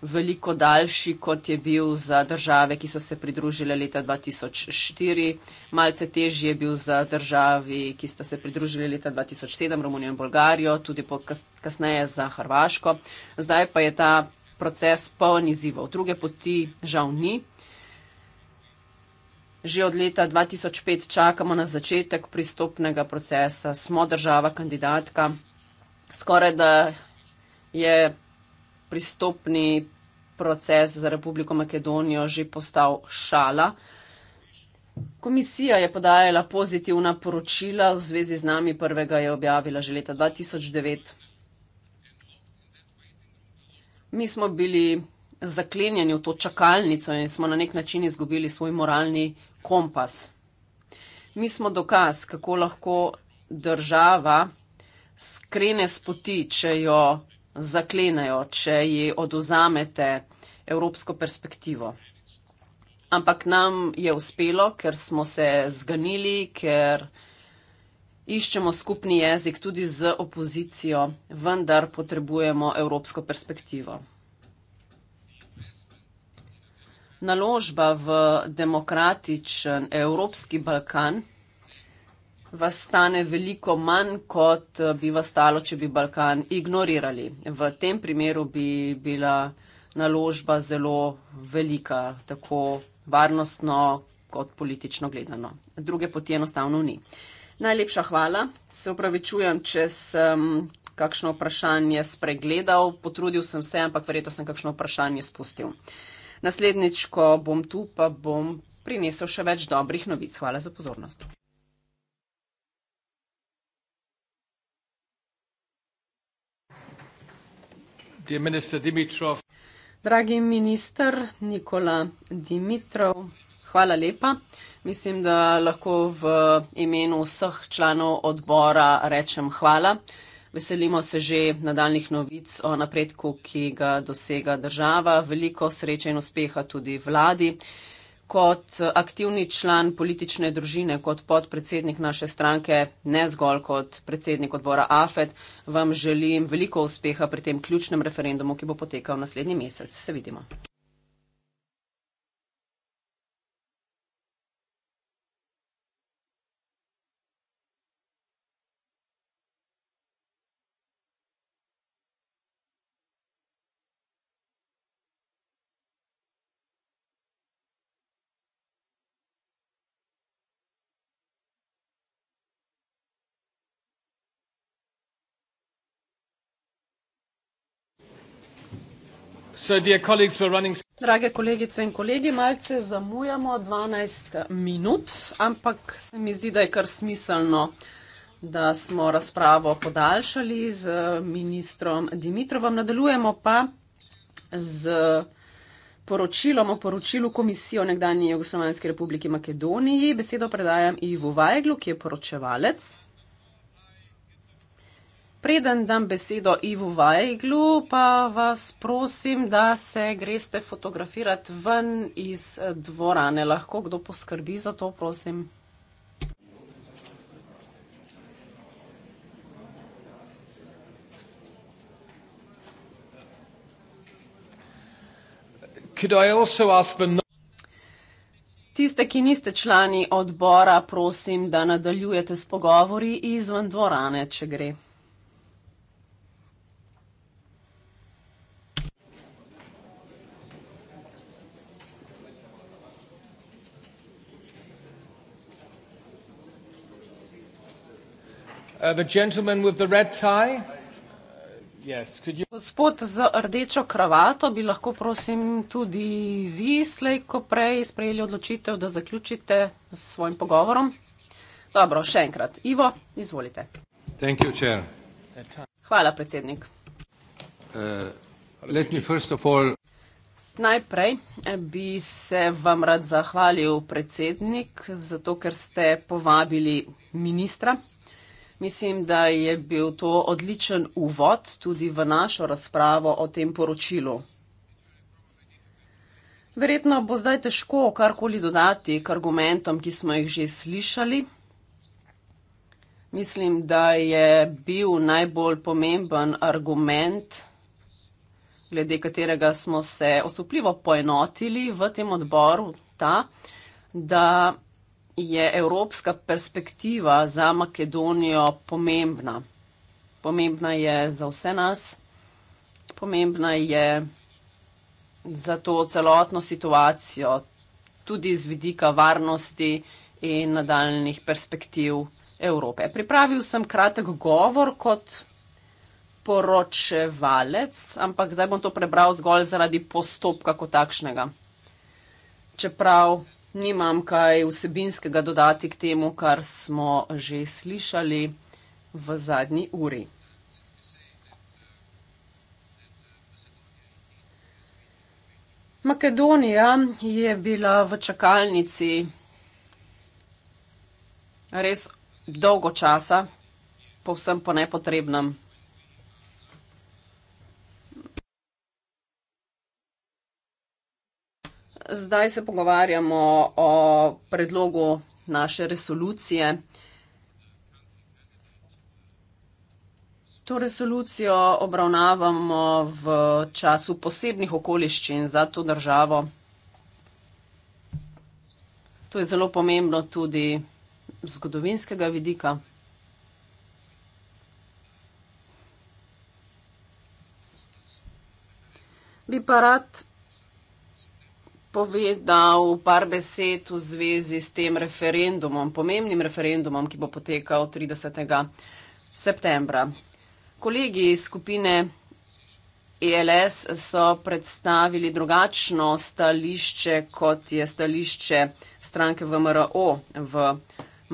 veliko daljši, kot je bil za države, ki so se pridružile leta 2004. Malce težji je bil za državi, ki sta se pridružili leta 2007, Romunijo in Bolgarijo, tudi kasneje za Hrvaško. Zdaj pa je ta proces poln izzivov. Druge poti žal ni. Že od leta 2005 čakamo na začetek pristopnega procesa, smo država kandidatka. Skoraj da je pristopni proces za Republiko Makedonijo že postal šala. Komisija je podajala pozitivna poročila v zvezi z nami, prvega je objavila že leta 2009. Mi smo bili zaklenjeni v to čakalnico in smo na nek način izgubili svoj moralni kompas. Mi smo dokaz, kako lahko država skrene s poti, če jo zaklenejo, če ji oduzamete evropsko perspektivo. Ampak nam je uspelo, ker smo se zganili, ker iščemo skupni jezik tudi z opozicijo, vendar potrebujemo evropsko perspektivo. naložba v demokratičen Evropski Balkan vas stane veliko manj, kot eh, bi vas stalo, če bi Balkan ignorirali. V tem primeru bi bila naložba zelo velika, tako varnostno kot politično gledano. Druge poti enostavno ni. Najlepša hvala. Se upravičujem, če sem kakšno vprašanje spregledal. Potrudil sem se, ampak verjetno sem kakšno vprašanje spustil. Naslednjič, ko bom tu, pa bom prinesel še več dobrih novic. Hvala za pozornost. Dragi minister Nikola Dimitrov, hvala lepa. Mislim, da lahko v imenu vseh članov odbora rečem hvala. Veselimo se že nadaljnih novic o napredku, ki ga dosega država. Veliko sreče in uspeha tudi vladi. Kot aktivni član politične družine, kot podpredsednik naše stranke, ne zgolj kot predsednik odbora AFED, vam želim veliko uspeha pri tem ključnem referendumu, ki bo potekal naslednji mesec. Se vidimo. Drage kolegice in kolegi, malce zamujamo 12 minut, ampak se mi zdi, da je kar smiselno, da smo razpravo podaljšali z eh, ministrom Dimitrovom. Nadaljujemo pa z poročilom o poročilu Komisije o nekdanji Jugoslovanski republiki Makedoniji. Besedo predajam Ivu Vajglu, ki je poročevalec. Preden dam besedo Ivo Vajglu, pa vas prosim, da se greste fotografirati ven iz eh, dvorane. Lahko kdo poskrbi za to, prosim. No- Tiste, ki niste člani odbora, prosim, da nadaljujete s pogovori izven dvorane, če gre. Uh, uh, Gospod z rdečo kravato, bi lahko prosim tudi vi slej ko prej sprejeli odločitev, da zaključite s svojim pogovorom? Dobro, še enkrat. Ivo, izvolite. Thank you, chair. Hvala, predsednik. Uh, let me first of all... Najprej eh, bi se vam rad zahvalil, predsednik, zato ker ste povabili ministra, Mislim, da je bil to odličen uvod tudi v našo razpravo o tem poročilu. Verjetno bo zdaj težko karkoli dodati k argumentom, ki smo jih že slišali. Mislim, da je bil najbolj pomemben argument, glede katerega smo se osupljivo poenotili v tem odboru, ta, da je evropska perspektiva za Makedonijo pomembna. Pomembna je za vse nas, pomembna je za to celotno situacijo, tudi z vidika varnosti in nadaljnih perspektiv Evrope. Pripravil sem kratek govor kot poročevalec, ampak zdaj bom to prebral zgolj zaradi postopka kot takšnega. Čeprav nimam kaj vsebinskega dodati k temu, kar smo že slišali v zadnji uri. Makedonija je bila v čakalnici res dolgo časa, povsem po nepotrebnem. zdaj se pogovarjamo o predlogu naše resolucije. To resolucijo obravnavamo v času posebnih okoliščin za to državo. To je zelo pomembno tudi zgodovinskega vidika. Bi pa rad povedal par besed v zvezi s tem referendumom, pomembnim referendumom, ki bo potekal 30. septembra. Kolegi iz skupine ELS so predstavili drugačno stališče, kot je stališče stranke VMRO v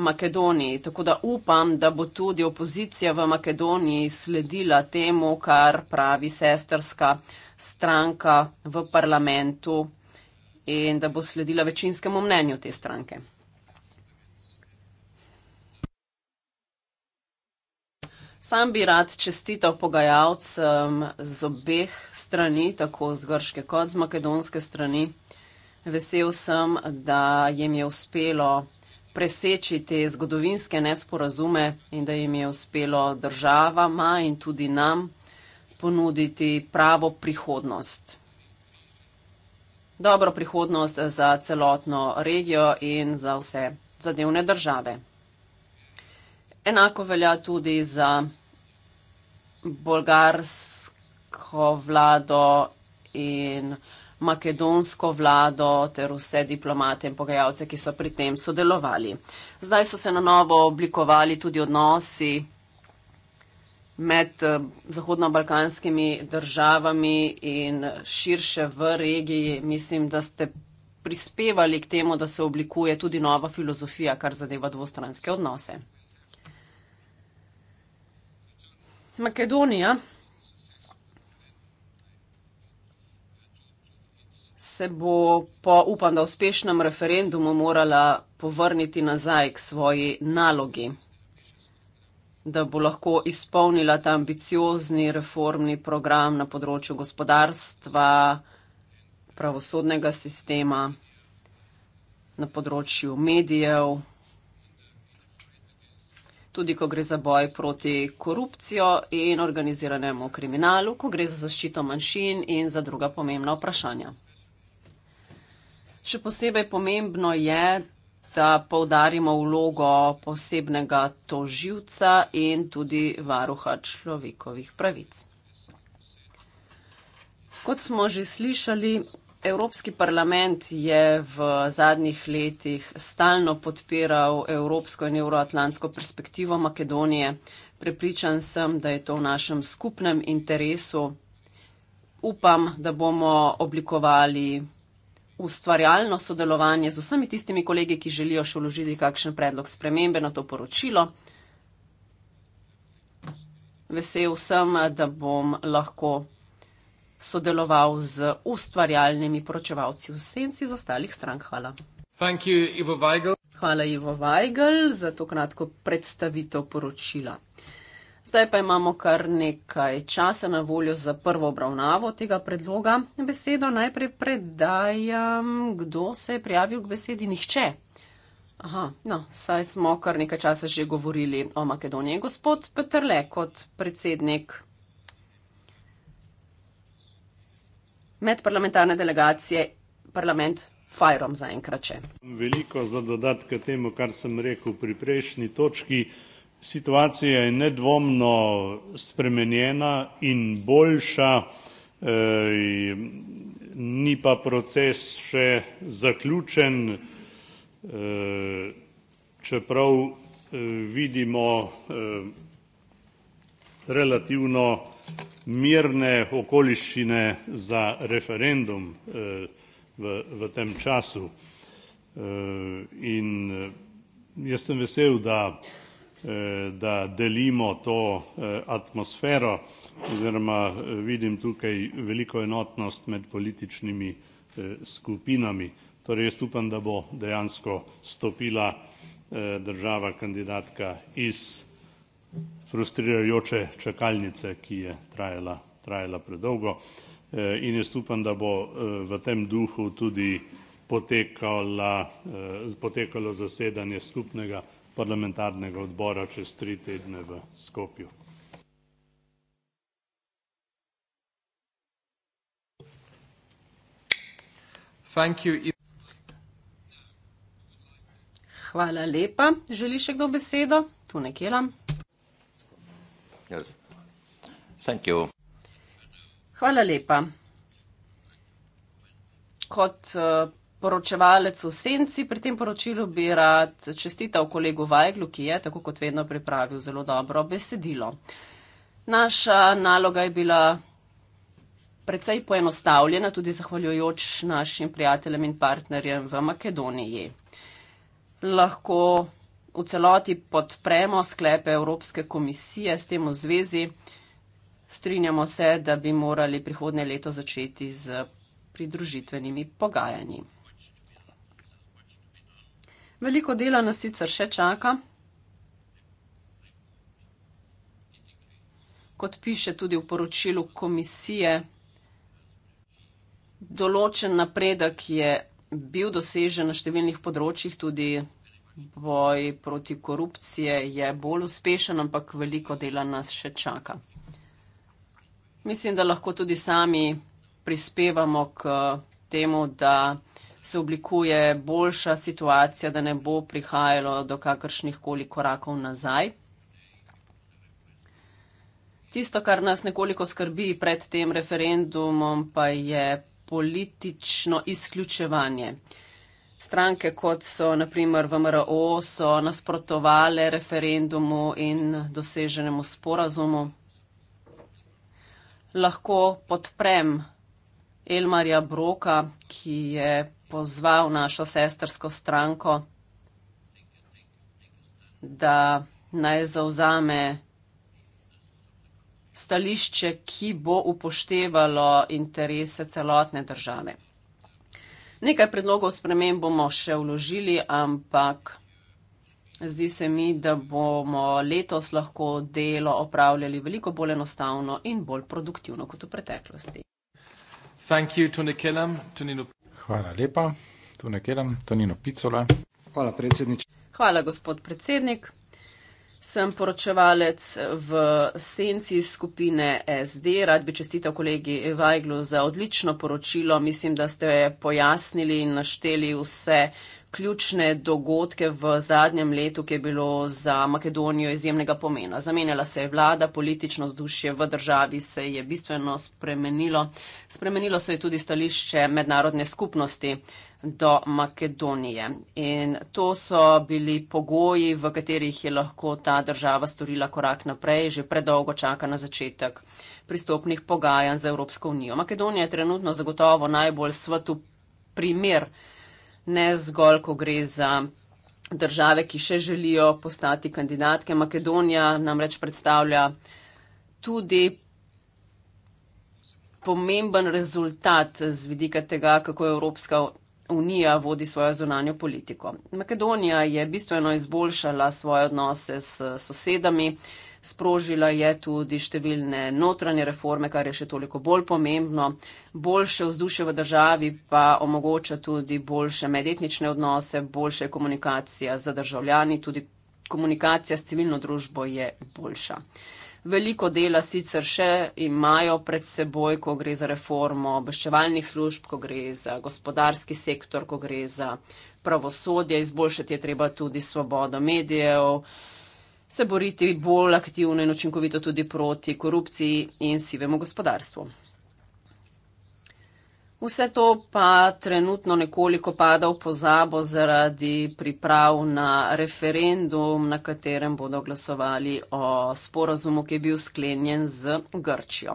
Makedoniji. Tako da upam, da bo tudi opozicija v Makedoniji sledila temu, kar pravi sestrska stranka v parlamentu in da bo sledila večinskemu mnenju te stranke. Sam bi rad čestital pogajalcem z obeh strani, tako z grške kot z makedonske strani. Vesel sem, da jim je uspelo preseči te zgodovinske nesporazume in da jim je uspelo državama in tudi nam ponuditi pravo prihodnost dobro prihodnost za celotno regijo in za vse zadevne države. Enako velja tudi za bolgarsko vlado in makedonsko vlado ter vse diplomate in pogajalce, ki so pri tem sodelovali. Zdaj so se na novo oblikovali tudi odnosi med eh, zahodno-balkanskimi državami in širše v regiji. Mislim, da ste prispevali k temu, da se oblikuje tudi nova filozofija, kar zadeva dvostranske odnose. Makedonija se bo po, upam, da uspešnem referendumu morala povrniti nazaj k svoji nalogi da bo lahko izpolnila ta ambiciozni reformni program na področju gospodarstva, pravosodnega sistema, na področju medijev. Tudi, ko gre za boj proti korupcijo in organiziranemu kriminalu, ko gre za zaščito manjšin in za druga pomembna vprašanja. Še posebej pomembno je, da povdarimo vlogo posebnega toživca in tudi varuha človekovih pravic. Kot smo že slišali, Evropski parlament je v zadnjih letih stalno podpiral evropsko in euroatlantsko perspektivo Makedonije. Prepričan sem, da je to v našem skupnem interesu. Upam, da bomo oblikovali ustvarjalno sodelovanje z vsemi tistimi kolegi, ki želijo še vložiti kakšen predlog spremembe na to poročilo. Vesel sem, da bom lahko sodeloval z ustvarjalnimi poročevalci v senci z ostalih strank. Hvala. You, Ivo Hvala, Ivo Vajgel, za to kratko predstavitev poročila. Zdaj pa imamo kar nekaj časa na voljo za prvo obravnavo tega predloga. Besedo najprej predajam, kdo se je prijavil k besedi. Nihče. Aha, no, saj smo kar nekaj časa že govorili o Makedoniji. Gospod Petrle, kot predsednik medparlamentarne delegacije, parlament Fajrom zaenkrat. Veliko za dodatke temu, kar sem rekel pri prejšnji točki. Situacija je nedvomno spremenjena in boljša, eh, ni pa proces še zaključen, eh, čeprav eh, vidimo relativno mirne okoliščine za referendum v, v tem času. In jaz sem vesel, da Eh, da delimo to eh, atmosfero oziroma eh, vidim tukaj veliko enotnost med političnimi skupinami. Torej jaz upam, da bo dejansko stopila država kandidatka iz frustrirajoče čakalnice, ki je trajala, trajala predolgo in jaz upam, da bo v tem duhu tudi potekala, potekalo zasedanje skupnega parlamentarnega odbora čez tri tedne v Skopju. Hvala lepa. Želi še kdo besedo? Tu nekje lam. Hvala lepa. Kot uh, poročevalec v senci pri tem poročilu bi rad čestital kolegu Vajglu, ki je tako kot vedno pripravil zelo dobro besedilo. Naša naloga je bila precej poenostavljena, tudi zahvaljujoč našim prijateljem in partnerjem v Makedoniji. Lahko v celoti podpremo sklepe Evropske komisije s tem v zvezi. Strinjamo se, da bi morali prihodnje leto začeti z pridružitvenimi pogajanji. Veliko dela nas sicer še čaka. Kot piše tudi v poročilu komisije, določen napredek je bil dosežen na številnih področjih, tudi boj proti korupciji je bolj uspešen, ampak veliko dela nas še čaka. Mislim, da lahko tudi sami prispevamo k temu, da se oblikuje boljša situacija, da ne bo prihajalo do kakršnih koli korakov nazaj. Tisto, kar nas nekoliko skrbi pred tem referendumom, pa je politično izključevanje. Stranke, kot so naprimer VMRO, so nasprotovale referendumu in doseženemu sporazumu. Lahko podprem Elmarja Broka, ki je pozval našo sestrsko stranko, da naj zauzame stališče, ki bo upoštevalo interese celotne države. Nekaj predlogov sprememb bomo še vložili, ampak zdi se mi, da bomo letos lahko delo opravljali veliko bolj enostavno in bolj produktivno kot v preteklosti. Thank you, Tony Killam, Tony Hvala lepa. Tu nekeram, Tonino Picola. Hvala, predsednik. Hvala, gospod predsednik. Sem poročevalec v senci skupine SD. Rad bi čestital kolegi Vajglu za odlično poročilo. Mislim, da ste pojasnili in našteli vse ključne dogodke v zadnjem letu, ki je bilo za Makedonijo izjemnega pomena. Zamenjala se je vlada, politično vzdušje v državi se je bistveno spremenilo. Spremenilo se je tudi stališče mednarodne skupnosti do Makedonije. In to so bili pogoji, v katerih je lahko ta država storila korak naprej, že predolgo čaka na začetek pristopnih pogajanj z Evropsko unijo. Makedonija je trenutno zagotovo najbolj svetu primer, ne zgolj, ko gre za države, ki še želijo postati kandidatke. Makedonija namreč predstavlja tudi pomemben rezultat z vidika tega, kako Evropska unija vodi svojo zunanjo politiko. Makedonija je bistveno izboljšala svoje odnose s sosedami sprožila je tudi številne notranje reforme, kar je še toliko bolj pomembno. Boljše vzdušje v državi pa omogoča tudi boljše medetnične odnose, boljše komunikacija z državljani, tudi komunikacija s civilno družbo je boljša. Veliko dela sicer še imajo pred seboj, ko gre za reformo obveščevalnih služb, ko gre za gospodarski sektor, ko gre za pravosodje. Izboljšati je treba tudi svobodo medijev, se boriti bolj aktivno in učinkovito tudi proti korupciji in sivemu gospodarstvu. Vse to pa trenutno nekoliko pada v pozabo zaradi priprav na referendum, na katerem bodo glasovali o sporazumu, ki je bil sklenjen z Grčijo.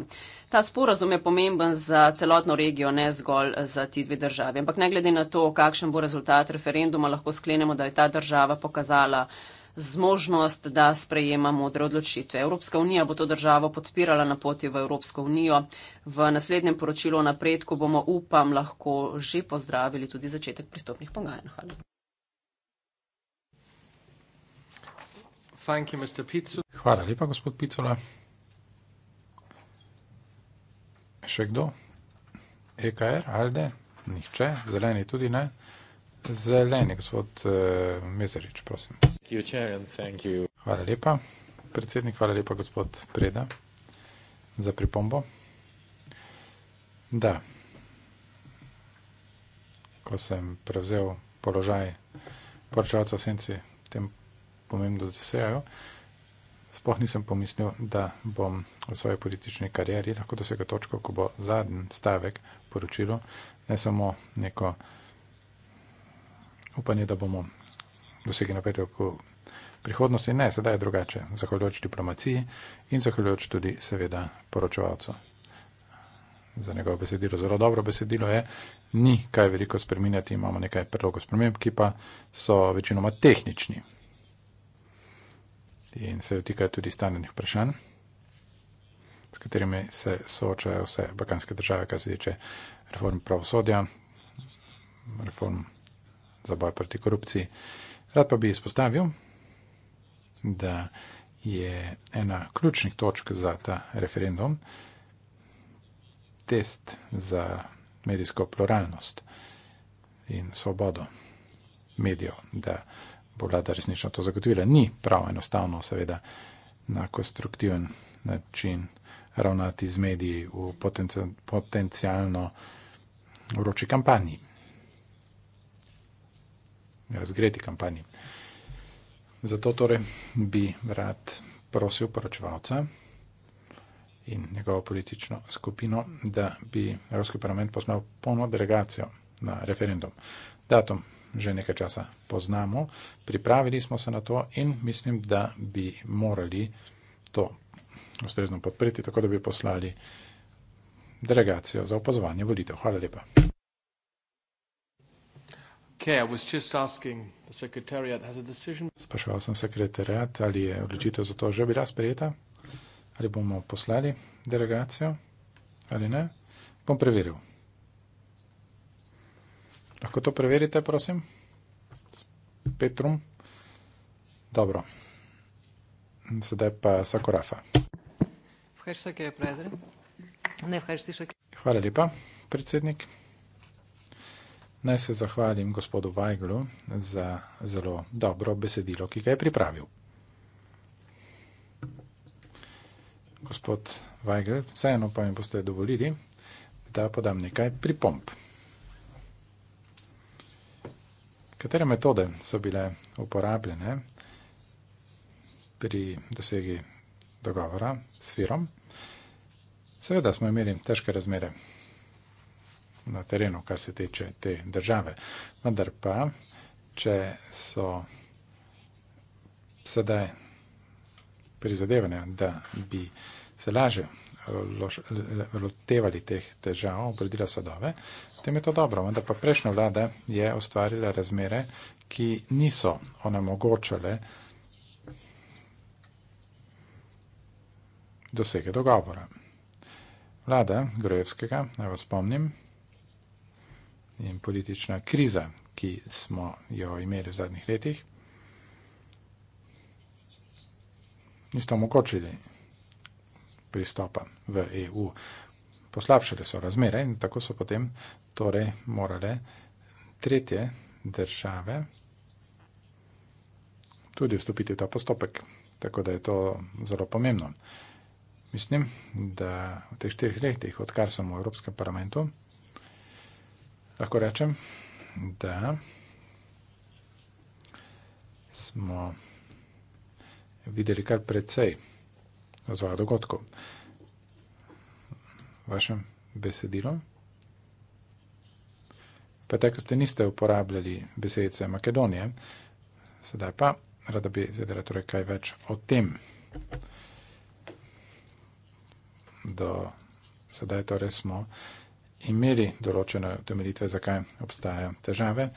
Ta sporazum je pomemben za celotno regijo, ne zgolj za ti dve državi. Ampak ne glede na to, kakšen bo rezultat referenduma, lahko sklenemo, da je ta država pokazala zmožnost, da sprejema modre odločitve. Evropska unija bo to državo podpirala na poti v Evropsko unijo. V naslednjem poročilu o napredku bomo, upam, lahko že pozdravili tudi začetek pristopnih pogajanj. Hvala. Hvala lepa, gospod Picola. Še kdo? EKR, er, Alde? Nihče, zeleni tudi ne. Zeleni, gospod uh, Mezerič, prosim. Hvala lepa, predsednik, hvala lepa, gospod Preda, za pripombo. Da, ko sem prevzel položaj poročevalca v senci, tem pomembno, da se sejajo, sploh nisem pomislil, da bom v svoji politični karieri lahko dosegel točko, ko bo zadnji stavek poročilo, ne samo neko upanje, da bomo dosegli napredek v prihodnosti. Ne, sedaj je drugače, zahvaljujoč diplomaciji in zahvaljujoč tudi, seveda, poročevalcu. Za njegovo besedilo, zelo dobro besedilo je, ni kaj veliko spremenjati, imamo nekaj predlogov sprememb, ki pa so večinoma tehnični in se dotikajo tudi stanjenih vprašanj, s katerimi se soočajo vse balkanske države, kar se tiče reform pravosodja, reform za boj proti korupciji. Rad pa bi izpostavil, da je ena ključnih točk za ta referendum test za medijsko pluralnost in svobodo medijev, da bo vlada resnično to zagotovila. Ni prav enostavno, seveda, na konstruktiven način ravnati z mediji v potencialno vroči kampanji razgreti ja, kampanji. Zato torej bi rad prosil poročevalca in njegovo politično skupino, da bi Evropski parlament poslal polno delegacijo na referendum. Datum že nekaj časa poznamo, pripravili smo se na to in mislim, da bi morali to ustrezno podpreti, tako da bi poslali delegacijo za opozovanje volitev. Hvala lepa. Sprašoval sem sekretariat, ali je odločitev za to že bila sprejeta, ali bomo poslali delegacijo ali ne. Bom preveril. Lahko to preverite, prosim, s Petrom. Dobro. Sedaj pa Sakurafa. Hvala lepa, predsednik. Naj se zahvalim gospodu Vajglu za zelo dobro besedilo, ki ga je pripravil. Gospod Vajgl, vseeno pa mi boste dovolili, da podam nekaj pripomp. Katere metode so bile uporabljene pri dosegi dogovora s Firom? Seveda smo imeli težke razmere na terenu, kar se tiče te države. Vendar pa, če so sedaj prizadevanja, da bi se lažje lotevali teh težav, obrodila sadove, potem je to dobro. Vendar pa prejšnja vlada je ustvarila razmere, ki niso onemogočale dosege dogovora. Vlada Grojevskega, naj vas spomnim, in politična kriza, ki smo jo imeli v zadnjih letih, niste omogočili pristopa v EU. Poslabšale so razmere in tako so potem torej morale tretje države tudi vstopiti v ta postopek. Tako da je to zelo pomembno. Mislim, da v teh štirih letih, odkar sem v Evropskem parlamentu, Lahko rečem, da smo videli kar precej odzvala dogodkov. Vašem besedilu. Pa te, ko ste niste uporabljali besedice Makedonije, sedaj pa rada bi zvedela torej kaj več o tem. Do sedaj torej smo imeli določene utemeljitve, zakaj obstajajo težave.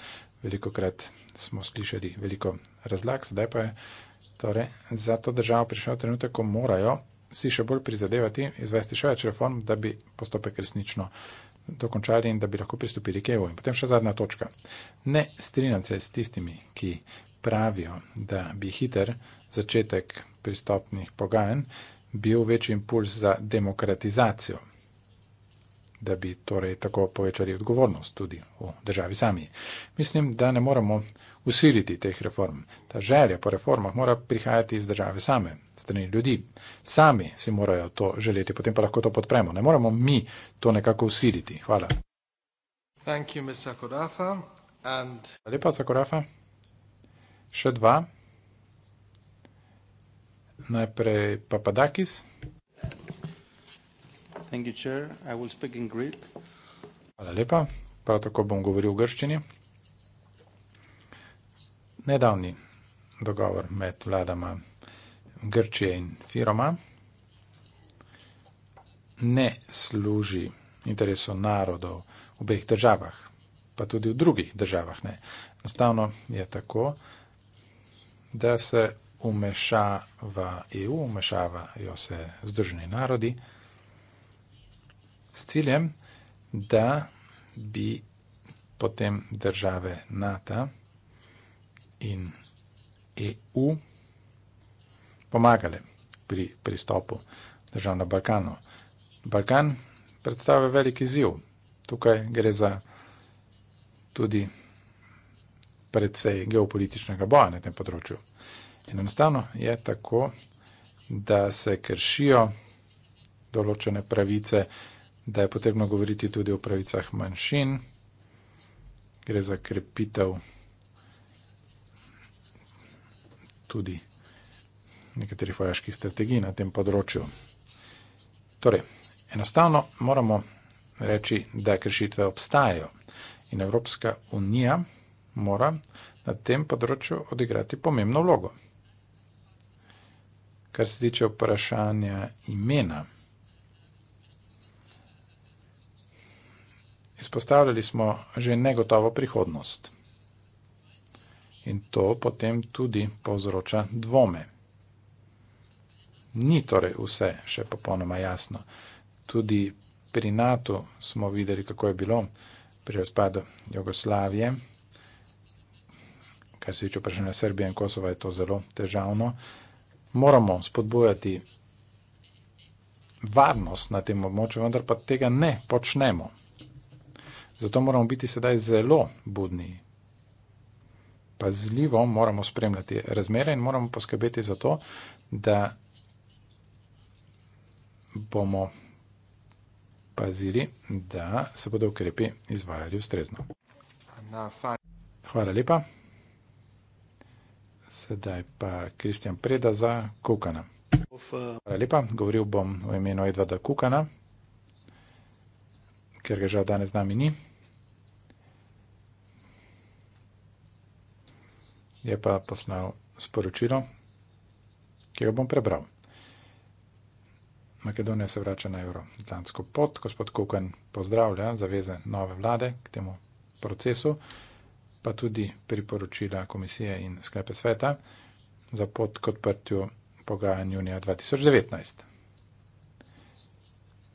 Veliko krat smo slišali veliko razlag, zdaj pa je torej za to državo prišel trenutek, ko morajo si še bolj prizadevati, izvesti še več reform, da bi postopek resnično dokončali in da bi lahko pristopili k EU. In potem še zadnja točka. Ne strinjam se s tistimi, ki pravijo, da bi hiter začetek pristopnih pogajanj bil večji impuls za demokratizacijo da bi torej tako povečali odgovornost tudi v državi sami. Mislim, da ne moramo usiliti teh reform. Ta želja po reformah mora prihajati iz države same, strani ljudi. Sami si morajo to želeti, potem pa lahko to podpremo. Ne moramo mi to nekako usiliti. Hvala. Thank you, Ms. Sakurafa. And... Lepa, Sakurafa. Še dva. Najprej Papadakis. Papadakis. Thank you, chair. I will speak in Greek. Hvala lepa. Prav tako bom govoril v grščini. Nedavni dogovor med vladama Grčije in Firoma ne služi interesu narodov v obeh državah, pa tudi v drugih državah ne. Enostavno je tako, da se umešava EU, umešavajo se združeni narodi s ciljem, da bi potem države NATO in EU pomagale pri pristopu držav na Balkanu. Balkan predstavlja veliki ziv. Tukaj gre za tudi predvsej geopolitičnega boja na tem področju. Enostavno je tako, da se kršijo določene pravice, da je potrebno govoriti tudi o pravicah manjšin, gre za krepitev tudi nekaterih vojaških strategij na tem področju. Torej, enostavno moramo reči, da kršitve obstajajo in Evropska unija mora na tem področju odigrati pomembno vlogo. Kar se tiče vprašanja imena, Izpostavljali smo že negotovo prihodnost. In to potem tudi povzroča dvome. Ni torej vse še popolnoma jasno. Tudi pri NATO smo videli, kako je bilo pri razpadu Jugoslavije. Kar se tiče vprašanja Srbije in Kosova, je to zelo težavno. Moramo spodbujati varnost na tem območju, vendar pa tega ne počnemo. Zato moramo biti sedaj zelo budni. Pazljivo moramo spremljati razmere in moramo poskrbeti za to, da bomo pazili, da se bodo ukrepi izvajali ustrezno. Hvala lepa. Sedaj pa Kristjan Preda za Kukana. Hvala lepa. Govoril bom v imenu Edvada Kukana, ker ga žal danes z nami ni. je pa poslal sporočilo, ki ga bom prebral. Makedonija se vrača na euroatlantsko pot, gospod Kukan pozdravlja zaveze nove vlade k temu procesu, pa tudi priporočila komisije in sklepe sveta za pot k odprtju pogajanj junija 2019.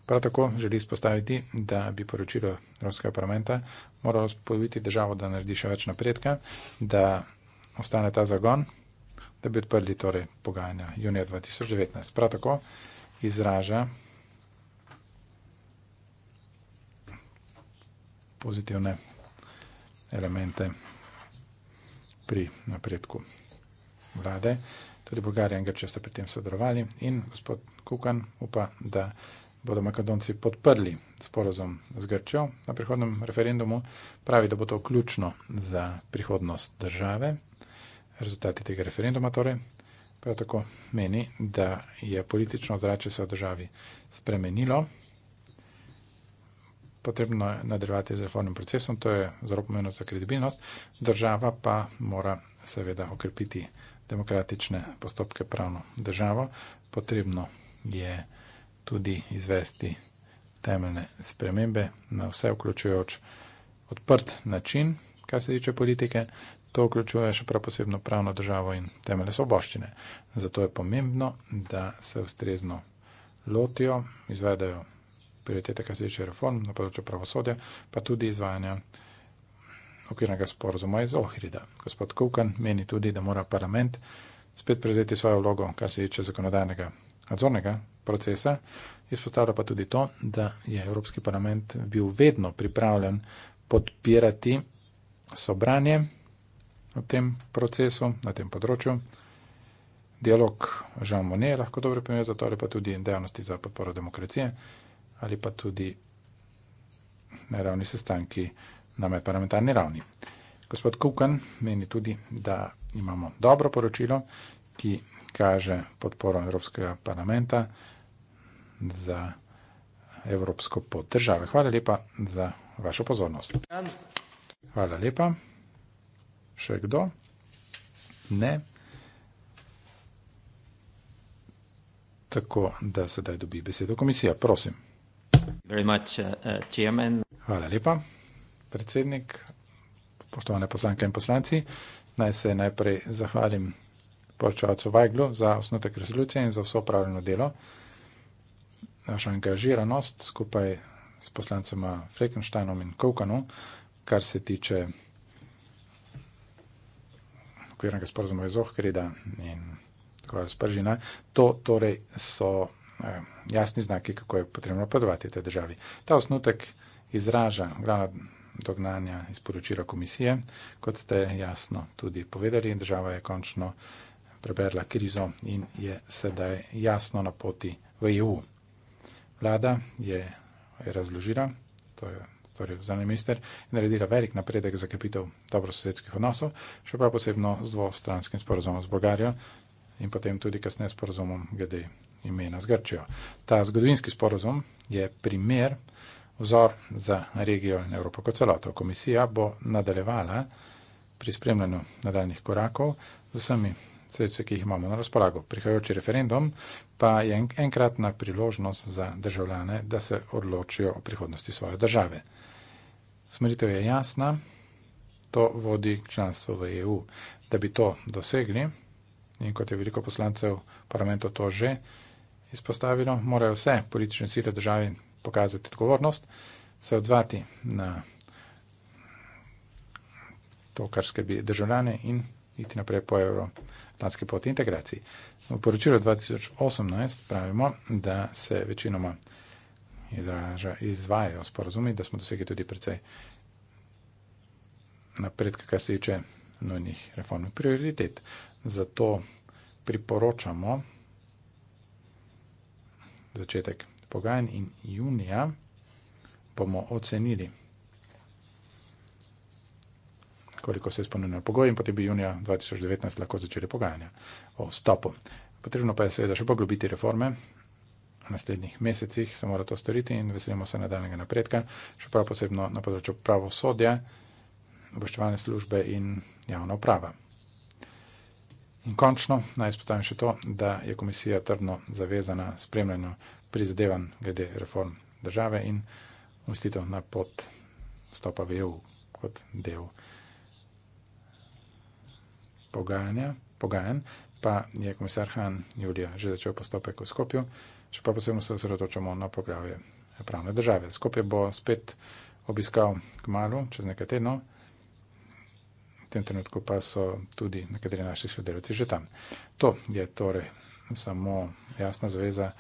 Prav tako želi spostaviti, da bi poročilo Evropskega parlamenta moralo spodbuditi državo, da naredi še več napredka, da ostane ta zagon, da bi odprli torej pogajanja junija 2019. Prav tako izraža pozitivne elemente pri napredku vlade. Tudi Bolgarija in Grčija sta pri tem sodelovali in gospod Kukan upa, da bodo Makedonci podprli sporozum z Grčijo na prihodnem referendumu. Pravi, da bo to ključno za prihodnost države, rezultati tega referenduma torej. Prav tako meni, da je politično zrače se v državi spremenilo. Potrebno je nadaljevati z reformnim procesom, to je zelo pomembno za kredibilnost. Država pa mora seveda okrepiti demokratične postopke pravno državo. Potrebno je tudi izvesti temeljne spremembe na vse vključujoč odprt način, kar se tiče politike. To vključuje še prav posebno pravno državo in temelje svoboščine. Zato je pomembno, da se ustrezno lotijo, izvedajo prioritete kasneje reform na področju pravosodja, pa tudi izvajanja okvirnega sporozuma iz Ohrida. Gospod Kukan meni tudi, da mora parlament spet prevzeti svojo vlogo, kar se tiče zakonodajnega nadzornega procesa. Izpostavlja pa tudi to, da je Evropski parlament bil vedno pripravljen podpirati sobranje na tem procesu, na tem področju. Dialog Jean Monnet je lahko dobro primer za to, ali pa tudi dejavnosti za podporo demokracije, ali pa tudi neravni sestanki na medparlamentarni ravni. Gospod Kukan meni tudi, da imamo dobro poročilo, ki kaže podporo Evropskega parlamenta za evropsko pot države. Hvala lepa za vašo pozornost. Hvala lepa še kdo? Ne. Tako da sedaj dobi besedo komisija, prosim. Uh, uh, Hvala lepa, predsednik, poštovane poslanke in poslanci. Naj se najprej zahvalim poročevalcu Vajglu za osnutek resolucije in za vso upravljeno delo, našo angažiranost skupaj s poslancema Frekensteinom in Kovkanom, kar se tiče okvirnega sporozuma iz Ohrida in tako je spržina. To torej so eh, jasni znaki, kako je potrebno podovati te državi. Ta osnutek izraža glavna dognanja iz poročila komisije, kot ste jasno tudi povedali, država je končno preberla krizo in je sedaj jasno na poti v EU. Vlada je, je razložila, to je torej vzdanje minister, naredila velik napredek za krepitev dobrososedskih odnosov, še prav posebno z dvostranskim sporozumom z Bolgarijo in potem tudi kasneje sporozumom glede imena z Grčijo. Ta zgodovinski sporozum je primer, vzor za regijo in Evropo kot celoto. Komisija bo nadaljevala pri spremljanju nadaljnih korakov z vsemi sredstvi, ki jih imamo na razpolago. Prihajajoči referendum pa je enkratna priložnost za državljane, da se odločijo o prihodnosti svoje države. Smeritev je jasna, to vodi k članstvu v EU. Da bi to dosegli, in kot je veliko poslancev parlamentu to že izpostavilo, morajo vse politične sile države pokazati odgovornost, se odzvati na to, kar skrbi državljane in iti naprej po evroatlantski poti integraciji. V poročilu 2018 pravimo, da se večinoma izraža, izvajajo sporozumi, da smo dosegli tudi precej napredka, kar se tiče nujnih reformnih prioritet. Zato priporočamo začetek pogajanj in junija bomo ocenili, koliko se je spomenilo pogoj in potem bi junija 2019 lahko začeli pogajanja o stopu. Potrebno pa je seveda še poglobiti reforme, v naslednjih mesecih, se mora to storiti in veselimo se nadaljnega napredka, še prav posebno na področju pravosodja, obveščevalne službe in javna uprava. In končno naj izpostavim še to, da je komisija trdno zavezana spremljanju prizadevanj glede reform države in umestitev na pot vstopa v EU kot del pogajanja, pogajanj, pa je komisar Han Julija že začel postopek v Skopju še pa posebno se osredotočamo na poglavje pravne države. Skopje bo spet obiskal k malu, čez nekaj tednov. V tem trenutku pa so tudi nekateri naši sodelavci že tam. To je torej samo jasna zveza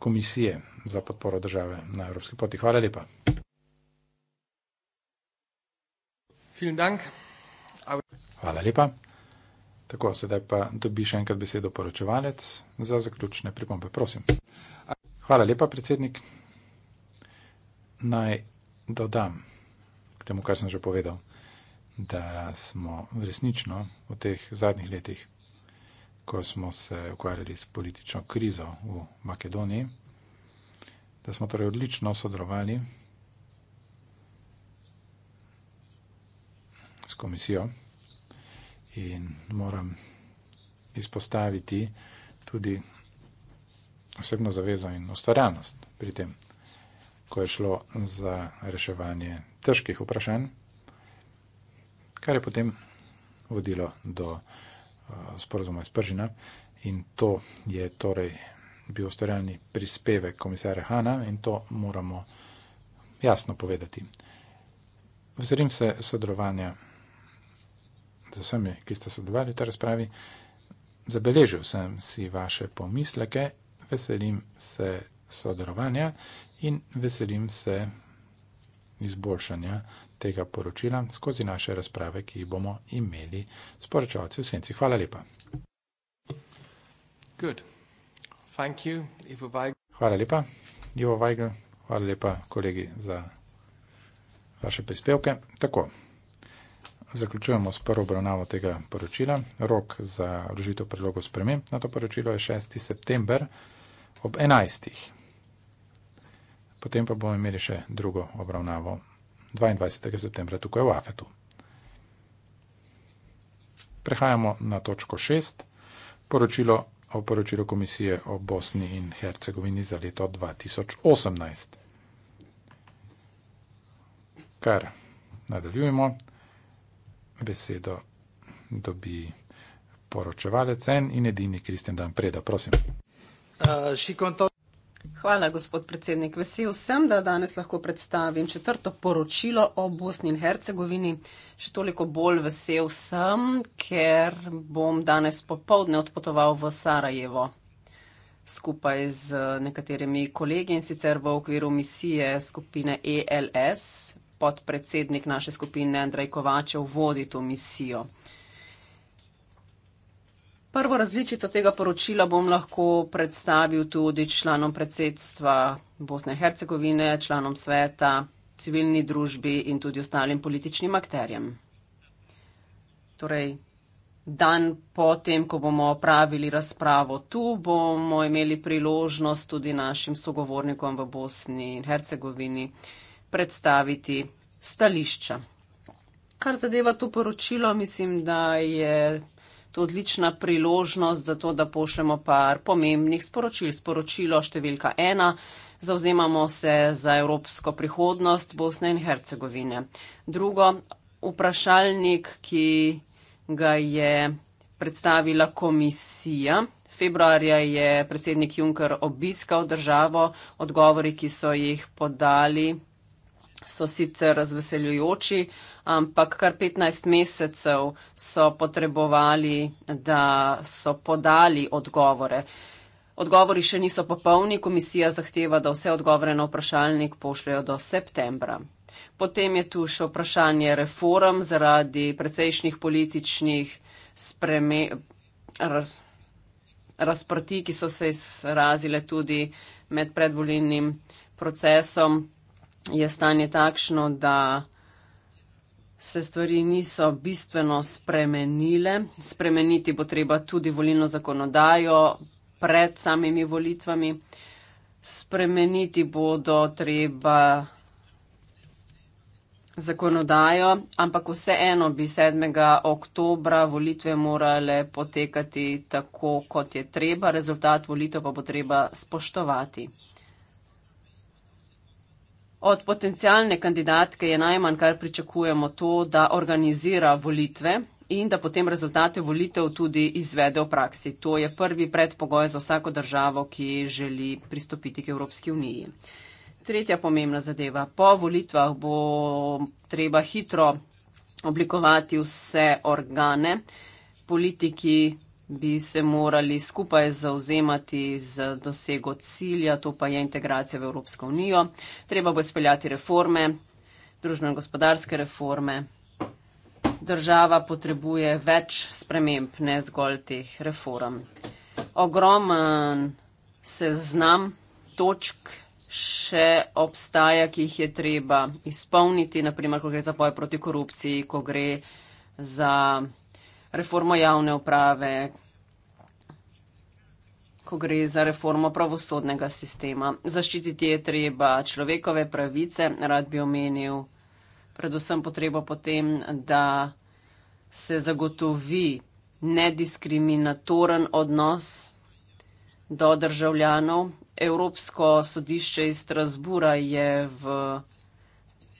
komisije za podporo države na evropski poti. Hvala lepa. Hvala lepa. Tako, sedaj pa dobi še enkrat besedo poročevalec za zaključne pripombe. Prosim. Hvala lepa, predsednik. Naj dodam k temu, kar sem že povedal, da smo resnično v teh zadnjih letih, ko smo se ukvarjali s politično krizo v Makedoniji, da smo torej odlično sodelovali s komisijo in moram izpostaviti tudi osebno zavezo in ustvarjalnost pri tem, ko je šlo za reševanje težkih vprašanj, kar je potem vodilo do uh, sporozuma iz Pržina in to je torej bil ustvarjalni prispevek komisarja Hanna in to moramo jasno povedati. Veselim se sodelovanja z vsemi, ki ste sodelovali v tej razpravi. Zabeležil sem si vaše pomisleke veselim se sodelovanja in veselim se izboljšanja tega poročila skozi naše razprave, ki jih bomo imeli s poročevalci v senci. Hvala lepa. Good. Thank you, Ivo hvala lepa, Ivo Weigl, hvala lepa, kolegi, za vaše prispevke. Tako, zaključujemo s prvo obravnavo tega poročila. Rok za vložitev predlogov sprememb na to poročilo je 6. september ob 11. Potem pa bomo imeli še drugo obravnavo 22. septembra tukaj v Afetu. Prehajamo na točko 6, poročilo o poročilu komisije o Bosni in Hercegovini za leto 2018. Kar nadaljujemo, besedo dobi poročevalec en in edini Kristjan Dan Preda, prosim. Hvala, gospod predsednik. Vesel sem, da danes lahko predstavim četrto poročilo o Bosni in Hercegovini. Še toliko bolj vesel sem, ker bom danes popovdne odpotoval v Sarajevo skupaj z nekaterimi kolegi in sicer v okviru misije skupine ELS. Podpredsednik naše skupine Andrej Kovačev vodi to misijo. Prvo različico tega poročila bom lahko predstavil tudi članom predsedstva Bosne in Hercegovine, članom sveta, civilni družbi in tudi ostalim političnim akterjem. Torej, dan potem, ko bomo opravili razpravo tu, bomo imeli priložnost tudi našim sogovornikom v Bosni in Hercegovini predstaviti stališča. Kar zadeva to poročilo, mislim, da je to odlična priložnost za to, da pošljemo par pomembnih sporočil. Sporočilo številka ena. Zauzemamo se za evropsko prihodnost Bosne in Hercegovine. Drugo, vprašalnik, ki ga je predstavila komisija. Februarja je predsednik Juncker obiskal državo. Odgovori, ki so jih podali, so sicer razveseljujoči ampak kar 15 mesecev so potrebovali, da so podali odgovore. Odgovori še niso popolni, komisija zahteva, da vse odgovore na vprašalnik pošljajo do septembra. Potem je tu še vprašanje reform zaradi precejšnjih političnih razprti, ki so se izrazile tudi med predvolinnim procesom. Je stanje takšno, da se stvari niso bistveno spremenile. Spremeniti bo treba tudi volilno zakonodajo pred samimi volitvami. Spremeniti bodo treba zakonodajo, ampak vseeno bi 7. oktobra volitve morale potekati tako, kot je treba, rezultat volitev pa bo treba spoštovati. Od potencijalne kandidatke je najmanj, kar pričakujemo, to, da organizira volitve in da potem rezultate volitev tudi izvede v praksi. To je prvi predpogoj za vsako državo, ki želi pristopiti k Evropski uniji. Tretja pomembna zadeva. Po volitvah bo treba hitro oblikovati vse organe. Politiki bi se morali skupaj zauzemati za dosego cilja, to pa je integracija v Evropsko unijo. Treba bo speljati reforme, družbeno-gospodarske reforme. Država potrebuje več sprememb, ne zgolj teh reform. Ogromen seznam točk še obstaja, ki jih je treba izpolniti, naprimer, ko gre za boj proti korupciji, ko gre za reformo javne uprave, ko gre za reformo pravosodnega sistema. Zaščititi je treba človekove pravice, rad bi omenil predvsem potrebo potem, da se zagotovi nediskriminatoren odnos do državljanov. Evropsko sodišče iz Strasbura je v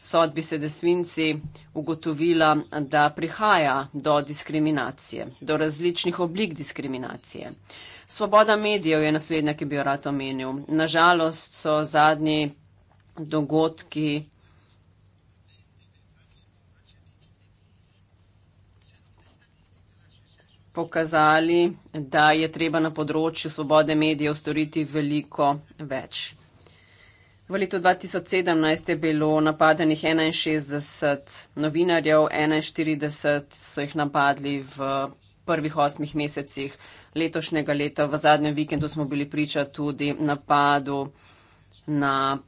sodbi sedesvinci ugotovila, da prihaja do diskriminacije, do različnih oblik diskriminacije. Uh, Svoboda medijev je naslednja, ki bi jo rad omenil. Nažalost so zadnji dogodki. Pokazali, da je treba na področju svobode medijev storiti veliko več. V letu 2017 je bilo napadenih 61 novinarjev, 41 so jih napadli v prvih osmih mesecih letošnjega leta. V zadnjem vikendu smo bili priča tudi napadu na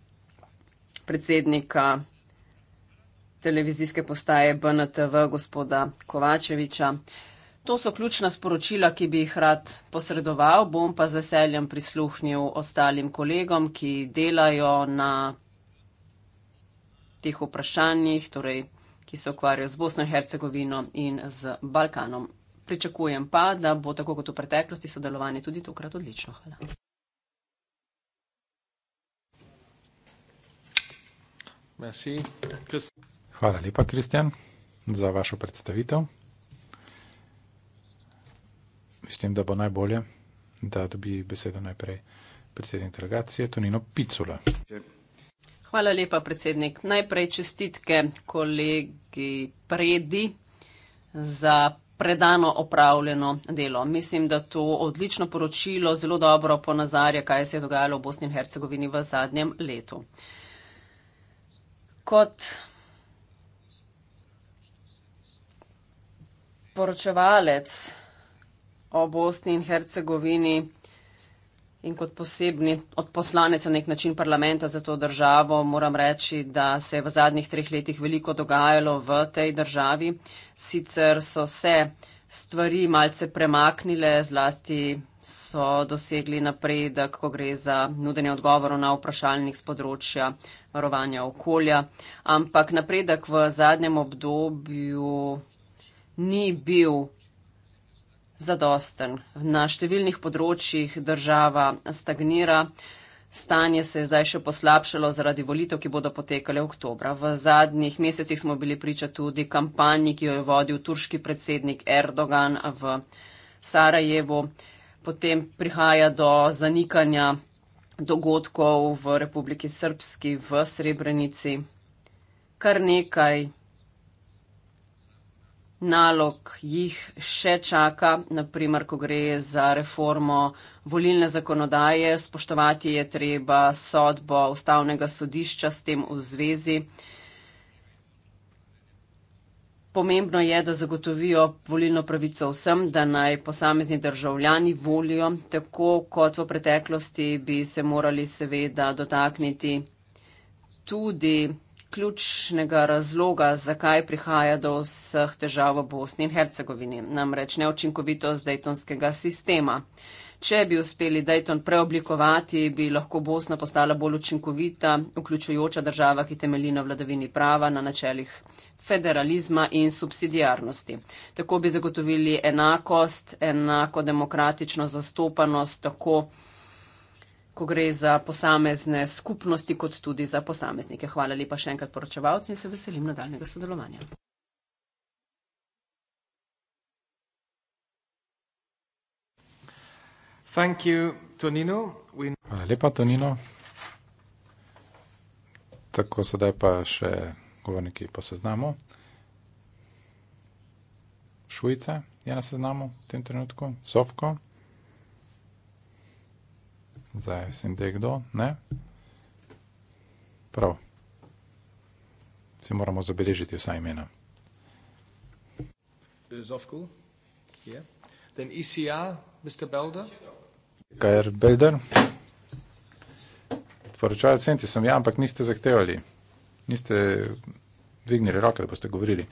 predsednika televizijske postaje BNTV, gospoda Kovačeviča. To so ključna sporočila, ki bi jih rad posredoval. Bom pa z veseljem prisluhnil ostalim kolegom, ki delajo na teh vprašanjih, torej ki se ukvarjajo z Bosno in Hercegovino in z Balkanom. Pričakujem pa, da bo tako kot v preteklosti sodelovanje tudi tokrat odlično. Hvala. Hvala lepa, Kristjan, za vašo predstavitev. Mislim, da bo najbolje, da dobi besedo najprej predsednik delegacije Tonino Picula. Hvala lepa, predsednik. Najprej čestitke kolegi Predi za predano opravljeno delo. Mislim, da to odlično poročilo zelo dobro ponazarja, kaj se je dogajalo v Bosni in Hercegovini v zadnjem letu. Kot poročevalec o Bosni in Hercegovini, In kot posebni odposlanec na nek način parlamenta za to državo moram reči, da se je v zadnjih treh letih veliko dogajalo v tej državi. Sicer so se stvari malce premaknile, zlasti so dosegli napredek, ko gre za nudenje odgovorov na vprašalnik z področja varovanja okolja, ampak napredek v zadnjem obdobju ni bil zadosten. Na številnih področjih država stagnira. Stanje se je zdaj še poslabšalo zaradi volitev, ki bodo potekale v oktobra. V zadnjih mesecih smo bili priča tudi kampanji, ki jo je vodil turški predsednik Erdogan v Sarajevu. Potem prihaja do zanikanja dogodkov v Republiki Srpski v Srebrenici. Kar nekaj nalog jih še čaka, naprimer, ko gre za reformo volilne zakonodaje, spoštovati je treba sodbo ustavnega sodišča s tem v zvezi. Pomembno je, da zagotovijo volilno pravico vsem, da naj posamezni državljani volijo, tako kot v preteklosti bi se morali seveda dotakniti tudi ključnega razloga, zakaj prihaja do vseh težav v Bosni in Hercegovini, namreč neočinkovitost dejtonskega sistema. Če bi uspeli Dayton preoblikovati, bi lahko Bosna postala bolj učinkovita, vključujoča država, ki temelji na vladavini prava, na načelih federalizma in subsidijarnosti. Tako bi zagotovili enakost, enako demokratično zastopanost, tako ko gre za posamezne skupnosti, kot tudi za posameznike. Hvala lepa še enkrat poročevalcem in se veselim nadaljnega sodelovanja. Thank you, Tonino. We... Hvala lepa, Tonino. Tako sedaj pa še govorniki po seznamu. Švica je na seznamu v tem trenutku, Sovko zdaj sem nekdo, ne? Prav. Se moramo zabeležiti vsa imena. Zovku, je. Then ECR, Mr. Belder. KR Belder. Poročajo centi, sem ja, ampak niste zahtevali. Niste dvignili roke, da boste govorili.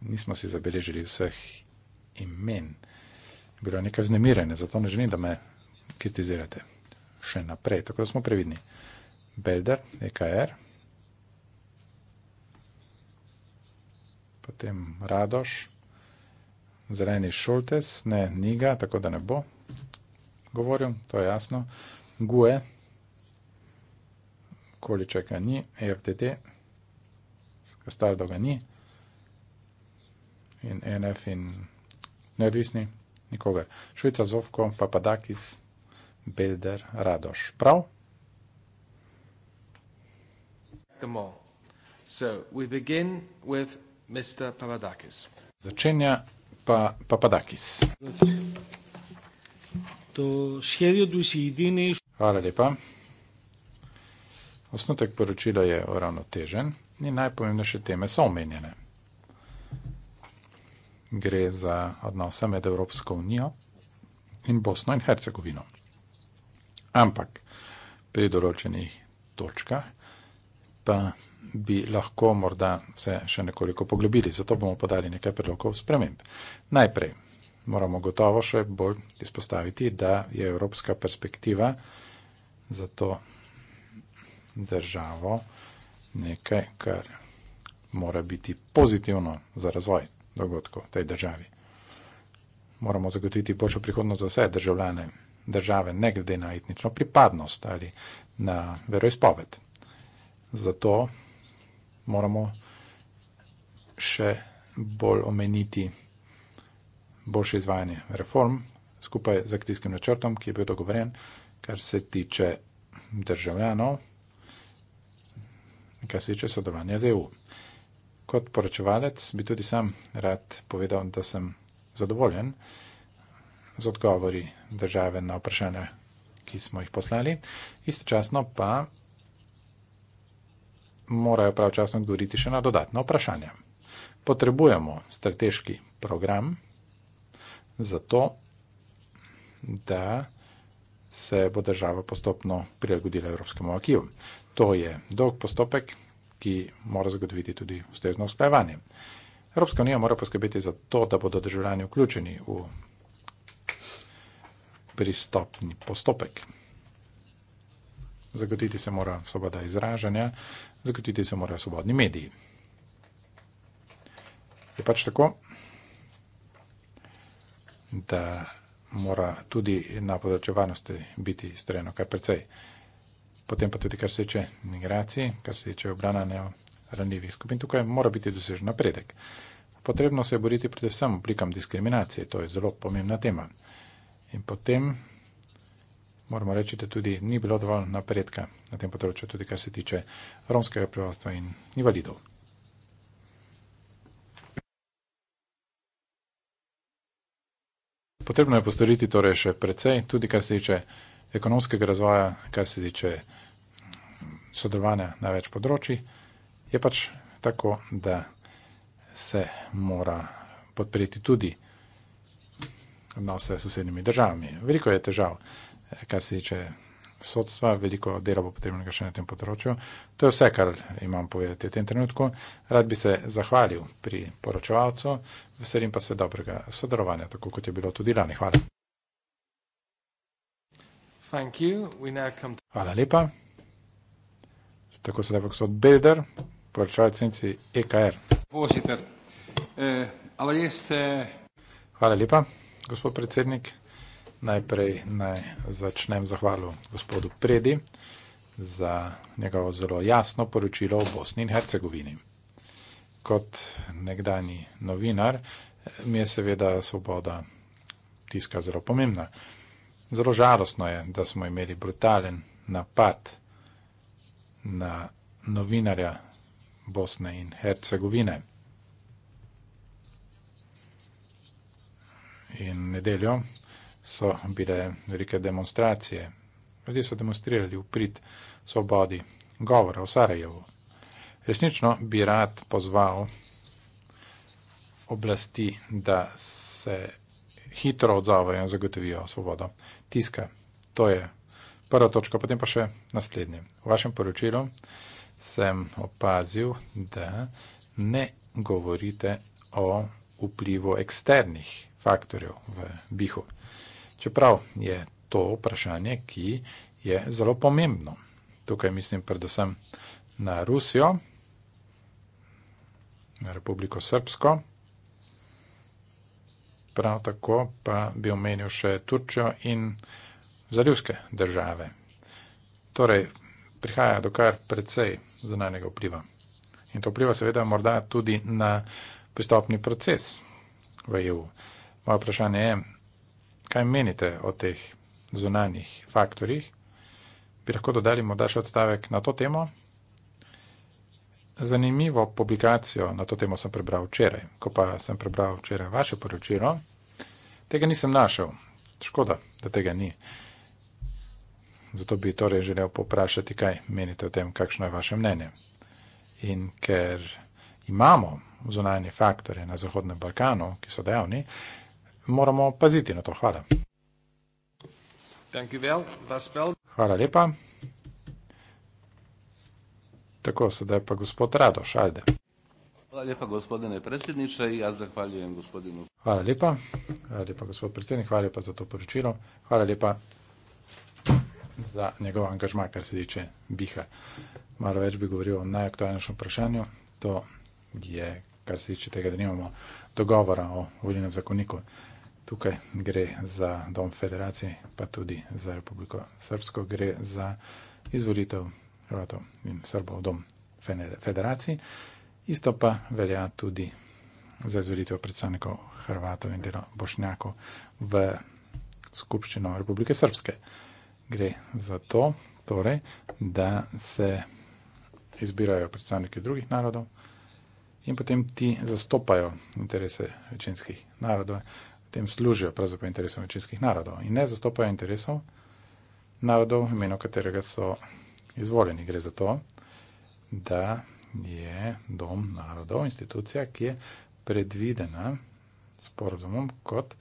Nismo si zabeležili vseh imen bilo nekaj znemirjenja, zato ne želim, da me kritizirate še naprej. Tako da smo previdni. Belder, EKR, potem Radoš, zeleni Šultes, ne, Niga, tako da ne bo govoril, to je jasno. Gue, Količek ga ni, EFTT, Kastardo ga ni, in e NF in neodvisni nikogar. Švica Zovko, Papadakis, Belder, Radoš. Prav? Them all. So we begin with Mr. Papadakis. Začenja pa Papadakis. To šedijo tu si jedini. Hvala lepa. Osnutek poročila je ravno težen in najpomembnejše teme so omenjene gre za odnose med Evropsko unijo in Bosno in Hercegovino. Ampak pri določenih točkah pa bi lahko morda se še nekoliko poglobili, zato bomo podali nekaj predlogov sprememb. Najprej moramo gotovo še bolj izpostaviti, da je evropska perspektiva za to državo nekaj, kar mora biti pozitivno za razvoj dogodkov v tej državi. Moramo zagotoviti boljšo prihodnost za vse državljane države, ne glede na etnično pripadnost ali na veroizpoved. Zato moramo še bolj omeniti boljše izvajanje reform skupaj z aktivskim načrtom, ki je bil dogovoren, kar se tiče državljanov, kar se tiče sodelovanja z EU. Kot poročevalec bi tudi sam rad povedal, da sem zadovoljen z odgovori države na vprašanja, ki smo jih poslali. Istočasno pa morajo pravčasno odgovoriti še na dodatna vprašanja. Potrebujemo strateški program za to, da se bo država postopno prilagodila evropskemu akiju. To je dolg postopek, ki mora zagotoviti tudi ustrezno usklajevanje. Evropska unija mora poskrbeti za to, da bodo državljani vključeni v pristopni postopek. Zagotiti se mora svoboda izražanja, zagotiti se morajo svobodni mediji. Je pač tako, da mora tudi na področju varnosti biti strenjeno kar precej. Uh, potem pa tudi, kar se tiče migracije, kar se tiče obrana neoranljivih skupin, tukaj mora biti dosežen napredek. Potrebno se je boriti predvsem oblikam diskriminacije, to je zelo pomembna tema. In potem moramo reči, da tudi ni bilo dovolj napredka na tem področju, tudi kar se tiče romskega prebivalstva in invalidov. Potrebno je postoriti torej še precej, tudi kar se tiče ekonomskega razvoja, kar se tiče mm, sodelovanja na več področjih, je pač tako, da se mora podpreti tudi odnose s sosednjimi državami. Veliko je težav, eh, kar se tiče sodstva, veliko dela bo potrebnega še na tem področju. To je vse, kar imam povedati v tem trenutku. Rad bi se zahvalil pri poročevalcu, veselim pa se dobrega sodelovanja, tako kot je bilo tudi lani. Hvala. Hvala lepa. Tako se da pa gospod Bilder, poročaj cenci EKR. Pozitor, eh, ali jeste... Eh, Hvala lepa, gospod predsednik. Najprej naj začnem zahvalo gospodu Predi za njegovo zelo jasno poročilo o Bosni in Hercegovini. Kot nekdani novinar eh, mi je seveda svoboda tiska zelo pomembna zelo žalostno je, da smo imeli brutalen napad na novinarja Bosne in Hercegovine. In nedeljo so bile velike demonstracije. Ljudje so demonstrirali v prid svobodi govora v Sarajevu. Resnično bi rad pozval oblasti, da se hitro odzovejo in zagotovijo svobodo tiska. To je prva točka, potem pa še naslednje. V vašem poročilu sem opazil, da ne govorite o vplivu eksternih faktorjev v bihu. Čeprav je to vprašanje, ki je zelo pomembno. Tukaj mislim predvsem na Rusijo, na Republiko Srpsko, prav tako pa bi omenil še Turčjo in zalivske države. Torej, prihaja do kar precej zunanjega vpliva. In to vpliva seveda morda tudi na pristopni proces v EU. Moje vprašanje je, kaj menite o teh zunanjih faktorjih? Bi lahko dodali morda še odstavek na to temo? Zanimivo publikacijo na to temo sem prebral včeraj. Ko pa sem prebral včeraj vaše poročilo, tega nisem našel. Škoda, da tega ni. Zato bi torej želel poprašati, kaj menite o tem, kakšno je vaše mnenje. In ker imamo zunanje faktore na Zahodnem Balkanu, ki so dejavni, moramo paziti na to. Hvala. Hvala lepa. Tako, sedaj pa gospod Rado Šalde. Hvala lepa, gospodine predsedniče, jaz zahvaljujem gospodinu. Hvala lepa, hvala lepa, gospod predsednik, hvala lepa za to poročilo, hvala lepa za njegov angažma, kar se tiče biha. Malo več bi govoril o najaktualnejšem vprašanju, to je, kar se tiče tega, da nimamo dogovora o voljenem zakoniku. Tukaj gre za Dom federacije, pa tudi za Republiko Srpsko, gre za izvolitev Hrvatov in Srbov dom federaciji. Isto pa velja tudi za izvolitev predstavnikov Hrvatov in delo Bošnjakov v Skupščino Republike Srpske. Gre za to, torej, da se izbirajo predstavniki drugih narodov in potem ti zastopajo interese večinskih narodov, potem služijo pravzaprav interesom večinskih narodov in ne zastopajo interesov narodov, imeno katerega so izvoljeni. Gre za to, da je dom narodov institucija, ki je predvidena s porozumom kot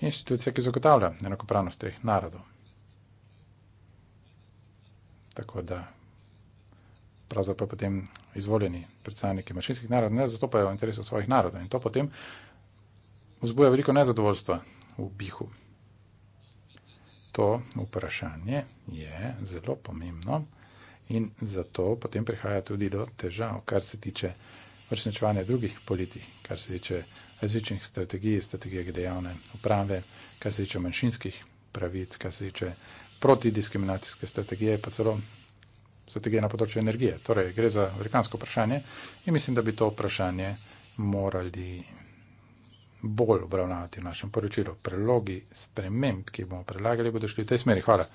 institucija, ki zagotavlja enakopravnost treh narodov. Tako da pravzaprav potem izvoljeni predstavniki mašinskih narodov ne zastopajo interesov svojih narodov in to potem vzbuja veliko nezadovoljstva v bihu. To vprašanje je zelo pomembno. In zato potem prihaja tudi do težav, kar se tiče uresničevanja drugih politik, kar se tiče različnih strategij, strategije glede javne uprave, kar se tiče manjšinskih pravic, kar se tiče protidiskriminacijske strategije, pa celo strategije na področju energije. Torej, gre za velikansko vprašanje in mislim, da bi to vprašanje morali bolj obravnavati v našem poročilu. Prelogi sprememb, ki bomo predlagali, bodo šli v tej smeri. Hvala.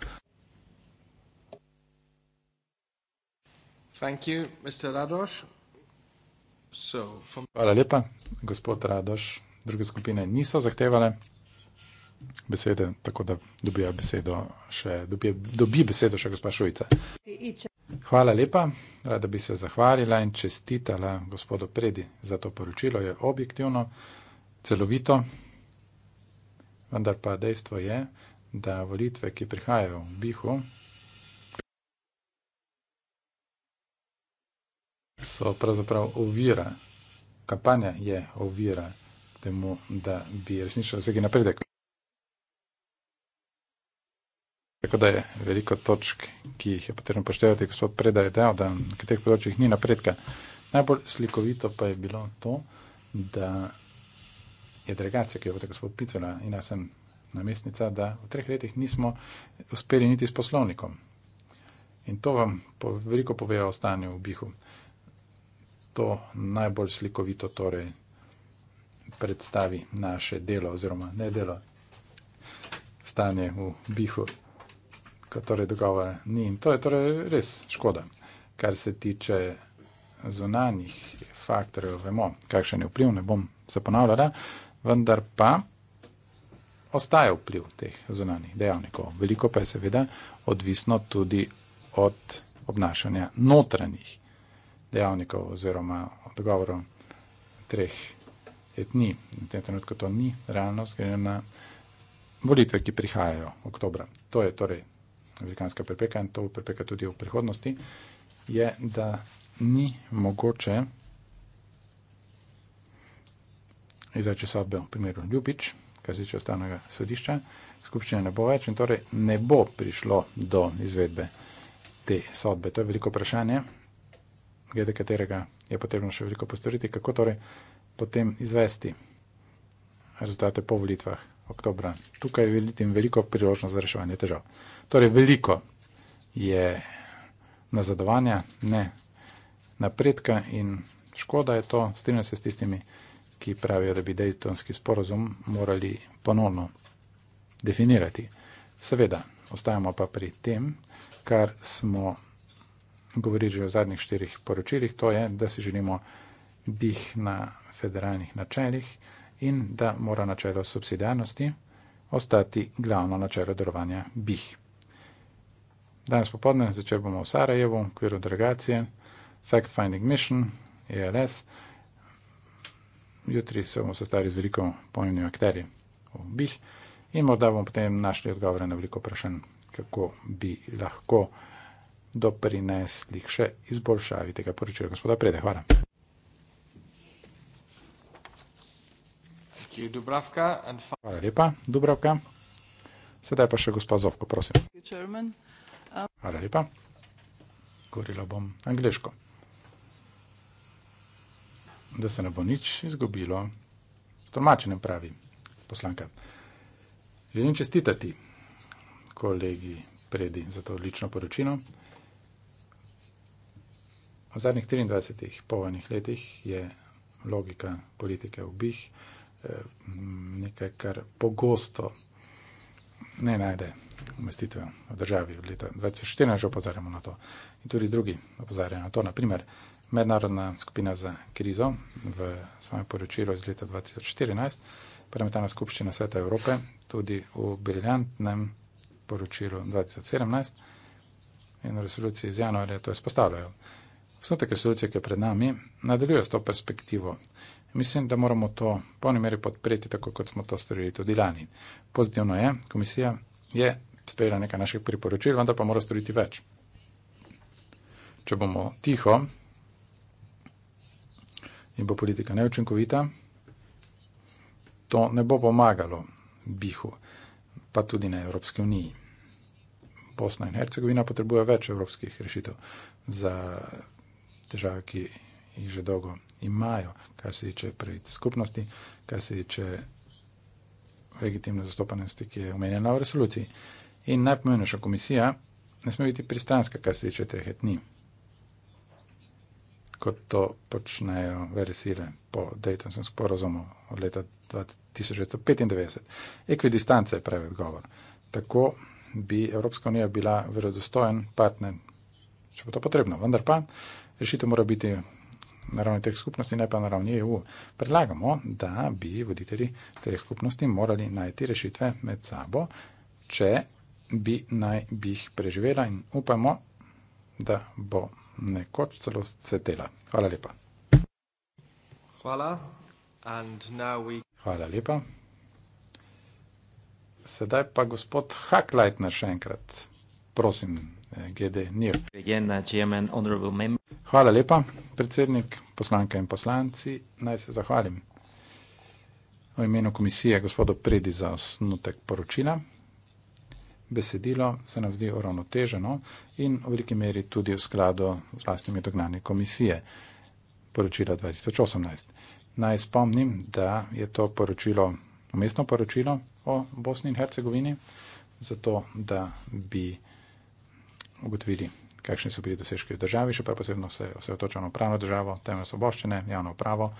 Hvala lepa, gospod Radoš. Druge skupine niso zahtevale besede, tako da dobija besedo še, dobija, dobi besedo še gospa Šujica. Hvala lepa, rada bi se zahvalila in čestitala gospodu Predi za to poročilo. Je objektivno, celovito, vendar pa dejstvo je, da volitve, ki prihajajo v Bihu, so pravzaprav ovira. Kampanja je ovira temu, da bi resničila vsegi napredek. Tako da je veliko točk, ki jih je potrebno poštevati, gospod Preda je dejal, da na katerih področjih ni napredka. Najbolj slikovito pa je bilo to, da je delegacija, ki jo vodi gospod Picola in jaz sem namestnica, da v treh letih nismo uspeli niti s poslovnikom. In to vam po, veliko pove o stanju v bihu to najbolj slikovito torej predstavi naše delo oziroma ne delo, stanje v bihu, katere dogovore ni. In to je torej res škoda. Kar se tiče zunanjih faktorjev, vemo, kakšen je vpliv, ne bom se ponavljala, vendar pa ostaja vpliv teh zunanjih dejavnikov. Veliko pa je seveda odvisno tudi od obnašanja notranjih dejavnikov oziroma odgovorov treh etni. V tem trenutku to ni realnost, gre na volitve, ki prihajajo v oktobra. To je torej amerikanska prepreka in to prepreka tudi v prihodnosti, je, da ni mogoče izreči sodbe v primeru Ljubič, kaziče ustavnega sodišča, skupščine ne bo več in torej ne bo prišlo do izvedbe te sodbe. To je veliko vprašanje, glede katerega je potrebno še veliko postoriti, kako torej potem izvesti rezultate po volitvah oktobra. Tukaj je vidim veliko priložnost za reševanje težav. Torej, veliko je nazadovanja, ne napredka in škoda je to, strinjam se s tistimi, ki pravijo, da bi Daytonski sporozum morali ponovno definirati. Seveda, ostajamo pa pri tem, kar smo govori že v zadnjih štirih poročilih, to je, da si želimo bih na federalnih načelih in da mora načelo subsidijarnosti ostati glavno načelo delovanja bih. Danes popodne začel bomo v Sarajevu, v okviru delegacije, Fact Finding Mission, ELS. Jutri se bomo sestali z veliko pomembnimi akterji v bih in morda bomo potem našli odgovore na veliko vprašanj, kako bi lahko doprinesli k še izboljšavi tega poročila. Gospoda Prede, hvala. Hvala lepa, Dubravka. Sedaj pa še gospod Zovko, prosim. Hvala lepa. Govorila bom angliško. Da se ne bo nič izgubilo, s tolmačenjem pravi poslanka. Želim čestitati kolegi predi za to odlično poročilo. V zadnjih 23 povanih letih je logika politike v bih eh, nekaj, kar pogosto ne najde umestitve v državi. Od leta 2014 že opozarjamo na to in tudi drugi opozarjajo na to. Naprimer, mednarodna skupina za krizo v svojem poročilu iz leta 2014, parlamentarna skupščina Sveta Evrope, tudi v briljantnem poročilu 2017 in resoluciji iz januarja to izpostavljajo. Osnotek resolucije, ki je pred nami, nadaljuje s to perspektivo. Mislim, da moramo to v polni meri podpreti, tako kot smo to storili tudi lani. Pozitivno je, komisija je sprejela nekaj naših priporočil, vendar pa mora storiti več. Če bomo tiho in bo politika neučinkovita, to ne bo pomagalo Bihu, pa tudi na Evropski uniji. Bosna in Hercegovina potrebuje več evropskih rešitev za težave, ki jih že dolgo imajo, kar se tiče pravic skupnosti, kar se tiče legitimne zastopanosti, ki je omenjena v resoluciji. In najpomembnejša komisija ne sme biti pristranska, kar se tiče treh etni, kot to počnejo vere sile po Daytonskem sporozumu od leta 1995. Ekvidistanca je pravi odgovor. Tako bi Evropska unija bila verodostojen partner, če bo to potrebno, vendar pa rešitev mora biti na ravni teh skupnosti, ne pa na ravni EU. Predlagamo, da bi voditelji teh skupnosti morali najti rešitve med sabo, če bi naj bi jih preživela in upamo, da bo nekoč celo cvetela. Hvala lepa. Hvala. We... Hvala lepa. Sedaj pa gospod Hakleitner še enkrat. Prosim, GD NIR. Uh, Hvala lepa, predsednik, poslanke in poslanci. Naj se zahvalim v imenu komisije gospodu Predi za osnutek poročila. Besedilo se nam zdi uravnoteženo in v veliki meri tudi v skladu z vlastnimi dognani komisije poročila 2018. Naj spomnim, da je to poročilo, umestno poročilo o Bosni in Hercegovini, zato da bi ugotovili, kakšni so bili dosežki v državi, še prav posebno se je osredotočil na pravno državo, temelj soboščine, javno pravo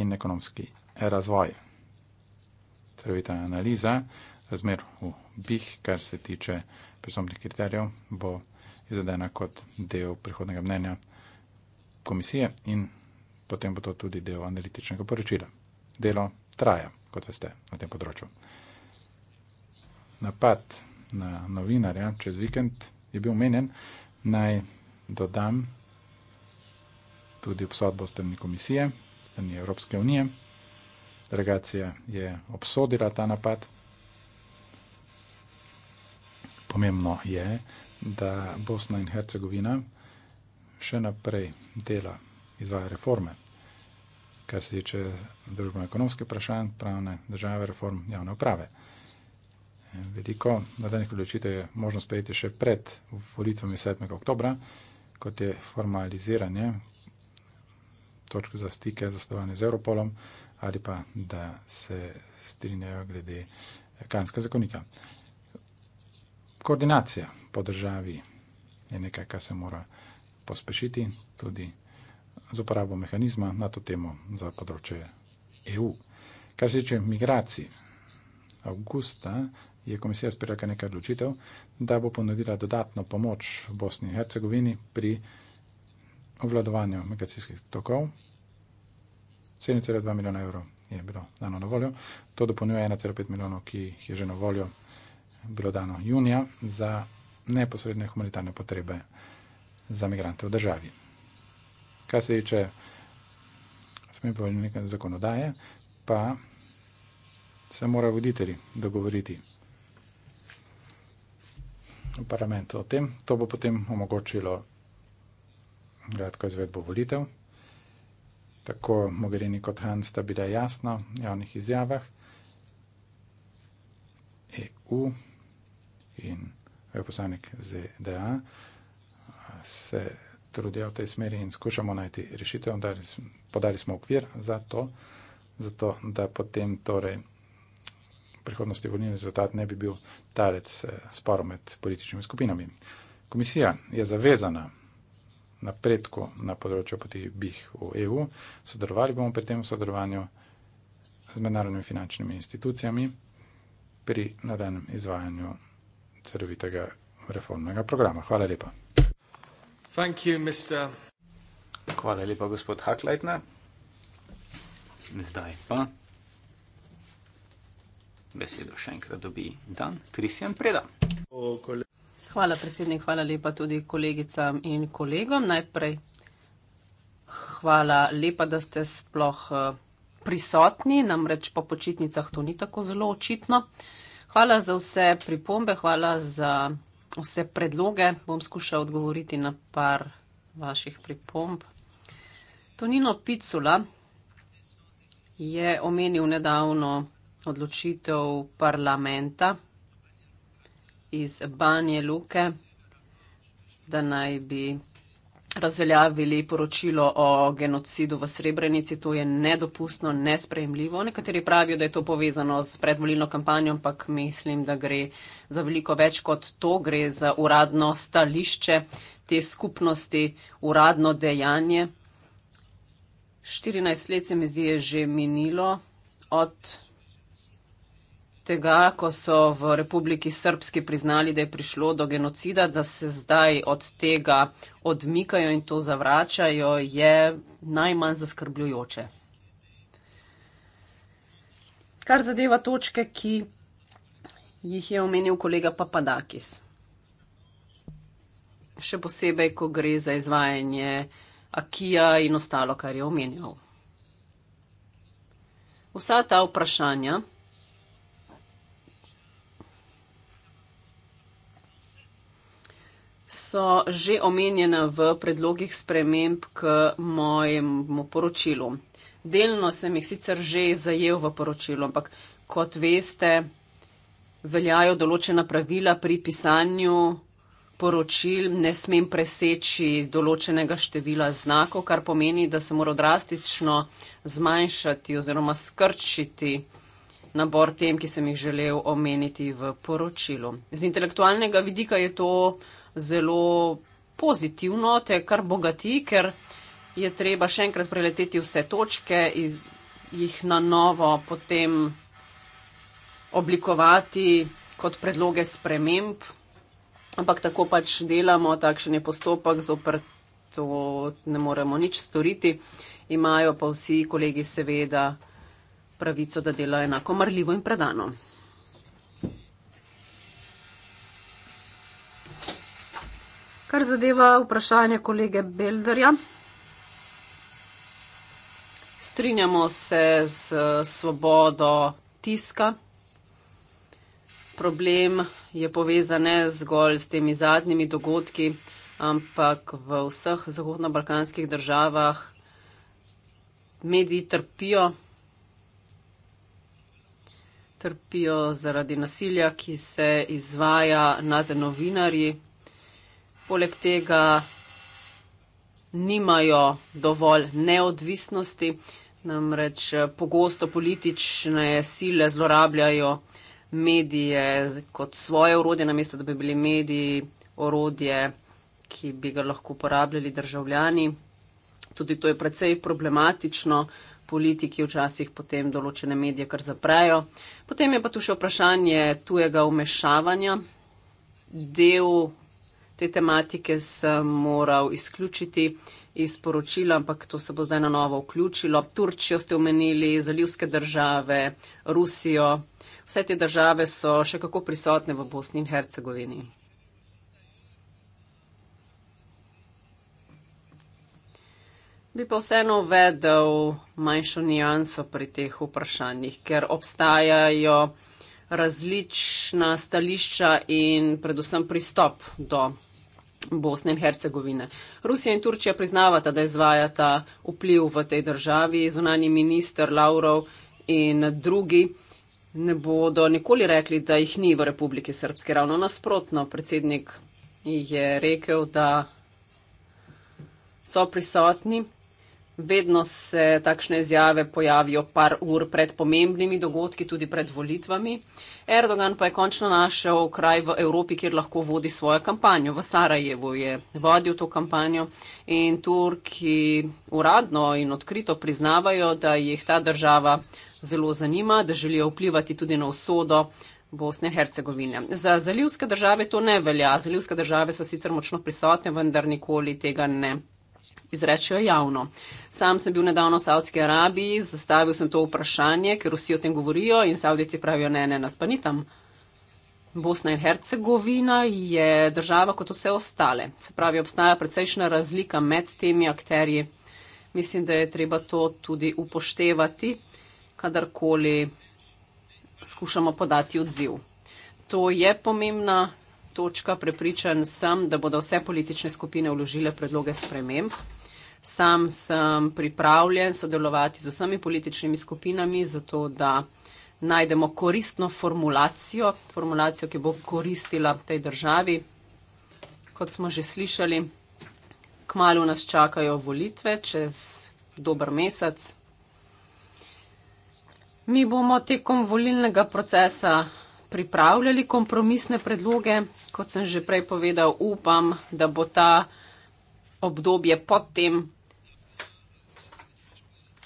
in ekonomski razvoj. Celovita analiza razmer v BIH, kar se tiče presumnih kriterijev, bo izvedena kot del prihodnega mnenja komisije in potem bo to tudi del analitičnega poročila. Delo traja, kot veste, na tem področju. Napad na novinarja čez vikend je bil omenjen, naj dodam tudi obsodbo strani komisije, strani Evropske unije. Delegacija je obsodila ta napad. Pomembno je, da Bosna in Hercegovina še naprej dela, izvaja reforme, kar se tiče družbeno-ekonomske vprašanj, pravne države, reform javne uprave veliko. Nadaljnih odločitev je možno sprejeti še pred volitvami 7. oktober, kot je formaliziranje točk za stike, za sodelovanje z Europolom ali pa da se strinjajo glede kanskega zakonika. Koordinacija po državi je nekaj, kar se mora pospešiti tudi z uporabo mehanizma na to temo za področje EU. Kar se tiče migracij, avgusta je komisija sprejela kar nekaj odločitev, da bo ponudila dodatno pomoč Bosni in Hercegovini pri obvladovanju migracijskih tokov. 7,2 milijona evrov je bilo dano na voljo. To dopolnjuje 1,5 milijonov, ki jih je že na voljo bilo dano junija za neposredne humanitarne potrebe za migrante v državi. Kaj se tiče zakonodaje, pa se morajo voditelji dogovoriti Evropskem parlamentu o tem. To bo potem omogočilo kratko izvedbo volitev. Tako Mogherini kot Han sta bila jasna v javnih izjavah. EU in veposlanik ZDA se trudijo v tej smeri in skušamo najti rešitev. Podali smo okvir za to, zato da potem torej prihodnosti volilni rezultat ne bi bil talec eh, sporo med političnimi skupinami. Komisija je zavezana napredku na področju poti BIH v EU, sodelovali bomo pri tem v sodelovanju z mednarodnimi finančnimi institucijami pri nadaljem izvajanju celovitega reformnega programa. Hvala lepa. Thank you, Mr. Hvala lepa, gospod Hakleitner. Zdaj pa besedo še enkrat dobi Dan Kristjan Preda. Hvala predsednik, hvala lepa tudi kolegicam in kolegom. Najprej hvala lepa, da ste sploh eh, prisotni, namreč po počitnicah to ni tako zelo očitno. Hvala za vse pripombe, hvala za vse predloge. Bom skušal odgovoriti na par vaših pripomb. Tonino Picula je omenil nedavno odločitev parlamenta iz Banje Luke, da naj bi razveljavili poročilo o genocidu v Srebrenici. To je nedopustno, nesprejemljivo. Nekateri pravijo, da je to povezano s predvolilno kampanjo, ampak mislim, da gre za veliko več kot to. Gre za uradno stališče te skupnosti, uradno dejanje. 14 let se mi zdi, je že minilo od tega, ko so v Republiki Srpski priznali, da je prišlo do genocida, da se zdaj od tega odmikajo in to zavračajo, je najmanj zaskrbljujoče. Kar zadeva točke, ki jih je omenil kolega Papadakis. Še posebej, ko gre za izvajanje Akija in ostalo, kar je omenil. Vsa ta vprašanja. so že omenjena v predlogih sprememb k mojemu poročilu. Delno sem jih sicer že zajel v poročilu, ampak kot veste, veljajo določena pravila pri pisanju poročil, ne smem preseči določenega števila znakov, kar pomeni, da se mora drastično zmanjšati oziroma skrčiti nabor tem, ki sem jih želel omeniti v poročilu. Z intelektualnega vidika je to zelo pozitivno, te kar bogati, ker je treba še enkrat preleteti vse točke in jih na novo potem oblikovati kot predloge sprememb. Ampak tako pač delamo, takšen je postopek, zopr to ne moremo nič storiti. Imajo pa vsi kolegi seveda pravico, da delajo enako marljivo in predano. Kar zadeva vprašanje kolege Belderja. Strinjamo se z eh, svobodo tiska. Problem je povezan ne zgolj s temi zadnjimi dogodki, ampak v vseh zahodno-balkanskih državah mediji trpijo. Trpijo zaradi nasilja, ki se izvaja nad novinarji poleg tega nimajo dovolj neodvisnosti, namreč eh, pogosto politične sile zlorabljajo medije kot svoje urodje, namesto da bi bili mediji urodje, ki bi ga lahko uporabljali državljani. Tudi to je precej problematično, politiki včasih potem določene medije kar zaprejo. Potem je pa tu še vprašanje tujega umešavanja. Del te tematike sem moral izključiti iz poročila, ampak to se bo zdaj na novo vključilo. Turčijo ste omenili, zalivske države, Rusijo. Vse te države so še kako prisotne v Bosni in Hercegovini. Bi pa vseeno uvedel manjšo nijanso pri teh vprašanjih, ker obstajajo različna stališča in predvsem pristop do Bosne in Hercegovine. Rusija in Turčija priznavata, da izvajata vpliv v tej državi, zunani minister Lavrov in drugi ne bodo nikoli rekli, da jih ni v Republiki Srpske. Ravno nasprotno, predsednik je rekel, da so prisotni. Vedno se takšne izjave pojavijo par ur pred pomembnimi dogodki, tudi pred volitvami. Erdogan pa je končno našel kraj v Evropi, kjer lahko vodi svojo kampanjo. V Sarajevu je vodil to kampanjo in Turki uradno in odkrito priznavajo, da jih ta država zelo zanima, da želijo vplivati tudi na usodo. Bosne in Hercegovine. Za zalivske države to ne velja. Zalivske države so sicer močno prisotne, vendar nikoli tega ne izrečejo javno. Sam sem bil nedavno v Saudski Arabiji, zastavil sem to vprašanje, ker vsi o tem govorijo in Saudijci pravijo, ne, ne, nas pa ni tam. Bosna in Hercegovina je država kot vse ostale. Se pravi, obstaja precejšna razlika med temi akterji. Mislim, da je treba to tudi upoštevati, kadarkoli skušamo podati odziv. To je pomembna točka prepričan sem, da bodo vse politične skupine vložile predloge sprememb. Sam sem pripravljen sodelovati z vsemi političnimi skupinami, zato da najdemo koristno formulacijo, formulacijo, ki bo koristila tej državi. Kot smo že slišali, kmalo nas čakajo volitve, čez dober mesec. Mi bomo tekom volilnega procesa pripravljali kompromisne predloge. Kot sem že prej povedal, upam, da bo ta obdobje potem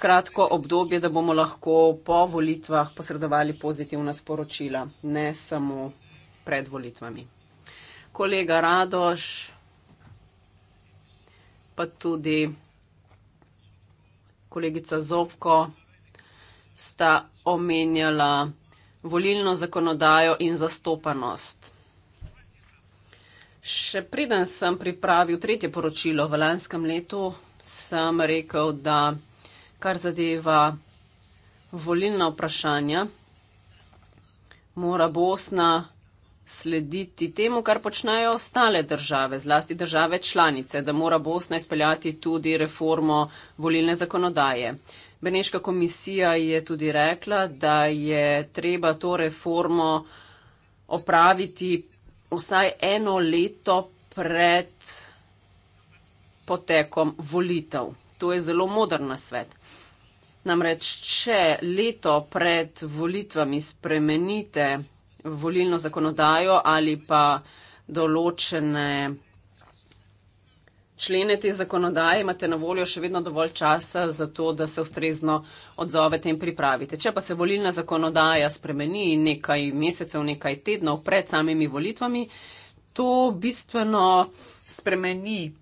kratko obdobje, da bomo lahko po volitvah posredovali pozitivna sporočila, ne samo pred volitvami. Kolega Radoš, pa tudi kolegica Zovko sta omenjala volilno zakonodajo in zastopanost. Še preden sem pripravil tretje poročilo v lanskem letu, sem rekel, da kar zadeva volilna vprašanja, mora Bosna slediti temu, kar počnejo ostale države, zlasti države članice, da mora Bosna izpeljati tudi reformo volilne zakonodaje. Beneška komisija je tudi rekla, da je treba to reformo opraviti vsaj eno leto pred potekom volitev. To je zelo modern svet. Namreč, če leto pred volitvami spremenite volilno zakonodajo ali pa določene člene te zakonodaje, imate na voljo še vedno dovolj časa za to, da se ustrezno odzovete in pripravite. Če pa se volilna zakonodaja spremeni nekaj mesecev, nekaj tednov pred samimi volitvami, to bistveno spremeni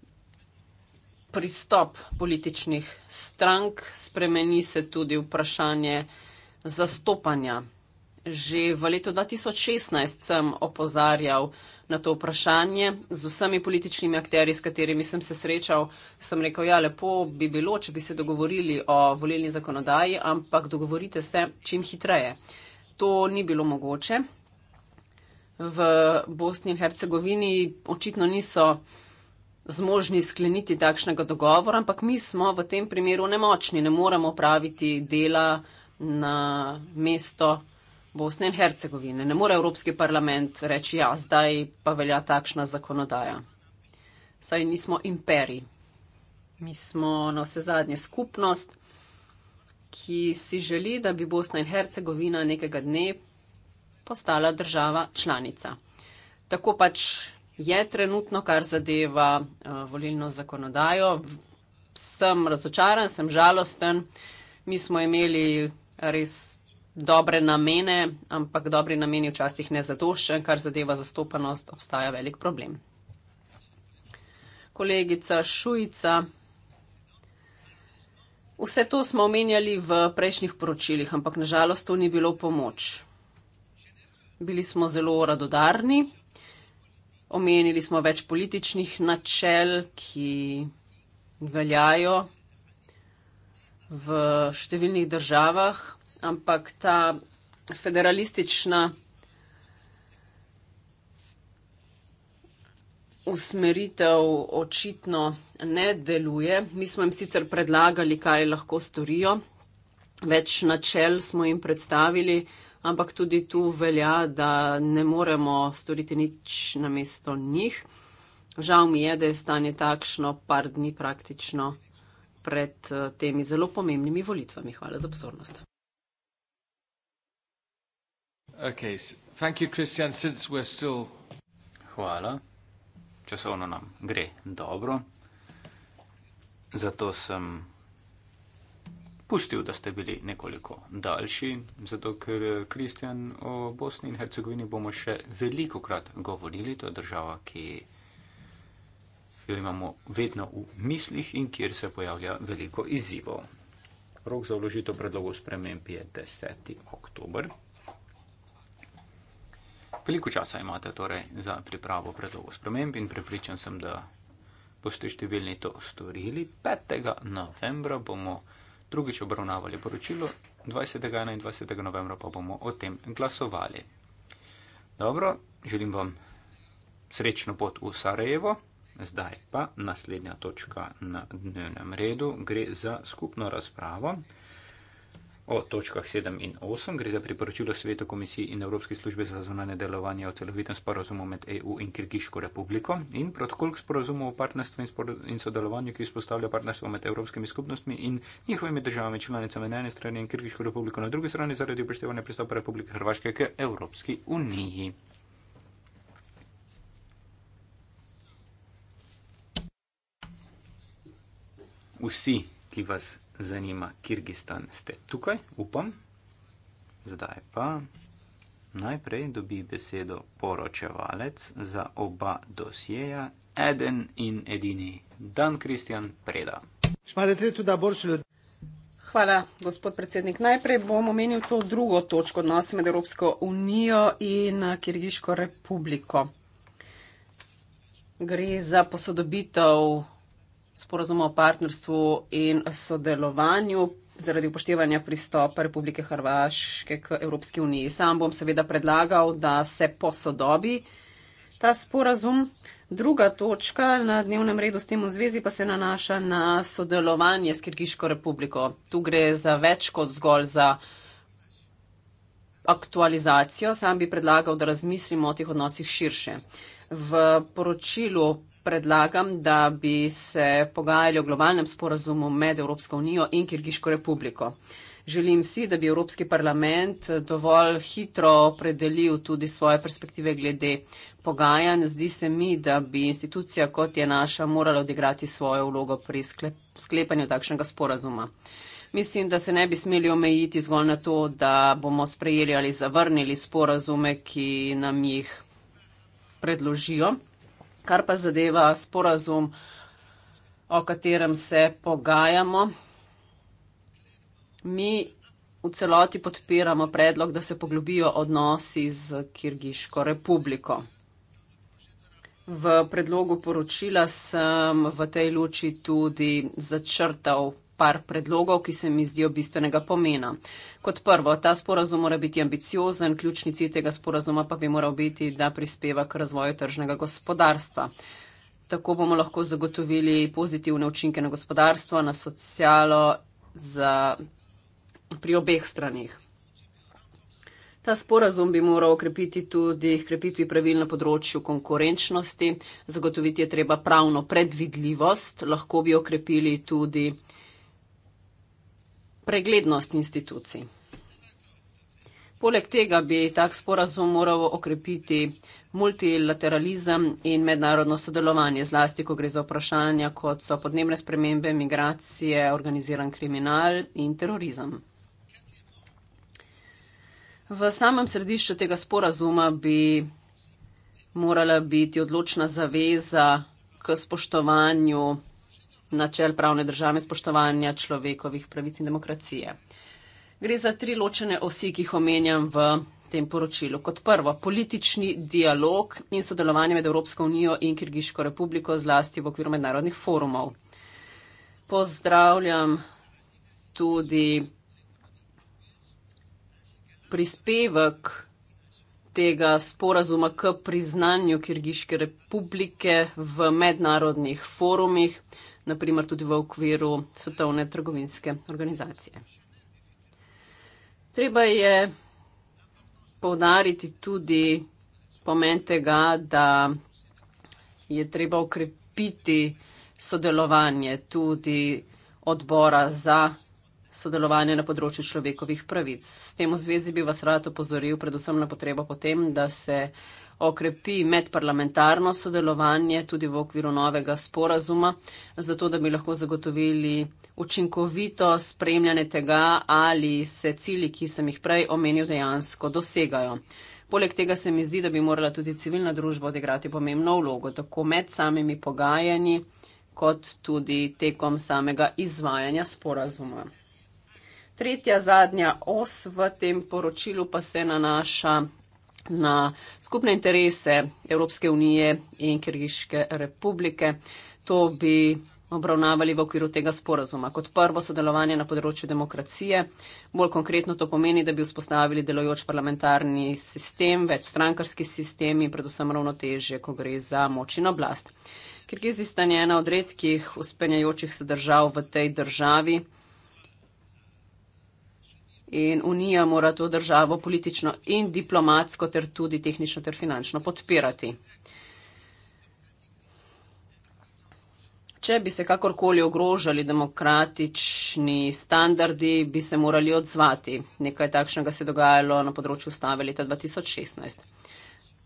pristop političnih strank, spremeni se tudi vprašanje zastopanja. Že v letu 2016 sem opozarjal, na to vprašanje. Z vsemi političnimi akteri, s katerimi sem se srečal, sem rekel, ja, lepo bi bilo, če bi se dogovorili o volilni zakonodaji, ampak dogovorite se čim hitreje. To ni bilo mogoče. V Bosni in Hercegovini očitno niso zmožni skleniti takšnega dogovora, ampak mi smo v tem primeru nemočni, ne moremo praviti dela na mesto Bosne in Hercegovine. Ne more Evropski parlament reči, da ja, zdaj pa velja takšna zakonodaja. Saj nismo imperi. Mi smo na vse zadnje skupnost, ki si želi, da bi Bosna in Hercegovina nekega dne postala država članica. Tako pač je trenutno, kar zadeva uh, volilno zakonodajo. Sem razočaran, sem žalosten. Mi smo imeli res dobre namene, ampak dobri nameni včasih ne zadoščen, kar zadeva zastopanost, obstaja velik problem. Kolegica Šujica. Vse to smo omenjali v prejšnjih poročilih, ampak nažalost to ni bilo pomoč. Bili smo zelo radodarni, omenili smo več političnih načel, ki veljajo v številnih državah, ampak ta federalistična usmeritev očitno ne deluje. Mi smo jim sicer predlagali, kaj lahko storijo, več načel smo jim predstavili, ampak tudi tu velja, da ne moremo storiti nič na mesto njih. Žal mi je, da je stanje takšno par dni praktično pred eh, temi zelo pomembnimi volitvami. Hvala za pozornost. Okay. Thank you, Christian. Since we're still... Hvala. Časovno nam gre dobro. Zato sem pustil, da ste bili nekoliko daljši, zato ker, Kristjan, eh, o Bosni in Hercegovini bomo še veliko krat govorili. To je država, ki jo imamo vedno v mislih in kjer se pojavlja veliko izzivov. Rok za vložitev predlogov sprememb je 10. oktober. Veliko časa imate torej za pripravo predlogov sprememb in prepričan sem, da boste številni to storili. 5. novembra bomo drugič obravnavali poročilo, 20. in 21. novembra pa bomo o tem glasovali. Dobro, želim vam srečno pot v Sarajevo. Zdaj pa naslednja točka na dnevnem redu gre za skupno razpravo o točkah 7 in 8. Gre za priporočilo Sveto komisiji in Evropske službe za zvonanje delovanja o celovitem sporozumu med EU in Kirgiško republiko in protokol k sporozumu o partnerstvu in, spor in sodelovanju, ki vzpostavlja partnerstvo med evropskimi skupnostmi in njihovimi državami članicami na eni strani in Kirgiško republiko na drugi strani zaradi upoštevanja pristopa Republike Hrvaške k Evropski uniji. Vsi, ki vas zanima Kyrgyzstan, ste tukaj, upam. Zdaj pa najprej dobi besedo poročevalec za oba dosjeja, eden in edini Dan Kristjan Preda. Hvala, gospod predsednik. Najprej bom omenil to drugo točko odnose med Evropsko unijo in Kirgiško republiko. Gre za posodobitev sporozuma o partnerstvu in sodelovanju zaradi upoštevanja pristopa Republike Hrvaške k Evropski uniji. Sam bom seveda predlagal, da se posodobi ta sporazum. Druga točka na dnevnem redu s tem v zvezi pa se nanaša na sodelovanje s Kirgiško republiko. Tu gre za več kot zgolj za aktualizacijo. Sam bi predlagal, da razmislimo o teh odnosih širše. V poročilu predlagam, da bi se pogajali o globalnem sporazumu med Evropsko unijo in Kirgiško republiko. Želim si, da bi Evropski parlament dovolj hitro opredelil tudi svoje perspektive glede pogajanj. Zdi se mi, da bi institucija, kot je naša, morala odigrati svojo vlogo pri sklep sklepanju takšnega sporazuma. Mislim, da se ne bi smeli omejiti zgolj na to, da bomo sprejeli ali zavrnili sporazume, ki nam jih predložijo. Kar pa zadeva sporazum, o katerem se pogajamo, mi v celoti podpiramo predlog, da se poglobijo odnosi z Kirgiško republiko. V predlogu poročila sem v tej luči tudi začrtal par predlogov, ki se mi zdijo bistvenega pomena. Kot prvo, ta sporazum mora biti ambiciozen, ključni cilj tega sporazuma pa bi moral biti, da prispeva k razvoju tržnega gospodarstva. Tako bomo lahko zagotovili pozitivne učinke na gospodarstvo, na socialo za, pri obeh stranih. Ta sporazum bi moral okrepiti tudi krepitvi pravil na področju konkurenčnosti. Zagotoviti je treba pravno predvidljivost, lahko bi okrepili tudi preglednost institucij. Poleg tega bi tak sporazum moral okrepiti multilateralizem in mednarodno sodelovanje, zlasti, ko gre za vprašanja, kot so podnebne spremembe, migracije, organiziran kriminal in terorizem. V samem središču tega sporazuma bi morala biti odločna zaveza k spoštovanju načel pravne države, spoštovanja človekovih pravic in demokracije. Gre za tri ločene osi, ki jih omenjam v tem poročilu. Kot prvo, politični dialog in sodelovanje med Evropsko unijo in Kirgiško republiko, zlasti v okviru mednarodnih forumov. Pozdravljam tudi prispevek tega sporazuma k priznanju Kirgiške republike v mednarodnih forumih naprimer tudi v okviru Svetovne trgovinske organizacije. Treba je povdariti tudi pomen tega, da je treba okrepiti sodelovanje tudi odbora za sodelovanje na področju človekovih pravic. S tem v zvezi bi vas rad opozoril predvsem na potrebo potem, da se okrepi medparlamentarno sodelovanje tudi v okviru novega sporazuma, zato da bi lahko zagotovili učinkovito spremljanje tega, ali se cilji, ki sem jih prej omenil, dejansko dosegajo. Poleg tega se mi zdi, da bi morala tudi civilna družba odigrati pomembno vlogo, tako med samimi pogajanji, kot tudi tekom samega izvajanja sporazuma. Tretja, zadnja os v tem poročilu pa se nanaša na skupne interese Evropske unije in Kirgiške republike. To bi obravnavali v okviru tega sporazuma. Kot prvo sodelovanje na področju demokracije, bolj konkretno to pomeni, da bi vzpostavili delojoč parlamentarni sistem, večstrankarski sistem in predvsem ravnotežje, ko gre za moč in oblast. Kirgizistan je ena od redkih uspenjajočih se držav v tej državi in Unija mora to državo politično in diplomatsko ter tudi tehnično ter finančno podpirati. Če bi se kakorkoli ogrožali demokratični standardi, bi se morali odzvati. Nekaj takšnega se je dogajalo na področju ustave leta 2016.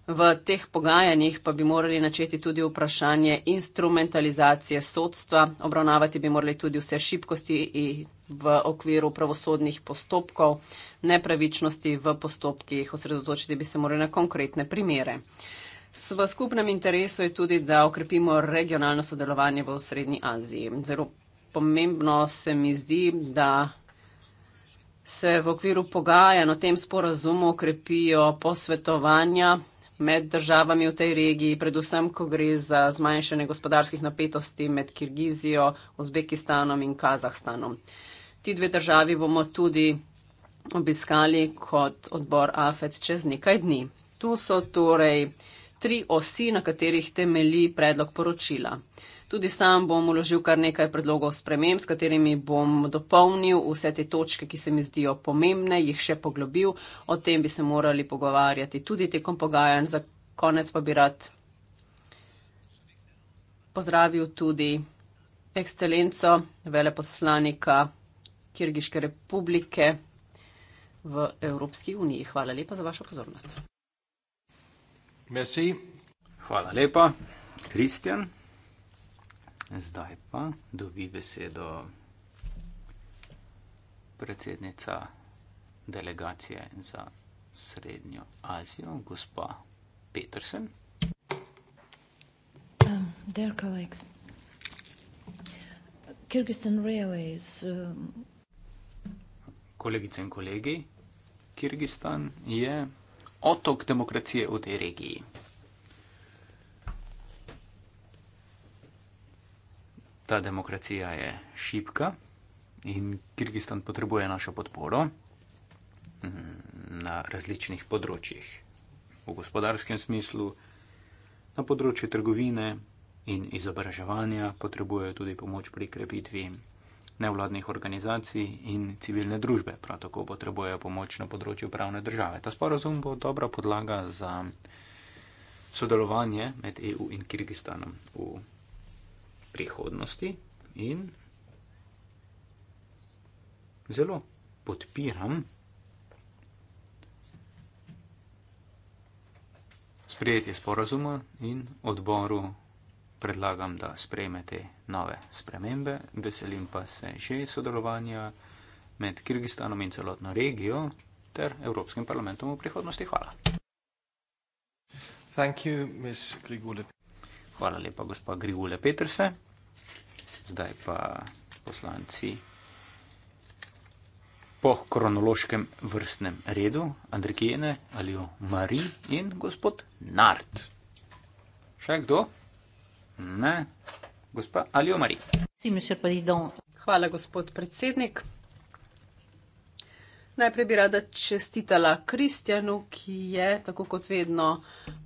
V teh pogajanjih pa bi morali načeti tudi vprašanje instrumentalizacije sodstva, obravnavati bi morali tudi vse šibkosti in v okviru pravosodnih postopkov, nepravičnosti v postopkih, osredotočiti bi se morali na konkretne primere. V skupnem interesu je tudi, da okrepimo regionalno sodelovanje v Srednji Aziji. Zelo pomembno se mi zdi, da se v okviru pogajanj o tem sporazumu okrepijo posvetovanja med državami v tej regiji, predvsem, ko gre za zmanjšanje gospodarskih napetosti med Kirgizijo, Uzbekistanom in Kazahstanom. Ti dve državi bomo tudi obiskali kot odbor AFED čez nekaj dni. Tu so torej tri osi, na katerih temeli predlog poročila. Tudi sam bom uložil kar nekaj predlogov sprememb, s katerimi bom dopolnil vse te točke, ki se mi zdijo pomembne, jih še poglobil. O tem bi se morali pogovarjati tudi tekom pogajanj. Za konec pa bi rad pozdravil tudi ekscelenco veleposlanika. Kirgiške republike v Evropski uniji. Hvala lepa za vašo pozornost. Merci. Hvala lepa, Kristjan. Zdaj pa dobi besedo predsednica delegacije za Srednjo Azijo, gospa Petersen. Um, Kyrgyzstan really is um, kolegice in kolegi, Kyrgyzstan je otok demokracije v tej regiji. Ta demokracija je šipka in Kyrgyzstan potrebuje našo podporo mm, na različnih področjih. V gospodarskem smislu, na področju trgovine in izobraževanja potrebuje tudi pomoč pri krepitvi nevladnih organizacij in civilne družbe. Prav tako potrebujejo pomoč na področju pravne države. Ta sporozum bo dobra podlaga za sodelovanje med EU in Kyrgyzstanom v prihodnosti in zelo podpiram sprejetje sporozuma in odboru predlagam, da sprejmete nove spremembe. Veselim pa se že sodelovanja med Kyrgyzstanom in celotno regijo ter Evropskim parlamentom v prihodnosti. Hvala. You, Hvala lepa, gospa Grigule Petrse. Zdaj pa poslanci po kronološkem vrstnem redu, Andrikijene, Alijo Mari in gospod Nart. Še kdo? Ne. Gospa Aljomari. Hvala, gospod predsednik. Najprej bi rada čestitala Kristjanu, ki je, tako kot vedno,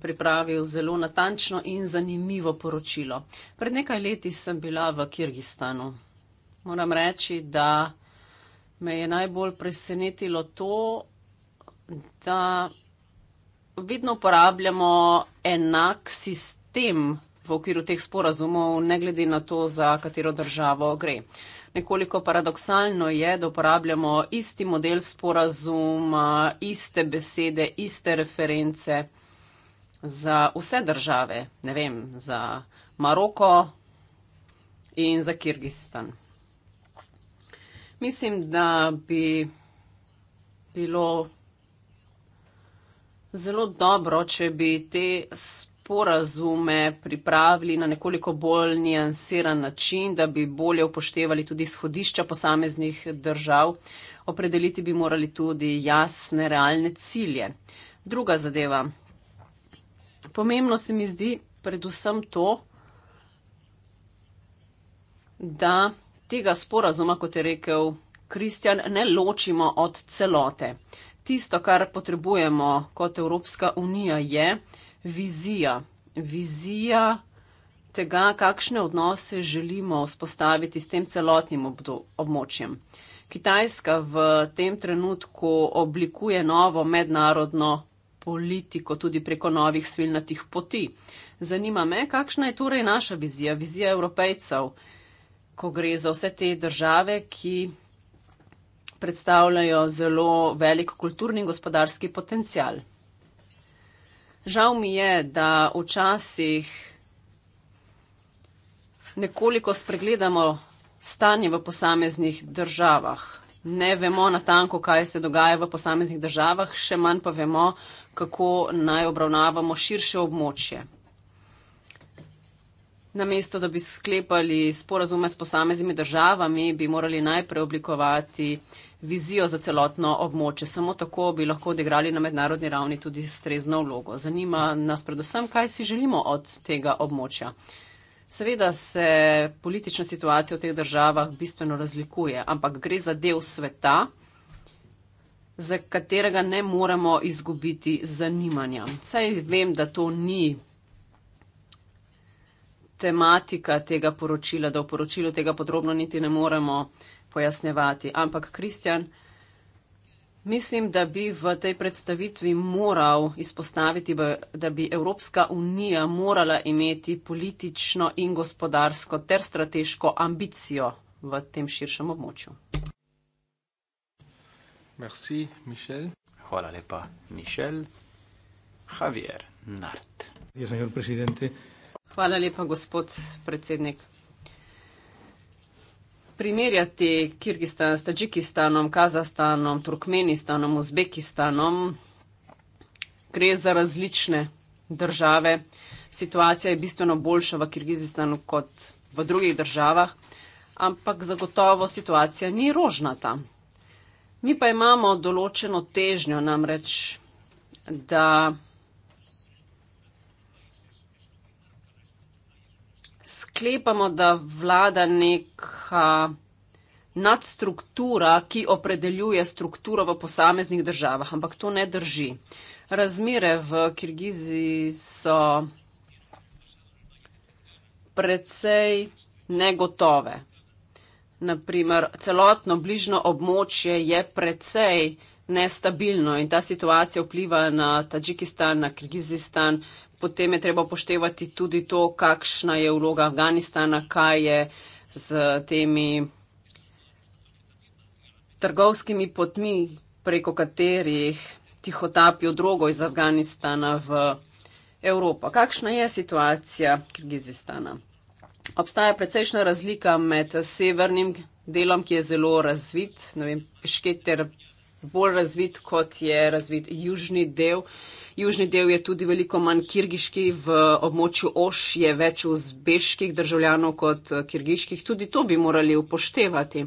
pripravil zelo natančno in zanimivo poročilo. Pred nekaj leti sem bila v Kyrgyzstanu. Moram reči, da me je najbolj presenetilo to, da vedno uporabljamo enak sistem v okviru teh sporazumov, ne glede na to, za katero državo gre. Nekoliko paradoksalno je, da uporabljamo isti model sporazuma, iste besede, iste reference za vse države, ne vem, za Maroko in za Kyrgyzstan. Mislim, da bi bilo zelo dobro, če bi te sporazume sporazume pripravili na nekoliko bolj nijansiran način, da bi bolje upoštevali tudi izhodišča posameznih držav. Opredeliti bi morali tudi jasne, realne cilje. Druga zadeva. Pomembno se mi zdi predvsem to, da tega sporazuma, kot je rekel Kristjan, ne ločimo od celote. Tisto, kar potrebujemo kot Evropska unija, je, da vizija. Vizija tega, kakšne odnose želimo vzpostaviti s tem celotnim območjem. Kitajska v tem trenutku oblikuje novo mednarodno politiko tudi preko novih svilnatih poti. Zanima me, kakšna je torej naša vizija, vizija evropejcev, ko gre za vse te države, ki predstavljajo zelo velik kulturni in gospodarski potencial. Žal mi je, da včasih nekoliko spregledamo stanje v posameznih državah. Ne vemo natanko, kaj se dogaja v posameznih državah, še manj pa vemo, kako naj obravnavamo širše območje. Namesto, da bi sklepali sporazume s posameznimi državami, bi morali najprej oblikovati vizijo za celotno območje. Samo tako bi lahko odigrali na mednarodni ravni tudi strezno vlogo. Zanima nas predvsem, kaj si želimo od tega območja. Seveda se politična situacija v teh državah bistveno razlikuje, ampak gre za del sveta, za katerega ne moremo izgubiti zanimanja. Saj vem, da to ni tematika tega poročila, da v poročilu tega podrobno niti ne moremo pojasnjevati. Ampak, Kristjan, mislim, da bi v tej predstavitvi moral izpostaviti, da bi Evropska unija morala imeti politično in gospodarsko ter strateško ambicijo v tem širšem območju. Merci, Mišel. Hvala lepa, Mišel. Javier Nart. Hvala lepa, gospod predsednik primerjati Kyrgyzstan s Tadžikistanom, Kazahstanom, Turkmenistanom, Uzbekistanom. Gre za različne države. Situacija je bistveno boljša v Kyrgyzstanu kot v drugih državah, ampak zagotovo situacija ni rožnata. Mi pa imamo določeno težnjo namreč, da sklepamo, da vlada neka nadstruktura, ki opredeljuje strukturo v posameznih državah, ampak to ne drži. Razmere v Kirgiziji so precej negotove. Naprimer, celotno bližno območje je precej nestabilno in ta situacija vpliva na Tadžikistan, na Kirgizistan, potem je treba poštevati tudi to, kakšna je vloga Afganistana, kaj je z temi trgovskimi potmi, preko katerih tihotapijo drogo iz Afganistana v Evropo. Kakšna je situacija Kirgizistana? Obstaja precejšna razlika med severnim delom, ki je zelo razvit, ne vem, Šketer bolj razvit, kot je razvit južni del Južni del je tudi veliko manj kirgiški, v območju Oš je več uzbeških državljanov kot eh, kirgiških. Tudi to bi morali upoštevati,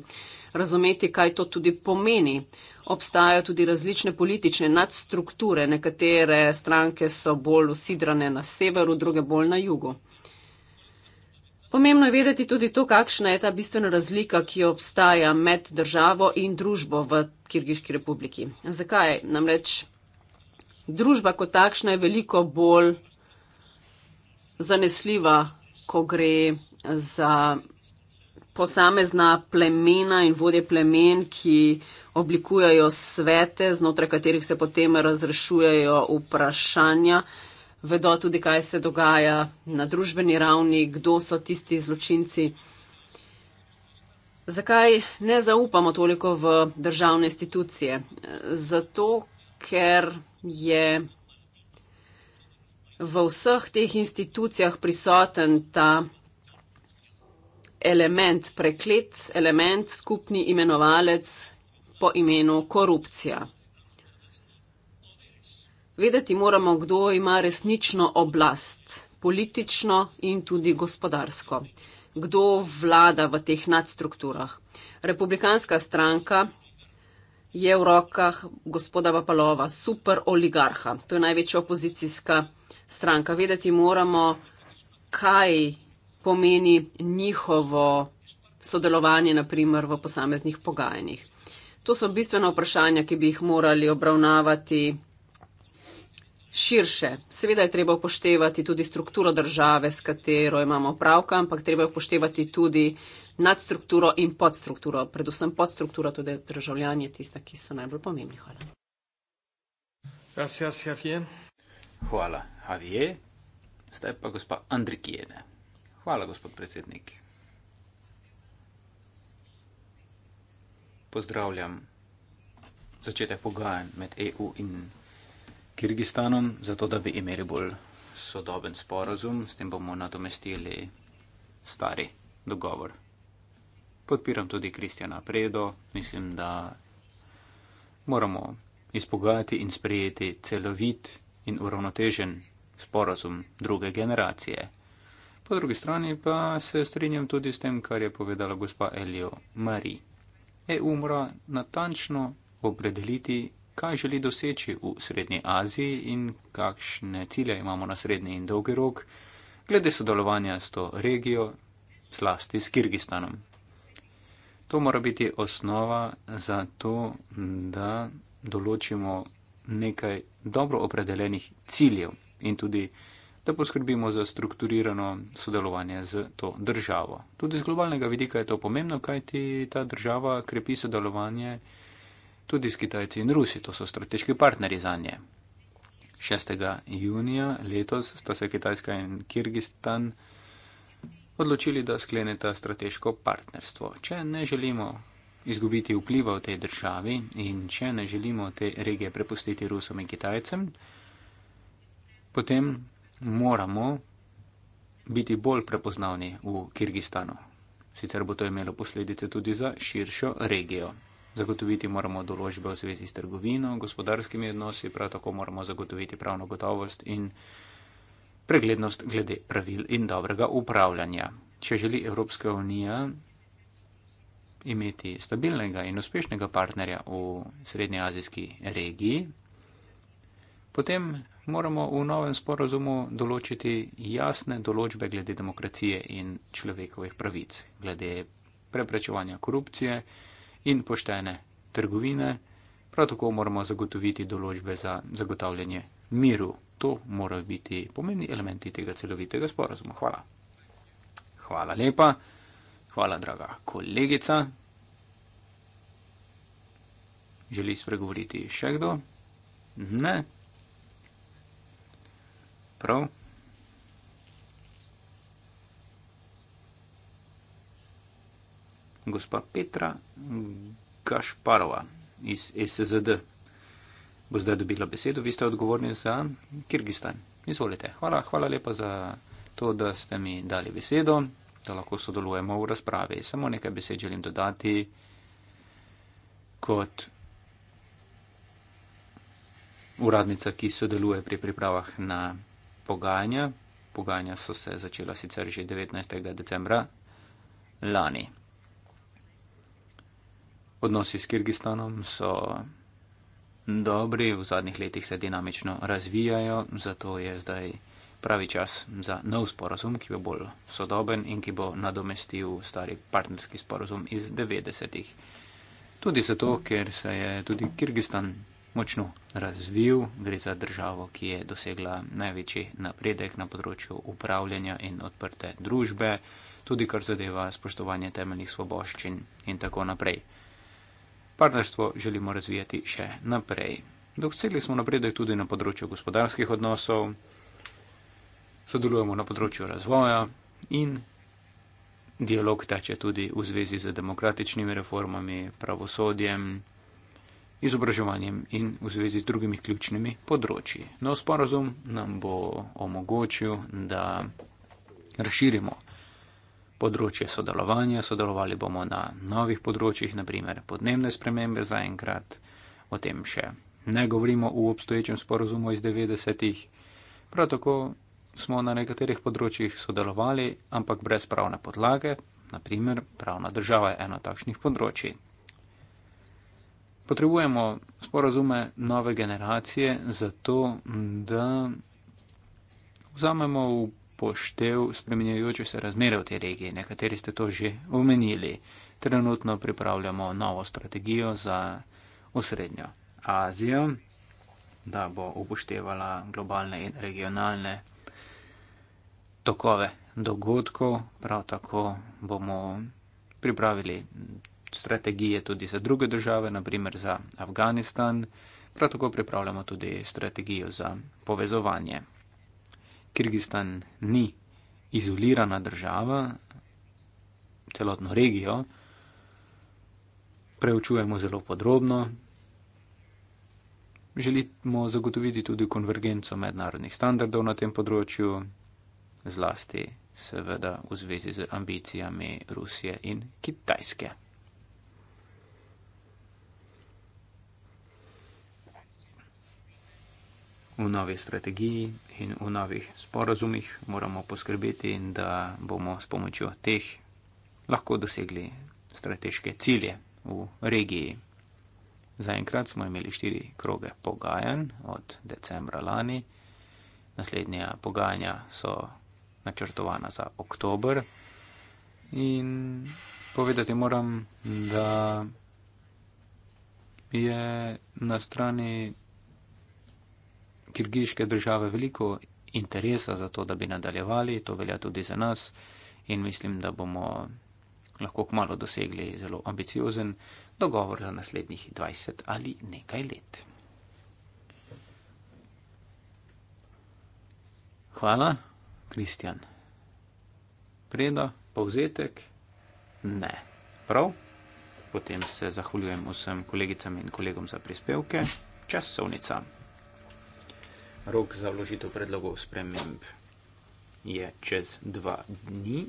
razumeti, kaj to tudi pomeni. Obstajajo tudi različne politične nadstrukture, nekatere stranke so bolj usidrane na severu, druge bolj na jugu. Pomembno je vedeti tudi to, kakšna je ta bistvena razlika, ki obstaja med državo in družbo v Kirgiški republiki. Zakaj? Namreč družba kot takšna je veliko bolj zanesljiva, ko gre za posamezna plemena in vodje plemen, ki oblikujajo svete, znotraj katerih se potem razrešujejo vprašanja. Vedo tudi, kaj se dogaja na družbeni ravni, kdo so tisti zločinci. Zakaj ne zaupamo toliko v državne institucije? Zato, ker je v vseh teh institucijah prisoten ta element preklet, element skupni imenovalec po imenu korupcija. Vedeti moramo, kdo ima resnično oblast, politično in tudi gospodarsko. Kdo vlada v teh nadstrukturah? Republikanska stranka je v rokah gospoda Bapalova, super oligarha. To je največja opozicijska stranka. Vedeti moramo, kaj pomeni njihovo sodelovanje, naprimer v posameznih pogajanjih. To so bistvena vprašanja, ki bi jih morali obravnavati širše. Seveda je treba upoštevati tudi strukturo države, s katero imamo pravka, ampak treba upoštevati tudi nadstrukturo in podstrukturo. Predvsem podstruktura, tudi državljan je tista, ki so najbolj pomembni. Hvala. Gracias, Javier. Hvala, Javier. Zdaj pa gospa Andrikijene. Hvala, gospod predsednik. Pozdravljam začetek pogajanj med EU in Kyrgyzstanom, zato da bi imeli bolj sodoben sporozum, s tem bomo nadomestili stari dogovor podpiram tudi Kristjana Predo, mislim, da moramo izpogajati in sprejeti celovit in uravnotežen sporazum druge generacije. Po drugi strani pa se strinjam tudi s tem, kar je povedala gospa Elio Mari. EU mora natančno opredeliti, kaj želi doseči v Srednji Aziji in kakšne cilje imamo na srednji in dolgi rok, glede sodelovanja s to regijo, slasti s Kyrgyzstanom. To mora biti osnova za to, da določimo nekaj dobro opredeljenih ciljev in tudi, da poskrbimo za strukturirano sodelovanje z to državo. Tudi z globalnega vidika je to pomembno, kajti ta država krepi sodelovanje tudi s Kitajci in Rusi, to so strateški partneri za nje. 6. junija letos sta se Kitajska in Kyrgyzstan odločili, da skleneta strateško partnerstvo. Če ne želimo izgubiti vpliva v tej državi in če ne želimo te regije prepustiti Rusom in Kitajcem, potem moramo biti bolj prepoznavni v Kirgistanu. Sicer bo to imelo posledice tudi za širšo regijo. Zagotoviti moramo določbe v zvezi s trgovino, gospodarskimi odnosi, prav tako moramo zagotoviti pravno gotovost in preglednost glede pravil in dobrega upravljanja. Če želi Evropska unija imeti stabilnega in uspešnega partnerja v srednjeazijski regiji, potem moramo v novem sporazumu določiti jasne določbe glede demokracije in človekovih pravic, glede preprečevanja korupcije in poštene trgovine, prav tako moramo zagotoviti določbe za zagotavljanje miru to morajo biti pomembni elementi tega celovitega sporazuma. Hvala. Hvala lepa. Hvala, draga kolegica. Želi spregovoriti še kdo? Ne. Prav. Gospa Petra Gašparova iz SZD bo zdaj dobila besedo. Vi ste odgovorni za Kyrgyzstan. Izvolite. Hvala, hvala lepa za to, da ste mi dali besedo, da lahko sodelujemo v razpravi. Samo nekaj besed želim dodati kot uradnica, ki sodeluje pri pripravah na pogajanja. Pogajanja so se začela sicer že 19. decembra lani. Odnosi s Kyrgyzstanom so dobri, v zadnjih letih se dinamično razvijajo, zato je zdaj pravi čas za nov sporozum, ki bo bolj sodoben in ki bo nadomestil stari partnerski sporozum iz 90-ih. Tudi zato, ker se je tudi Kyrgyzstan močno razvil, gre za državo, ki je dosegla največji napredek na področju upravljanja in odprte družbe, tudi kar zadeva spoštovanje temeljnih svoboščin in tako naprej. Partnerstvo želimo razvijati še naprej. Dokceli smo napredek tudi na področju gospodarskih odnosov, sodelujemo na področju razvoja in dialog teče tudi v zvezi z demokratičnimi reformami, pravosodjem, izobraževanjem in v zvezi z drugimi ključnimi področji. No, sporozum nam bo omogočil, da razširimo področje sodelovanja, sodelovali bomo na novih področjih, naprimer podnebne spremembe zaenkrat, o tem še ne govorimo v obstoječem sporozumu iz 90-ih. Prav tako smo na nekaterih področjih sodelovali, ampak brez pravne podlage, naprimer pravna država je eno takšnih področji. Potrebujemo sporozume nove generacije zato, da vzamemo v poštev spremenjajoče se razmere v tej regiji, nekateri ste to že omenili. Trenutno pripravljamo novo strategijo za osrednjo Azijo, da bo upoštevala globalne in regionalne tokove dogodkov. Prav tako bomo pripravili strategije tudi za druge države, naprimer za Afganistan. Prav tako pripravljamo tudi strategijo za povezovanje Kyrgyzstan ni izolirana država, celotno regijo preučujemo zelo podrobno. Želimo zagotoviti tudi konvergenco mednarodnih standardov na tem področju, zlasti seveda v zvezi z ambicijami Rusije in Kitajske. v novi strategiji in v novih sporazumih moramo poskrbeti, da bomo s pomočjo teh lahko dosegli strateške cilje v regiji. Zaenkrat smo imeli štiri kroge pogajanj od decembra lani, naslednja pogajanja so načrtovana za oktober in povedati moram, da je na strani kirgiške države veliko interesa za to, da bi nadaljevali, to velja tudi za nas in mislim, da bomo lahko kmalo dosegli zelo ambiciozen dogovor za naslednjih 20 ali nekaj let. Hvala, Kristjan. Preda, povzetek? Ne. Prav? Potem se zahvaljujem vsem kolegicam in kolegom za prispevke. Časovnica rok za vložitev predlogov sprememb je čez dva dni.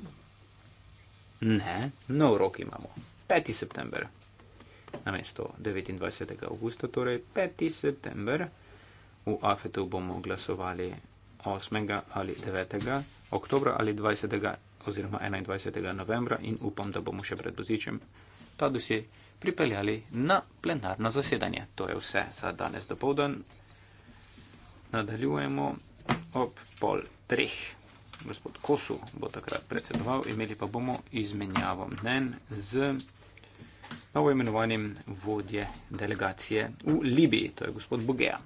Ne, nov rok imamo. 5. september. Namesto 29. augusta, torej 5. september, v AFET-u bomo glasovali 8. ali 9. oktobra ali 20. oziroma 21. novembra in upam, da bomo še pred bozičem ta dosje pripeljali na plenarno zasedanje. To je vse za danes do povdan nadaljujemo ob pol treh. Gospod Kosu bo takrat predsedoval, imeli pa bomo izmenjavo mnen z novo imenovanjem vodje delegacije v Libiji, to je gospod Bogeja.